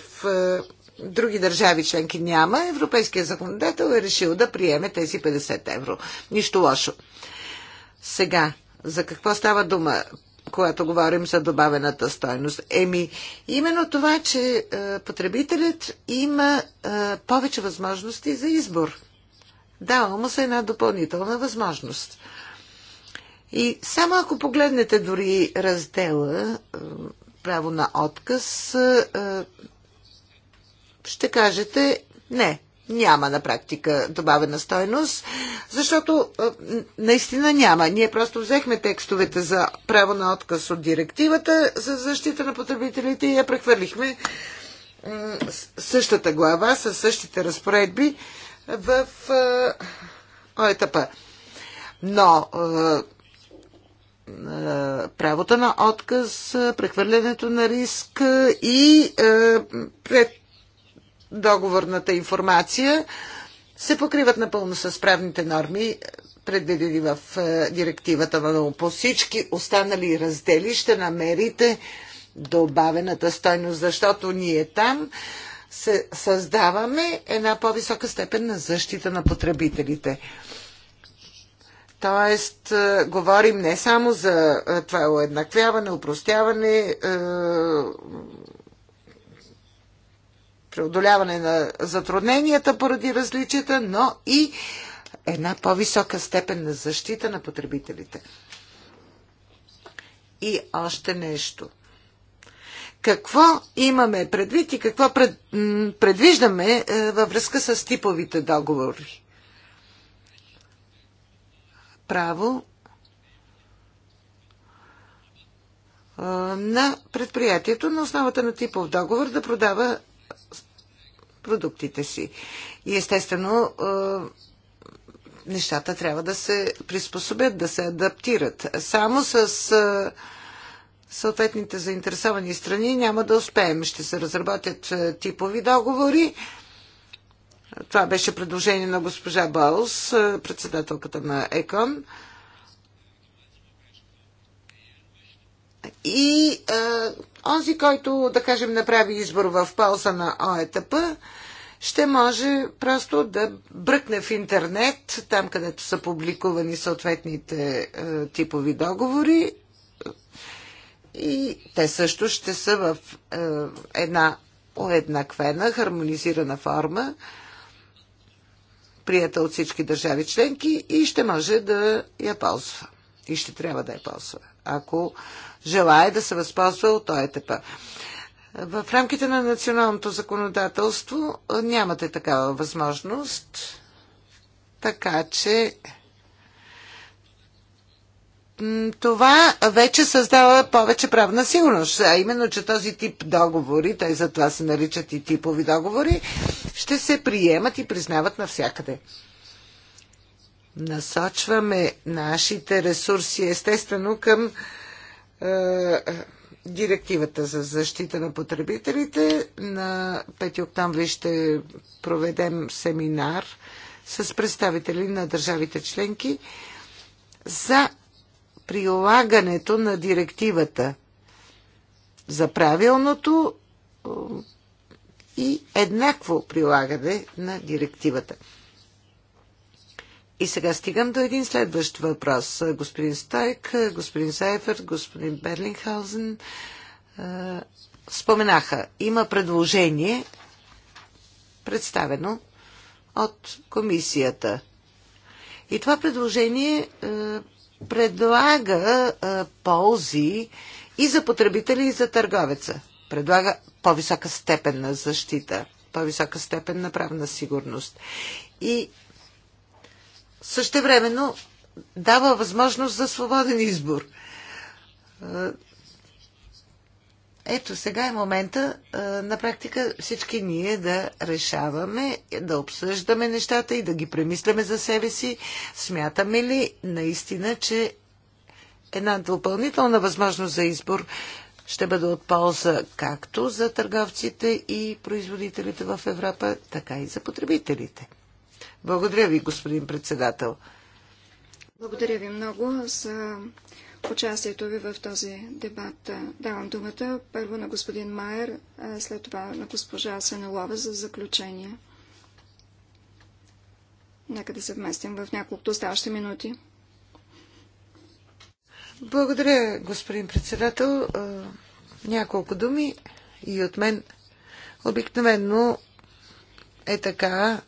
Speaker 1: други държави членки няма. Европейският законодател е решил да приеме тези 50 евро. Нищо лошо. Сега, за какво става дума? когато говорим за добавената стойност? Еми, именно това, че е, потребителят има е, повече възможности за избор. Дава му се една допълнителна възможност. И само ако погледнете дори раздела е, право на отказ, ще кажете не, няма на практика добавена стойност, защото е, наистина няма. Ние просто взехме текстовете за право на отказ от директивата за защита на потребителите и я прехвърлихме същата глава с същите разпоредби в е, ОЕТП. Но е, правото на отказ, прехвърлянето на риск и пред договорната информация се покриват напълно с правните норми, предвидени в е, директивата, но по всички останали раздели ще намерите добавената стойност, защото ние там се създаваме една по-висока степен на защита на потребителите. Тоест, е, говорим не само за е, това уеднаквяване, упростяване, преодоляване на затрудненията поради различията, но и една по-висока степен на защита на потребителите. И още нещо. Какво имаме предвид и какво пред, предвиждаме е, във връзка с типовите договори? Право е, на предприятието на основата на типов договор да продава продуктите си. И естествено, нещата трябва да се приспособят, да се адаптират. Само с съответните заинтересовани страни няма да успеем. Ще се разработят типови договори. Това беше предложение на госпожа Баус, председателката на ЕКОН. И онзи, който, да кажем, направи избор в полза на ОЕТП, ще може просто да бръкне в интернет, там където са публикувани съответните е, типови договори и те също ще са в е, една уеднаквена, хармонизирана форма, прията от всички държави членки и ще може да я ползва. И ще трябва да я ползва. Ако желая да се възползва от ОЕТП. В рамките на националното законодателство нямате такава възможност, така че това вече създава повече правна сигурност, а именно, че този тип договори, те затова се наричат и типови договори, ще се приемат и признават навсякъде. Насочваме нашите ресурси естествено към е, директивата за защита на потребителите. На 5 октомври ще проведем семинар с представители на държавите членки за прилагането на директивата за правилното е, и еднакво прилагане на директивата. И сега стигам до един следващ въпрос. Господин Стойк, господин Сайфер, господин Берлинхаузен споменаха. Има предложение, представено от комисията. И това предложение предлага ползи и за потребители, и за търговеца. Предлага по-висока степен на защита, по-висока степен на правна сигурност. И същевременно дава възможност за свободен избор. Ето сега е момента на практика всички ние да решаваме, да обсъждаме нещата и да ги премисляме за себе си. Смятаме ли наистина, че една допълнителна възможност за избор ще бъде от полза както за търговците и производителите в Европа, така и за потребителите? Благодаря ви, господин председател.
Speaker 2: Благодаря ви много за участието ви в този дебат. Давам думата първо на господин Майер, а след това на госпожа Сенелова за заключение. Нека да се вместим в няколко оставащи минути.
Speaker 1: Благодаря, господин председател. Няколко думи и от мен. Обикновено е така,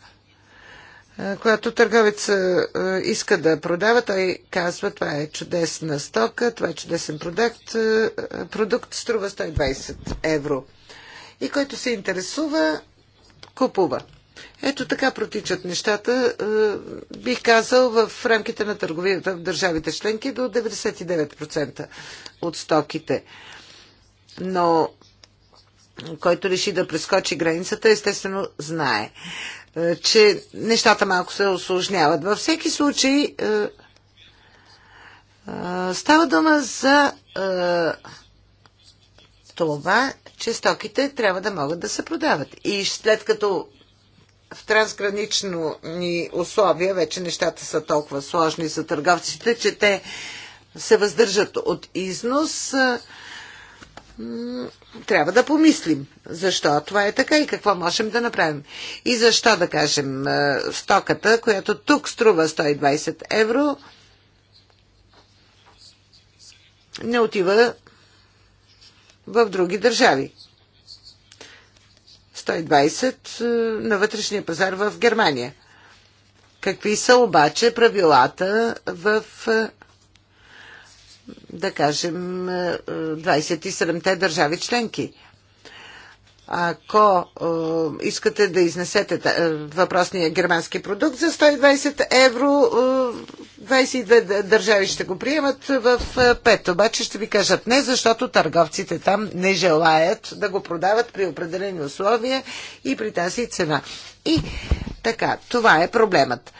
Speaker 1: когато търговец е, иска да продава, той казва, това е чудесна стока, това е чудесен продукт, е, продукт струва 120 евро. И който се интересува, купува. Ето така протичат нещата, е, бих казал, в рамките на търговията в държавите членки до 99% от стоките. Но който реши да прескочи границата, естествено знае. Е, че нещата малко се осложняват. Във всеки случай е, е, става дума за това, че стоките трябва да могат да се продават. И след като в трансгранично ни условия вече нещата са толкова сложни за търговците, че те се въздържат от износ трябва да помислим защо това е така и какво можем да направим. И защо да кажем стоката, която тук струва 120 евро, не отива в други държави. 120 на вътрешния пазар в Германия. Какви са обаче правилата в да кажем, 27-те е, държави членки. Ако е, искате да изнесете е, въпросния германски продукт за 120 евро, е, 22 държави ще го приемат в 5. Е, Обаче ще ви кажат не, защото търговците там не желаят да го продават при определени условия и при тази цена. И така, това е проблемът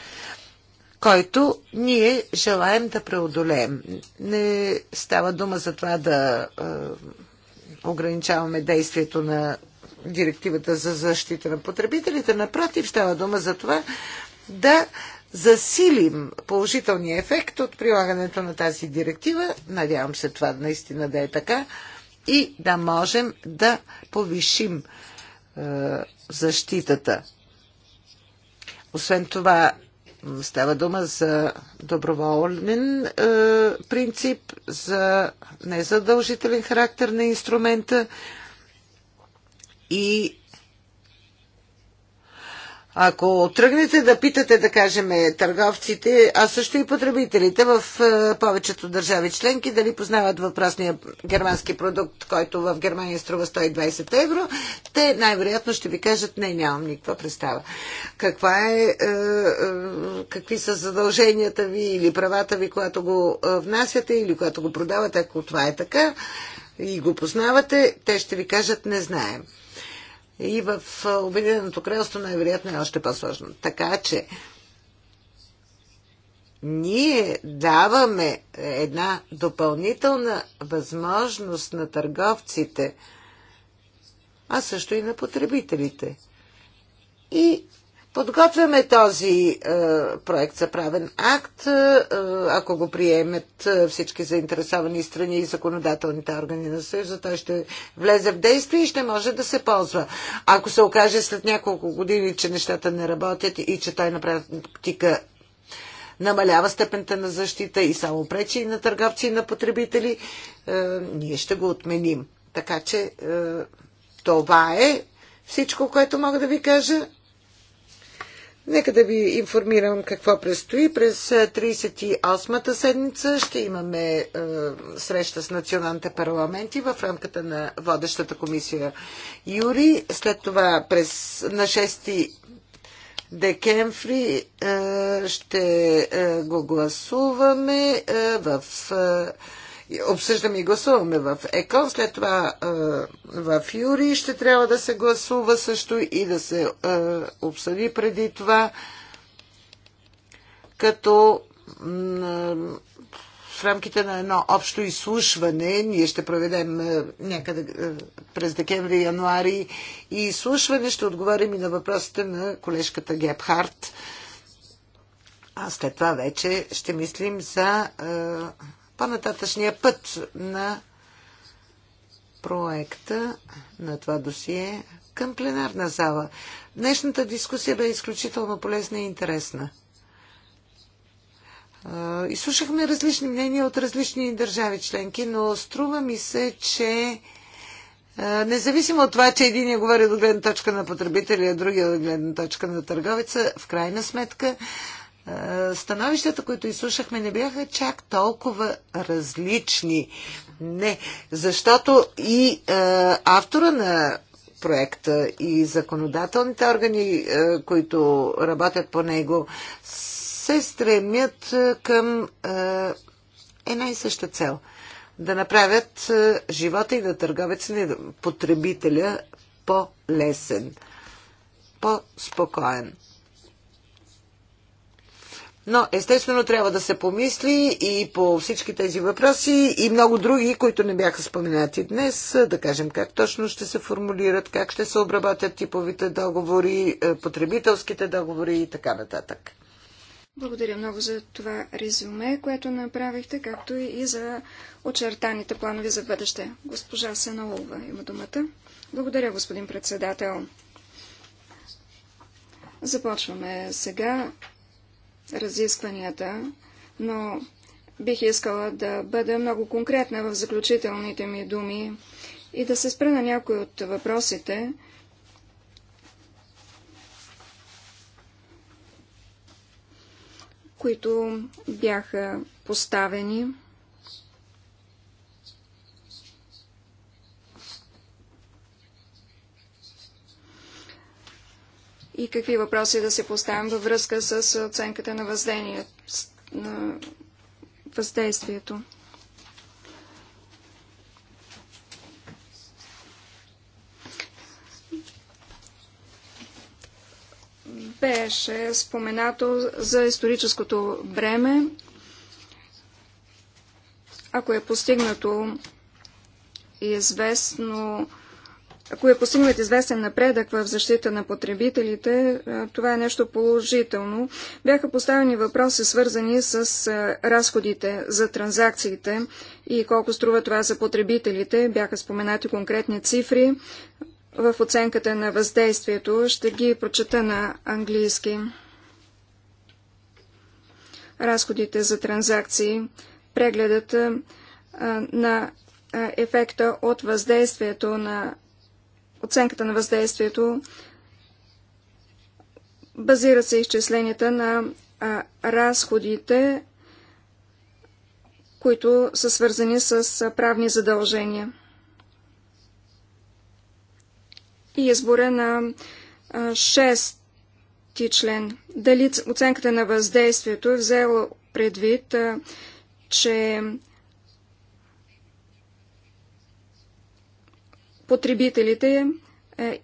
Speaker 1: който ние желаем да преодолеем. Не става дума за това да е, ограничаваме действието на директивата за защита на потребителите. Напротив, става дума за това да засилим положителния ефект от прилагането на тази директива. Надявам се това наистина да е така. И да можем да повишим е, защитата. Освен това, Става дума за доброволен е, принцип, за незадължителен характер на инструмента и ако тръгнете да питате, да кажем, търговците, а също и потребителите в е, повечето държави членки, дали познават въпросния германски продукт, който в Германия струва 120 евро, те най-вероятно ще ви кажат, не, нямам никаква представа. Каква е, е, е какви са задълженията ви или правата ви, когато го е, внасяте или когато го продавате, ако това е така и го познавате, те ще ви кажат, не знаем и в Обединеното кралство най-вероятно е още по-сложно. Така че ние даваме една допълнителна възможност на търговците, а също и на потребителите. И Подготвяме този е, проект за правен акт, е, е ако го приемат е, всички заинтересовани страни и законодателните органи на Съюза, той ще влезе в действие и ще може да се ползва. Ако се окаже след няколко години, че нещата не работят и че той на практика намалява степента на защита и само пречи и на търговци и на потребители, е, ние ще го отменим. Така че е, това е всичко, което мога да ви кажа. Нека да ви информирам какво предстои. През 38-та е, седмица ще имаме е, среща с националните парламенти в рамката на водещата комисия Юри. След това през на 6 декември е, ще е, го гласуваме е, в. Е, обсъждаме и гласуваме в ЕКО, след това в Юри ще трябва да се гласува също и да се обсъди преди това, като в рамките на едно общо изслушване, ние ще проведем някъде през декември-януари и изслушване, ще отговорим и на въпросите на колежката Гебхарт. А след това вече ще мислим за по-нататъчния път на проекта на това досие към пленарна зала. Днешната дискусия бе изключително полезна и интересна. Изслушахме различни мнения от различни държави членки, но струва ми се, че независимо от това, че един я говори от гледна точка на потребителя, а другия от гледна точка на търговеца, в крайна сметка е, становищата, които изслушахме, не бяха чак толкова различни. Не, защото и е, автора на проекта и законодателните органи, е, които работят по него, се стремят е, към е, една и съща цел. Да направят е, живота и на да търговеца, и на потребителя по-лесен, по-спокоен. Но естествено трябва да се помисли и по всички тези въпроси и много други, които не бяха споменати днес, да кажем как точно ще се формулират, как ще се обработят типовите договори, е, потребителските договори и така нататък.
Speaker 2: Благодаря много за това резюме, което направихте, както и за очертаните планови за бъдеще. Госпожа Сенаулова има думата. Благодаря, господин председател. Започваме сега разискванията, но бих искала да бъда много конкретна в заключителните ми думи и да се спра на някои от въпросите, които бяха поставени. и какви въпроси да се поставим във връзка с оценката на, въздение, на въздействието. Беше споменато за историческото бреме. Ако е постигнато и известно ако е постигнат известен напредък в защита на потребителите, това е нещо положително. Бяха поставени въпроси, свързани с разходите за транзакциите и колко струва това за потребителите. Бяха споменати конкретни цифри в оценката на въздействието. Ще ги прочета на английски. Разходите за транзакции, прегледът на ефекта от въздействието на оценката на въздействието базира се изчисленията на а, разходите, които са свързани с правни задължения. И избора на а, 6 член. Дали оценката на въздействието е взела предвид, а, че потребителите е,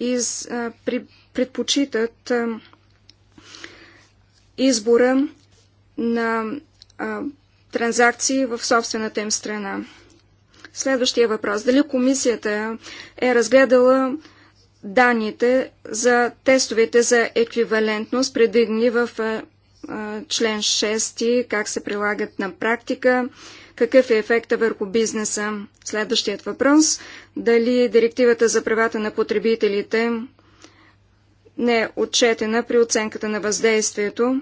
Speaker 2: из, е, при, предпочитат е, избора на транзакции в собствената им страна. Следващия въпрос. Дали комисията е разгледала данните за тестовете за еквивалентност, предвидени в член 6, как се прилагат на практика, какъв е ефекта върху бизнеса. Следващият въпрос – дали директивата за правата на потребителите не е отчетена при оценката на въздействието,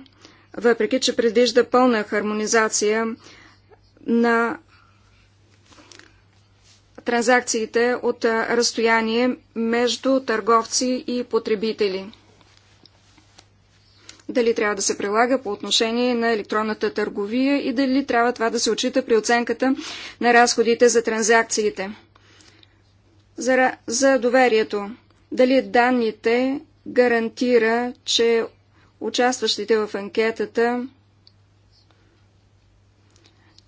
Speaker 2: въпреки че предвижда пълна хармонизация на транзакциите от разстояние между търговци и потребители дали трябва да се прилага по отношение на електронната търговия и дали трябва това да се отчита при оценката на разходите за транзакциите. За, за доверието. Дали данните гарантира, че участващите в анкетата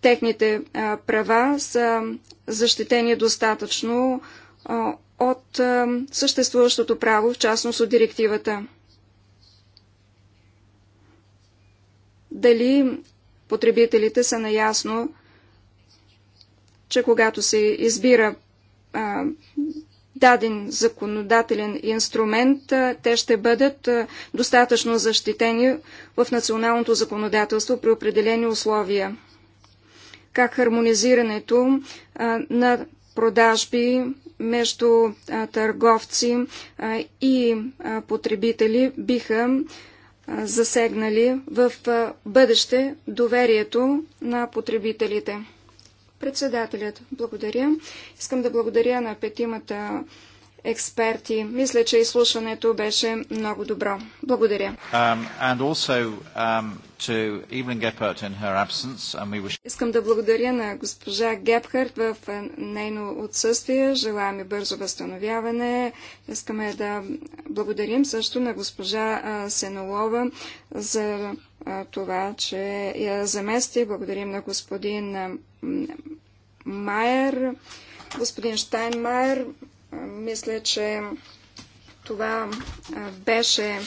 Speaker 2: техните а, права са защитени достатъчно а, от а, съществуващото право, в частност от директивата. дали потребителите са наясно, че когато се избира а, даден законодателен инструмент, а, те ще бъдат а, достатъчно защитени в националното законодателство при определени условия. Как хармонизирането а, на продажби между а, търговци а, и а, потребители биха а, засегнали в бъдеще доверието на потребителите. Председателят, благодаря. Искам да благодаря на петимата експерти. Мисля, че изслушването беше много добро. Благодаря. Um, also, um, absence, wish... Искам да благодаря на госпожа Гепхарт в е, нейно отсъствие. Желаем бързо възстановяване. Искаме да благодарим също на госпожа е, Сенолова за е, това, че я замести. Благодарим на господин Майер, господин Штайнмайер, мисля, че това беше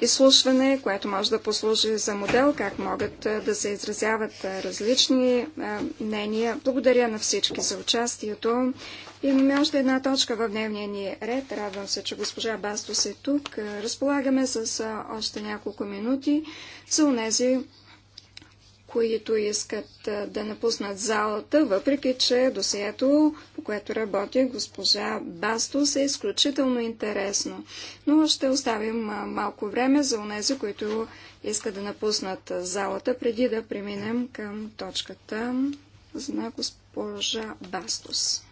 Speaker 2: изслушване, което може да послужи за модел, как могат да се изразяват различни мнения. Благодаря на всички за участието. Имаме още една точка в дневния ни ред. Радвам се, че госпожа Бастос е тук. Разполагаме с още няколко минути за унези, които искат да напуснат залата, въпреки че досието, по което работи госпожа Бастос, е изключително интересно. Но ще оставим малко време за онези, които искат да напуснат залата, преди да преминем към точката на госпожа Бастос.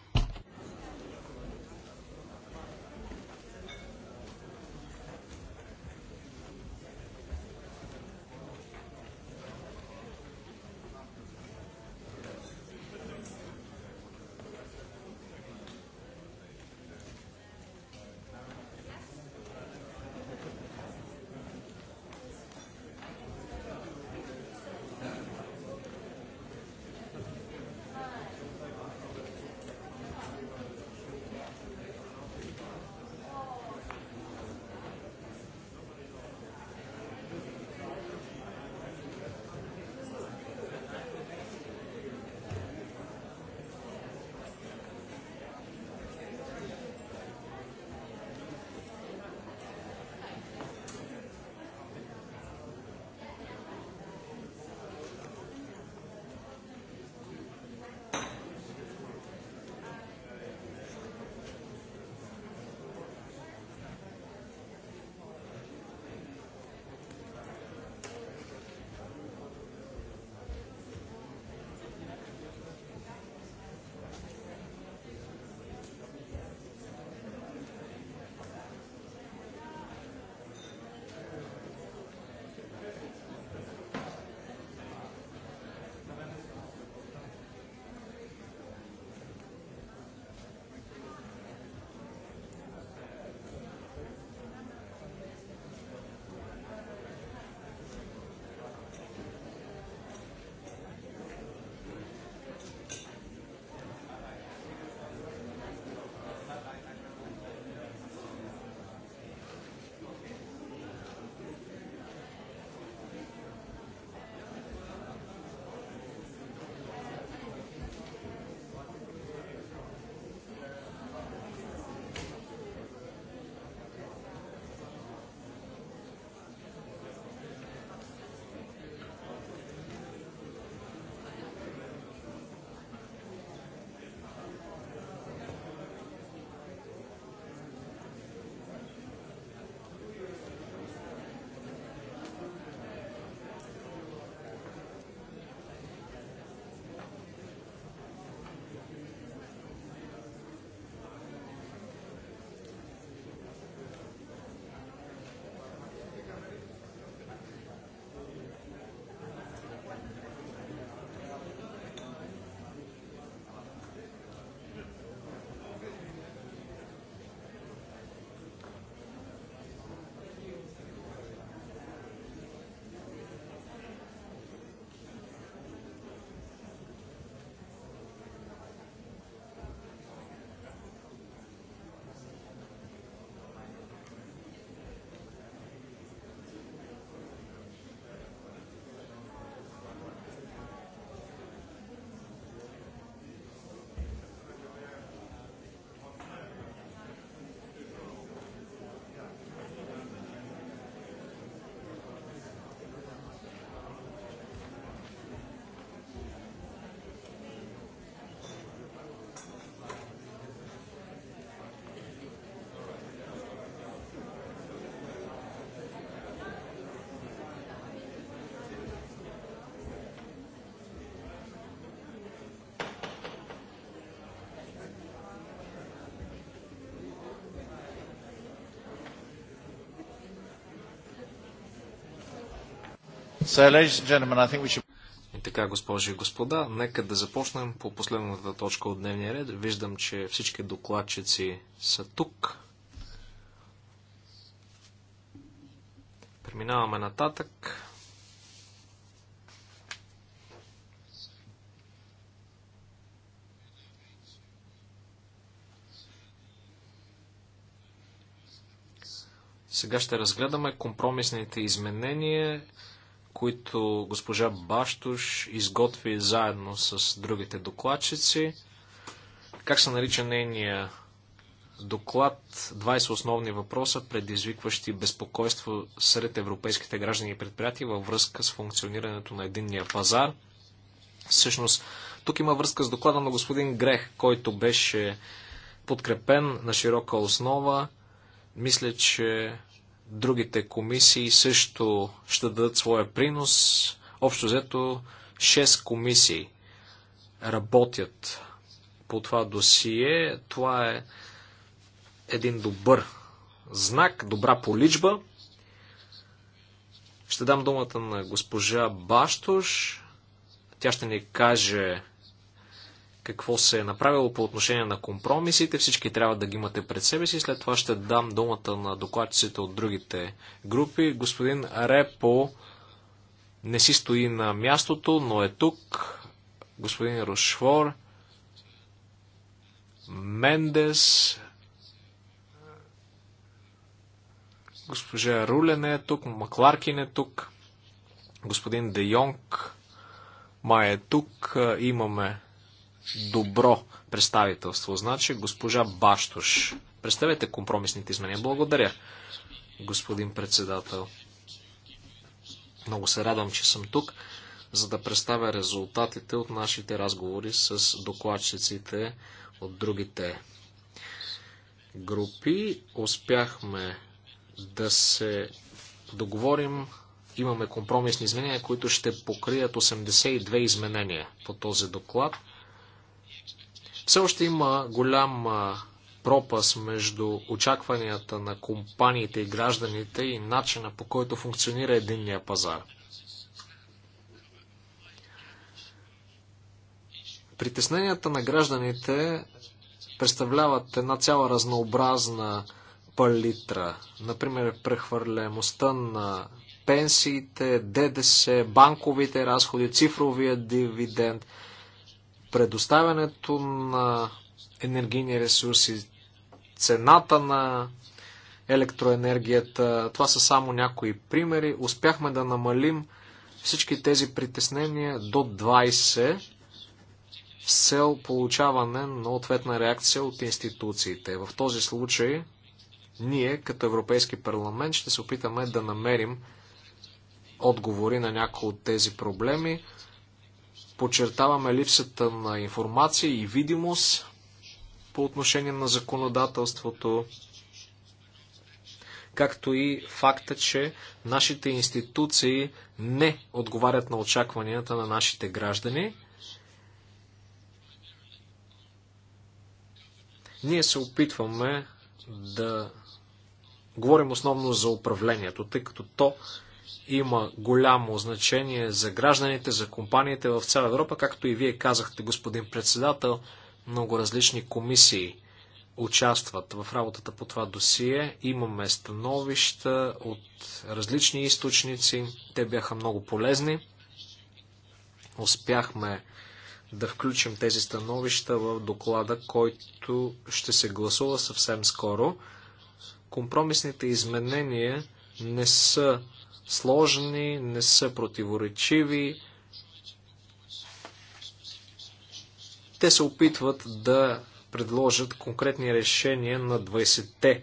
Speaker 3: И така, госпожи и господа, нека да започнем по последната точка от дневния ред. Виждам, че всички докладчици са тук. Преминаваме нататък. Сега ще разгледаме компромисните изменения които госпожа Баштош изготви заедно с другите докладчици. Как се нарича нейния доклад 20 основни въпроса, предизвикващи безпокойство сред европейските граждани и предприятия във връзка с функционирането на единния пазар. Всъщност, тук има връзка с доклада на господин Грех, който беше подкрепен на широка основа. Мисля, че Другите комисии също ще дадат своя принос. Общо взето 6 комисии работят по това досие. Това е един добър знак, добра поличба. Ще дам думата на госпожа Баштош. Тя ще ни каже какво се е направило по отношение на компромисите. Всички трябва да ги имате пред себе си. След това ще дам думата на докладчиците от другите групи. Господин Репо не си стои на мястото, но е тук. Господин Рошвор, Мендес, госпожа Рулен е тук, Макларкин е тук, господин Де Йонг, Ма е тук. Имаме добро представителство. Значи госпожа Баштош. Представете компромисните изменения. Благодаря, господин председател. Много се радвам, че съм тук, за да представя резултатите от нашите разговори с докладчиците от другите групи. Успяхме да се договорим. Имаме компромисни изменения, които ще покрият 82 изменения по този доклад. Все още има голям пропас между очакванията на компаниите и гражданите и начина по който функционира единния пазар. Притесненията на гражданите представляват една цяла разнообразна палитра. Например, прехвърляемостта на пенсиите, ДДС, банковите разходи, цифровия дивиденд – предоставянето на енергийни ресурси, цената на електроенергията. Това са само някои примери. Успяхме да намалим всички тези притеснения до 20 с цел получаване на ответна реакция от институциите. В този случай ние, като Европейски парламент, ще се опитаме да намерим отговори на някои от тези проблеми. Подчертаваме липсата на информация и видимост по отношение на законодателството, както и факта, че нашите институции не отговарят на очакванията на нашите граждани. Ние се опитваме да говорим основно за управлението, тъй като то има голямо значение за гражданите, за компаниите в цяла Европа, както и вие казахте, господин председател, много различни комисии участват в работата по това досие. Имаме становища от различни източници. Те бяха много полезни. Успяхме да включим тези становища в доклада, който ще се гласува съвсем скоро. Компромисните изменения не са сложни, не са противоречиви. Те се опитват да предложат конкретни решения на 20-те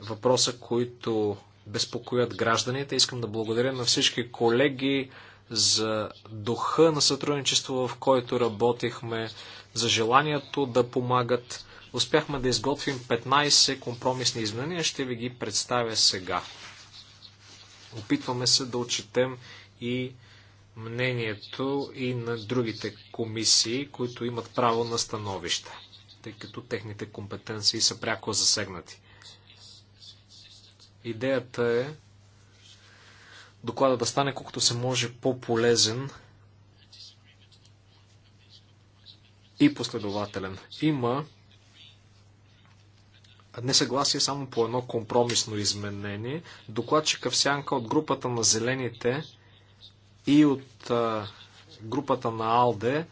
Speaker 3: въпроса, които безпокоят гражданите. Искам да благодаря на всички колеги за духа на сътрудничество, в който работихме, за желанието да помагат. Успяхме да изготвим 15 компромисни изменения. Ще ви ги представя сега. Опитваме се да отчетем и мнението и на другите комисии, които имат право на становище, тъй като техните компетенции са пряко засегнати. Идеята е доклада да стане колкото се може по-полезен и последователен. Има несъгласие само по едно компромисно изменение. Докладчика в сянка от групата на зелените и от групата на Алде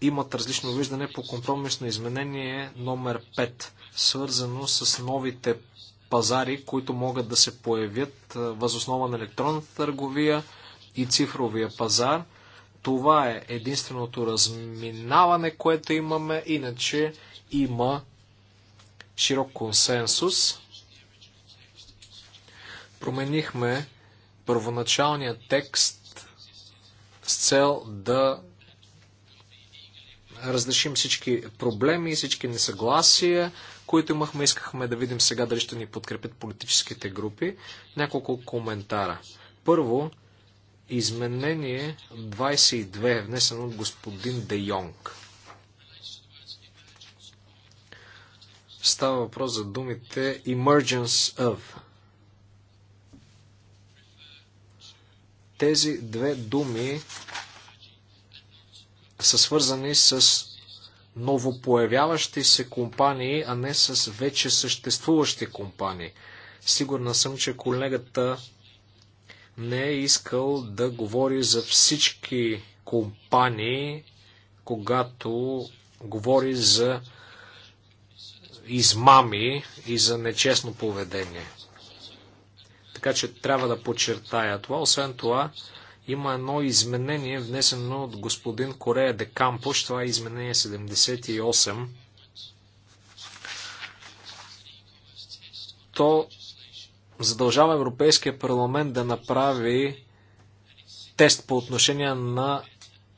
Speaker 3: имат различно виждане по компромисно изменение номер 5, свързано с новите пазари, които могат да се появят възоснова на електронната търговия и цифровия пазар. Това е единственото разминаване, което имаме, иначе има широк консенсус. Променихме първоначалния текст с цел да разрешим всички проблеми, всички несъгласия, които имахме. Искахме да видим сега дали ще ни подкрепят политическите групи. Няколко коментара. Първо, изменение 22, внесено от господин Де Йонг. Става въпрос за думите emergence of. Тези две думи са свързани с новопоявяващи се компании, а не с вече съществуващи компании. Сигурна съм, че колегата не е искал да говори за всички компании, когато говори за измами и за нечестно поведение. Така че трябва да подчертая това. Освен това, има едно изменение, внесено от господин Корея де Кампош. Това е изменение 78. То задължава Европейския парламент да направи тест по отношение на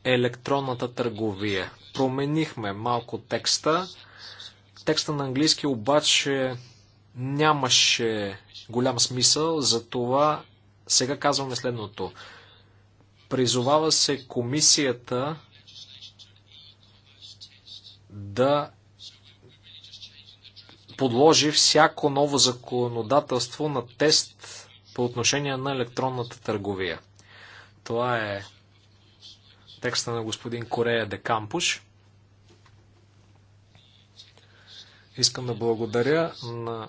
Speaker 3: електронната търговия. Променихме малко текста Текста на английски обаче нямаше голям смисъл, затова сега казваме следното. Призовава се комисията да подложи всяко ново законодателство на тест по отношение на електронната търговия. Това е текста на господин Корея де Кампуш. Искам да благодаря на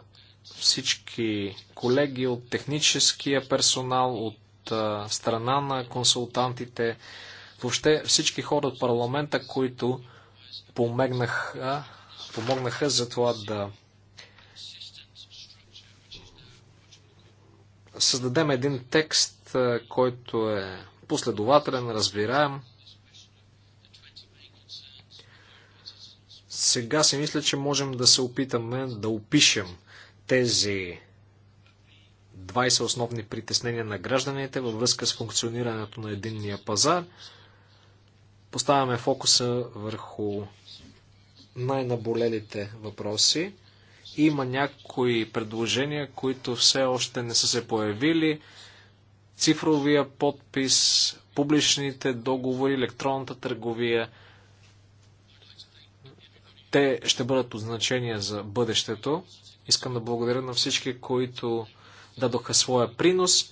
Speaker 3: всички колеги от техническия персонал, от страна на консултантите, въобще всички хора от парламента, които помогнаха, помогнаха за това да създадем един текст, който е последователен, разбираем. Сега си мисля, че можем да се опитаме да опишем тези 20 основни притеснения на гражданите във връзка с функционирането на единния пазар. Поставяме фокуса върху най-наболелите въпроси. Има някои предложения, които все още не са се появили. Цифровия подпис, публичните договори, електронната търговия – те ще бъдат от значение за бъдещето. Искам да благодаря на всички, които дадоха своя принос,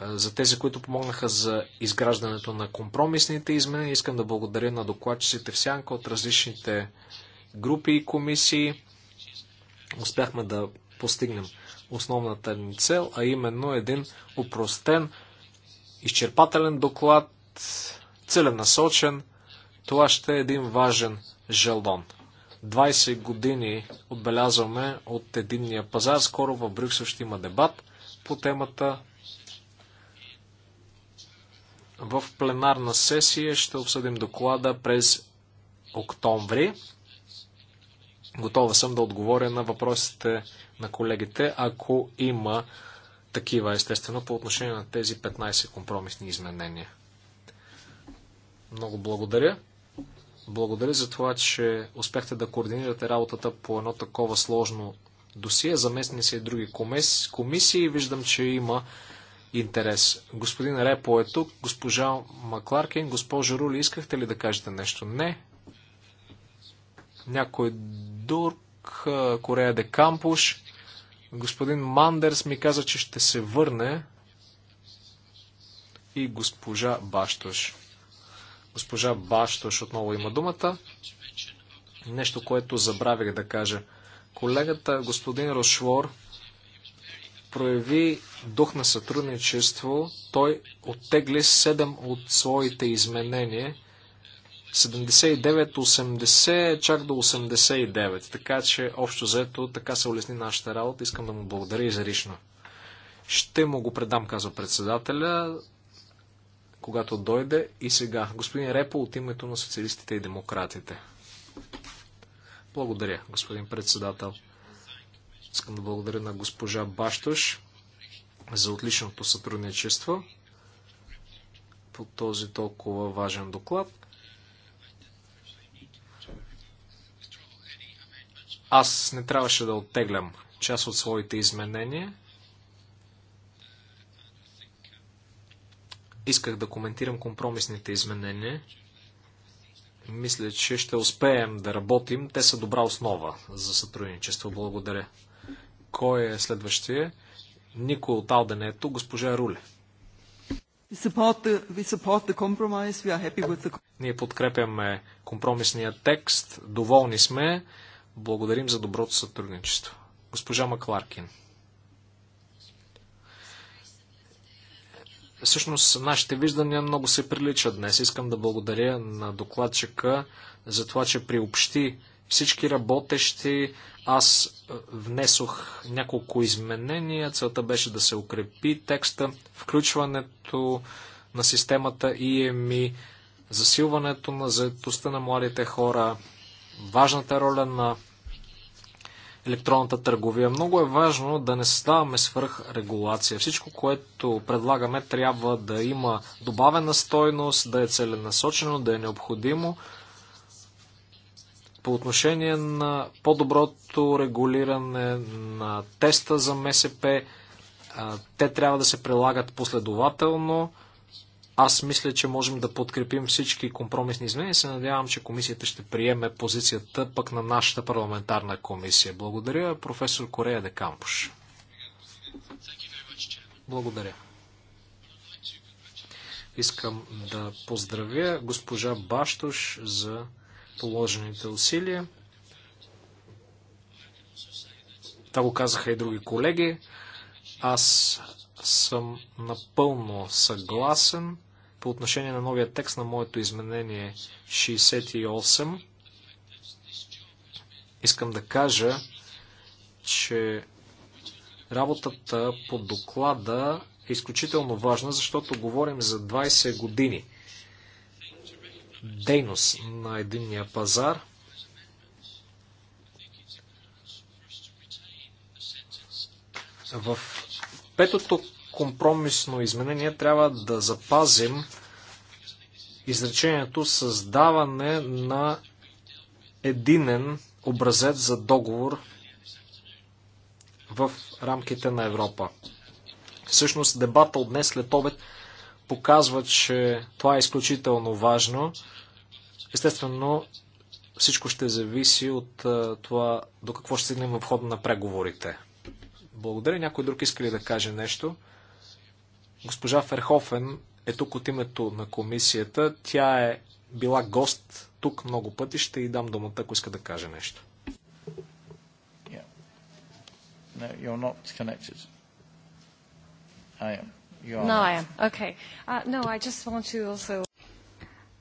Speaker 3: за тези, които помогнаха за изграждането на компромисните изменения. Искам да благодаря на докладчиците в Сянка от различните групи и комисии. Успяхме да постигнем основната ни цел, а именно един упростен, изчерпателен доклад, целенасочен, това ще е един важен жалон. 20 години отбелязваме от единния пазар. Скоро в Брюксел ще има дебат по темата. В пленарна сесия ще обсъдим доклада през октомври. Готова съм да отговоря на въпросите на колегите, ако има такива, естествено, по отношение на тези 15 компромисни изменения. Много благодаря благодаря за това, че успяхте да координирате работата по едно такова сложно досие. Заместни се и други комисии. Виждам, че има интерес. Господин Репо е тук, госпожа Макларкин, госпожа Рули, искахте ли да кажете нещо? Не. Някой друг, Корея де Кампуш, господин Мандерс ми каза, че ще се върне и госпожа Баштош. Госпожа Баштош отново има думата. Нещо, което забравих да кажа. Колегата господин Рошвор прояви дух на сътрудничество. Той оттегли 7 от своите изменения. 79, 80, чак до 89. Така че, общо взето, така се улесни нашата работа. Искам да му благодаря изрично. Ще му го предам, казва председателя когато дойде. И сега, господин Репо от името на социалистите и демократите. Благодаря, господин председател. Искам да благодаря на госпожа Баштош за отличното сътрудничество по този толкова важен доклад. Аз не трябваше да оттеглям част от своите изменения. Исках да коментирам компромисните изменения. Мисля, че ще успеем да работим. Те са добра основа за сътрудничество. Благодаря. Кой е следващия? Никой от Алден е госпожа Руле. The... Ние подкрепяме компромисния текст, доволни сме, благодарим за доброто сътрудничество. Госпожа Макларкин. Всъщност, нашите виждания много се приличат днес. Искам да благодаря на докладчика за това, че приобщи всички работещи. Аз е, внесох няколко изменения. Целта беше да се укрепи текста, включването на системата EMI, засилването на заедостта на младите хора, важната роля на електронната търговия. Много е важно да не създаваме свръхрегулация. Всичко, което предлагаме, трябва да има добавена стойност, да е целенасочено, да е необходимо. По отношение на по-доброто регулиране на теста за МСП, те трябва да се прилагат последователно. Аз мисля, че можем да подкрепим всички компромисни изменения и се надявам, че комисията ще приеме позицията пък на нашата парламентарна комисия. Благодаря, професор Корея де Кампуш. Благодаря. Искам да поздравя госпожа Баштош за положените усилия. Това го казаха и други колеги. Аз съм напълно съгласен по отношение на новия текст на моето изменение 68. Искам да кажа, че работата по доклада е изключително важна, защото говорим за 20 години дейност на единния пазар. В петото компромисно изменение трябва да запазим изречението създаване на единен образец за договор в рамките на Европа. Всъщност дебата от днес след обед показва, че това е изключително важно. Естествено, всичко ще зависи от това до какво ще стигнем в хода на преговорите. Благодаря. Някой друг иска ли да каже нещо? Госпожа Ферхофен е тук от името на комисията. Тя е била гост тук много пъти. Ще й дам думата, ако иска да каже нещо.
Speaker 1: No, you're not connected. I am. You are no, not. I am.
Speaker 2: Okay. Uh, no, I just want to also...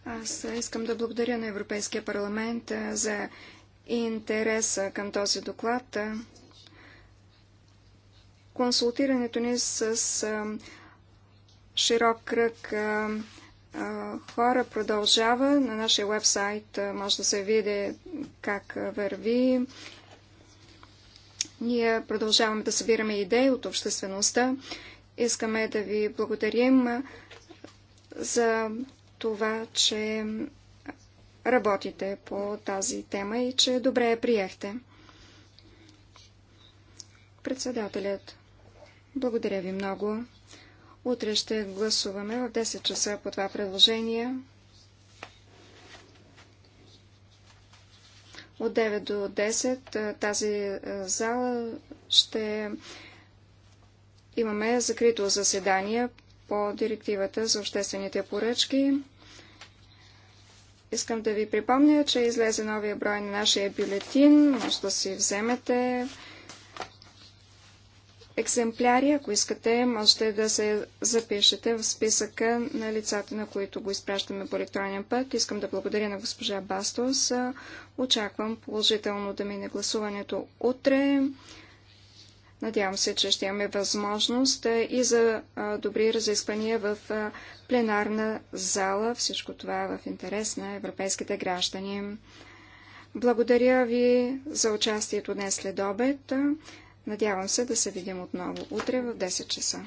Speaker 2: Аз искам да благодаря на Европейския парламент е, за интереса към този доклад. Е, консултирането ни с е, широк кръг а, а, хора продължава. На нашия вебсайт може да се види как върви. Ние продължаваме да събираме идеи от обществеността. Искаме да ви благодарим за това, че работите по тази тема и че добре я приехте. Председателят, благодаря ви много. Утре ще гласуваме в 10 часа по това предложение. От 9 до 10 тази зала ще имаме закрито заседание по директивата за обществените поръчки. Искам да ви припомня, че излезе новия брой на нашия бюлетин. Може да си вземете екземпляри. Ако искате, можете да се запишете в списъка на лицата, на които го изпращаме по електронен път. Искам да благодаря на госпожа Бастос. Очаквам положително да мине гласуването утре. Надявам се, че ще имаме възможност и за добри разисквания в пленарна зала. Всичко това е в интерес на европейските граждани. Благодаря ви за участието днес след обед. Надявам се да се видим отново утре в 10 часа.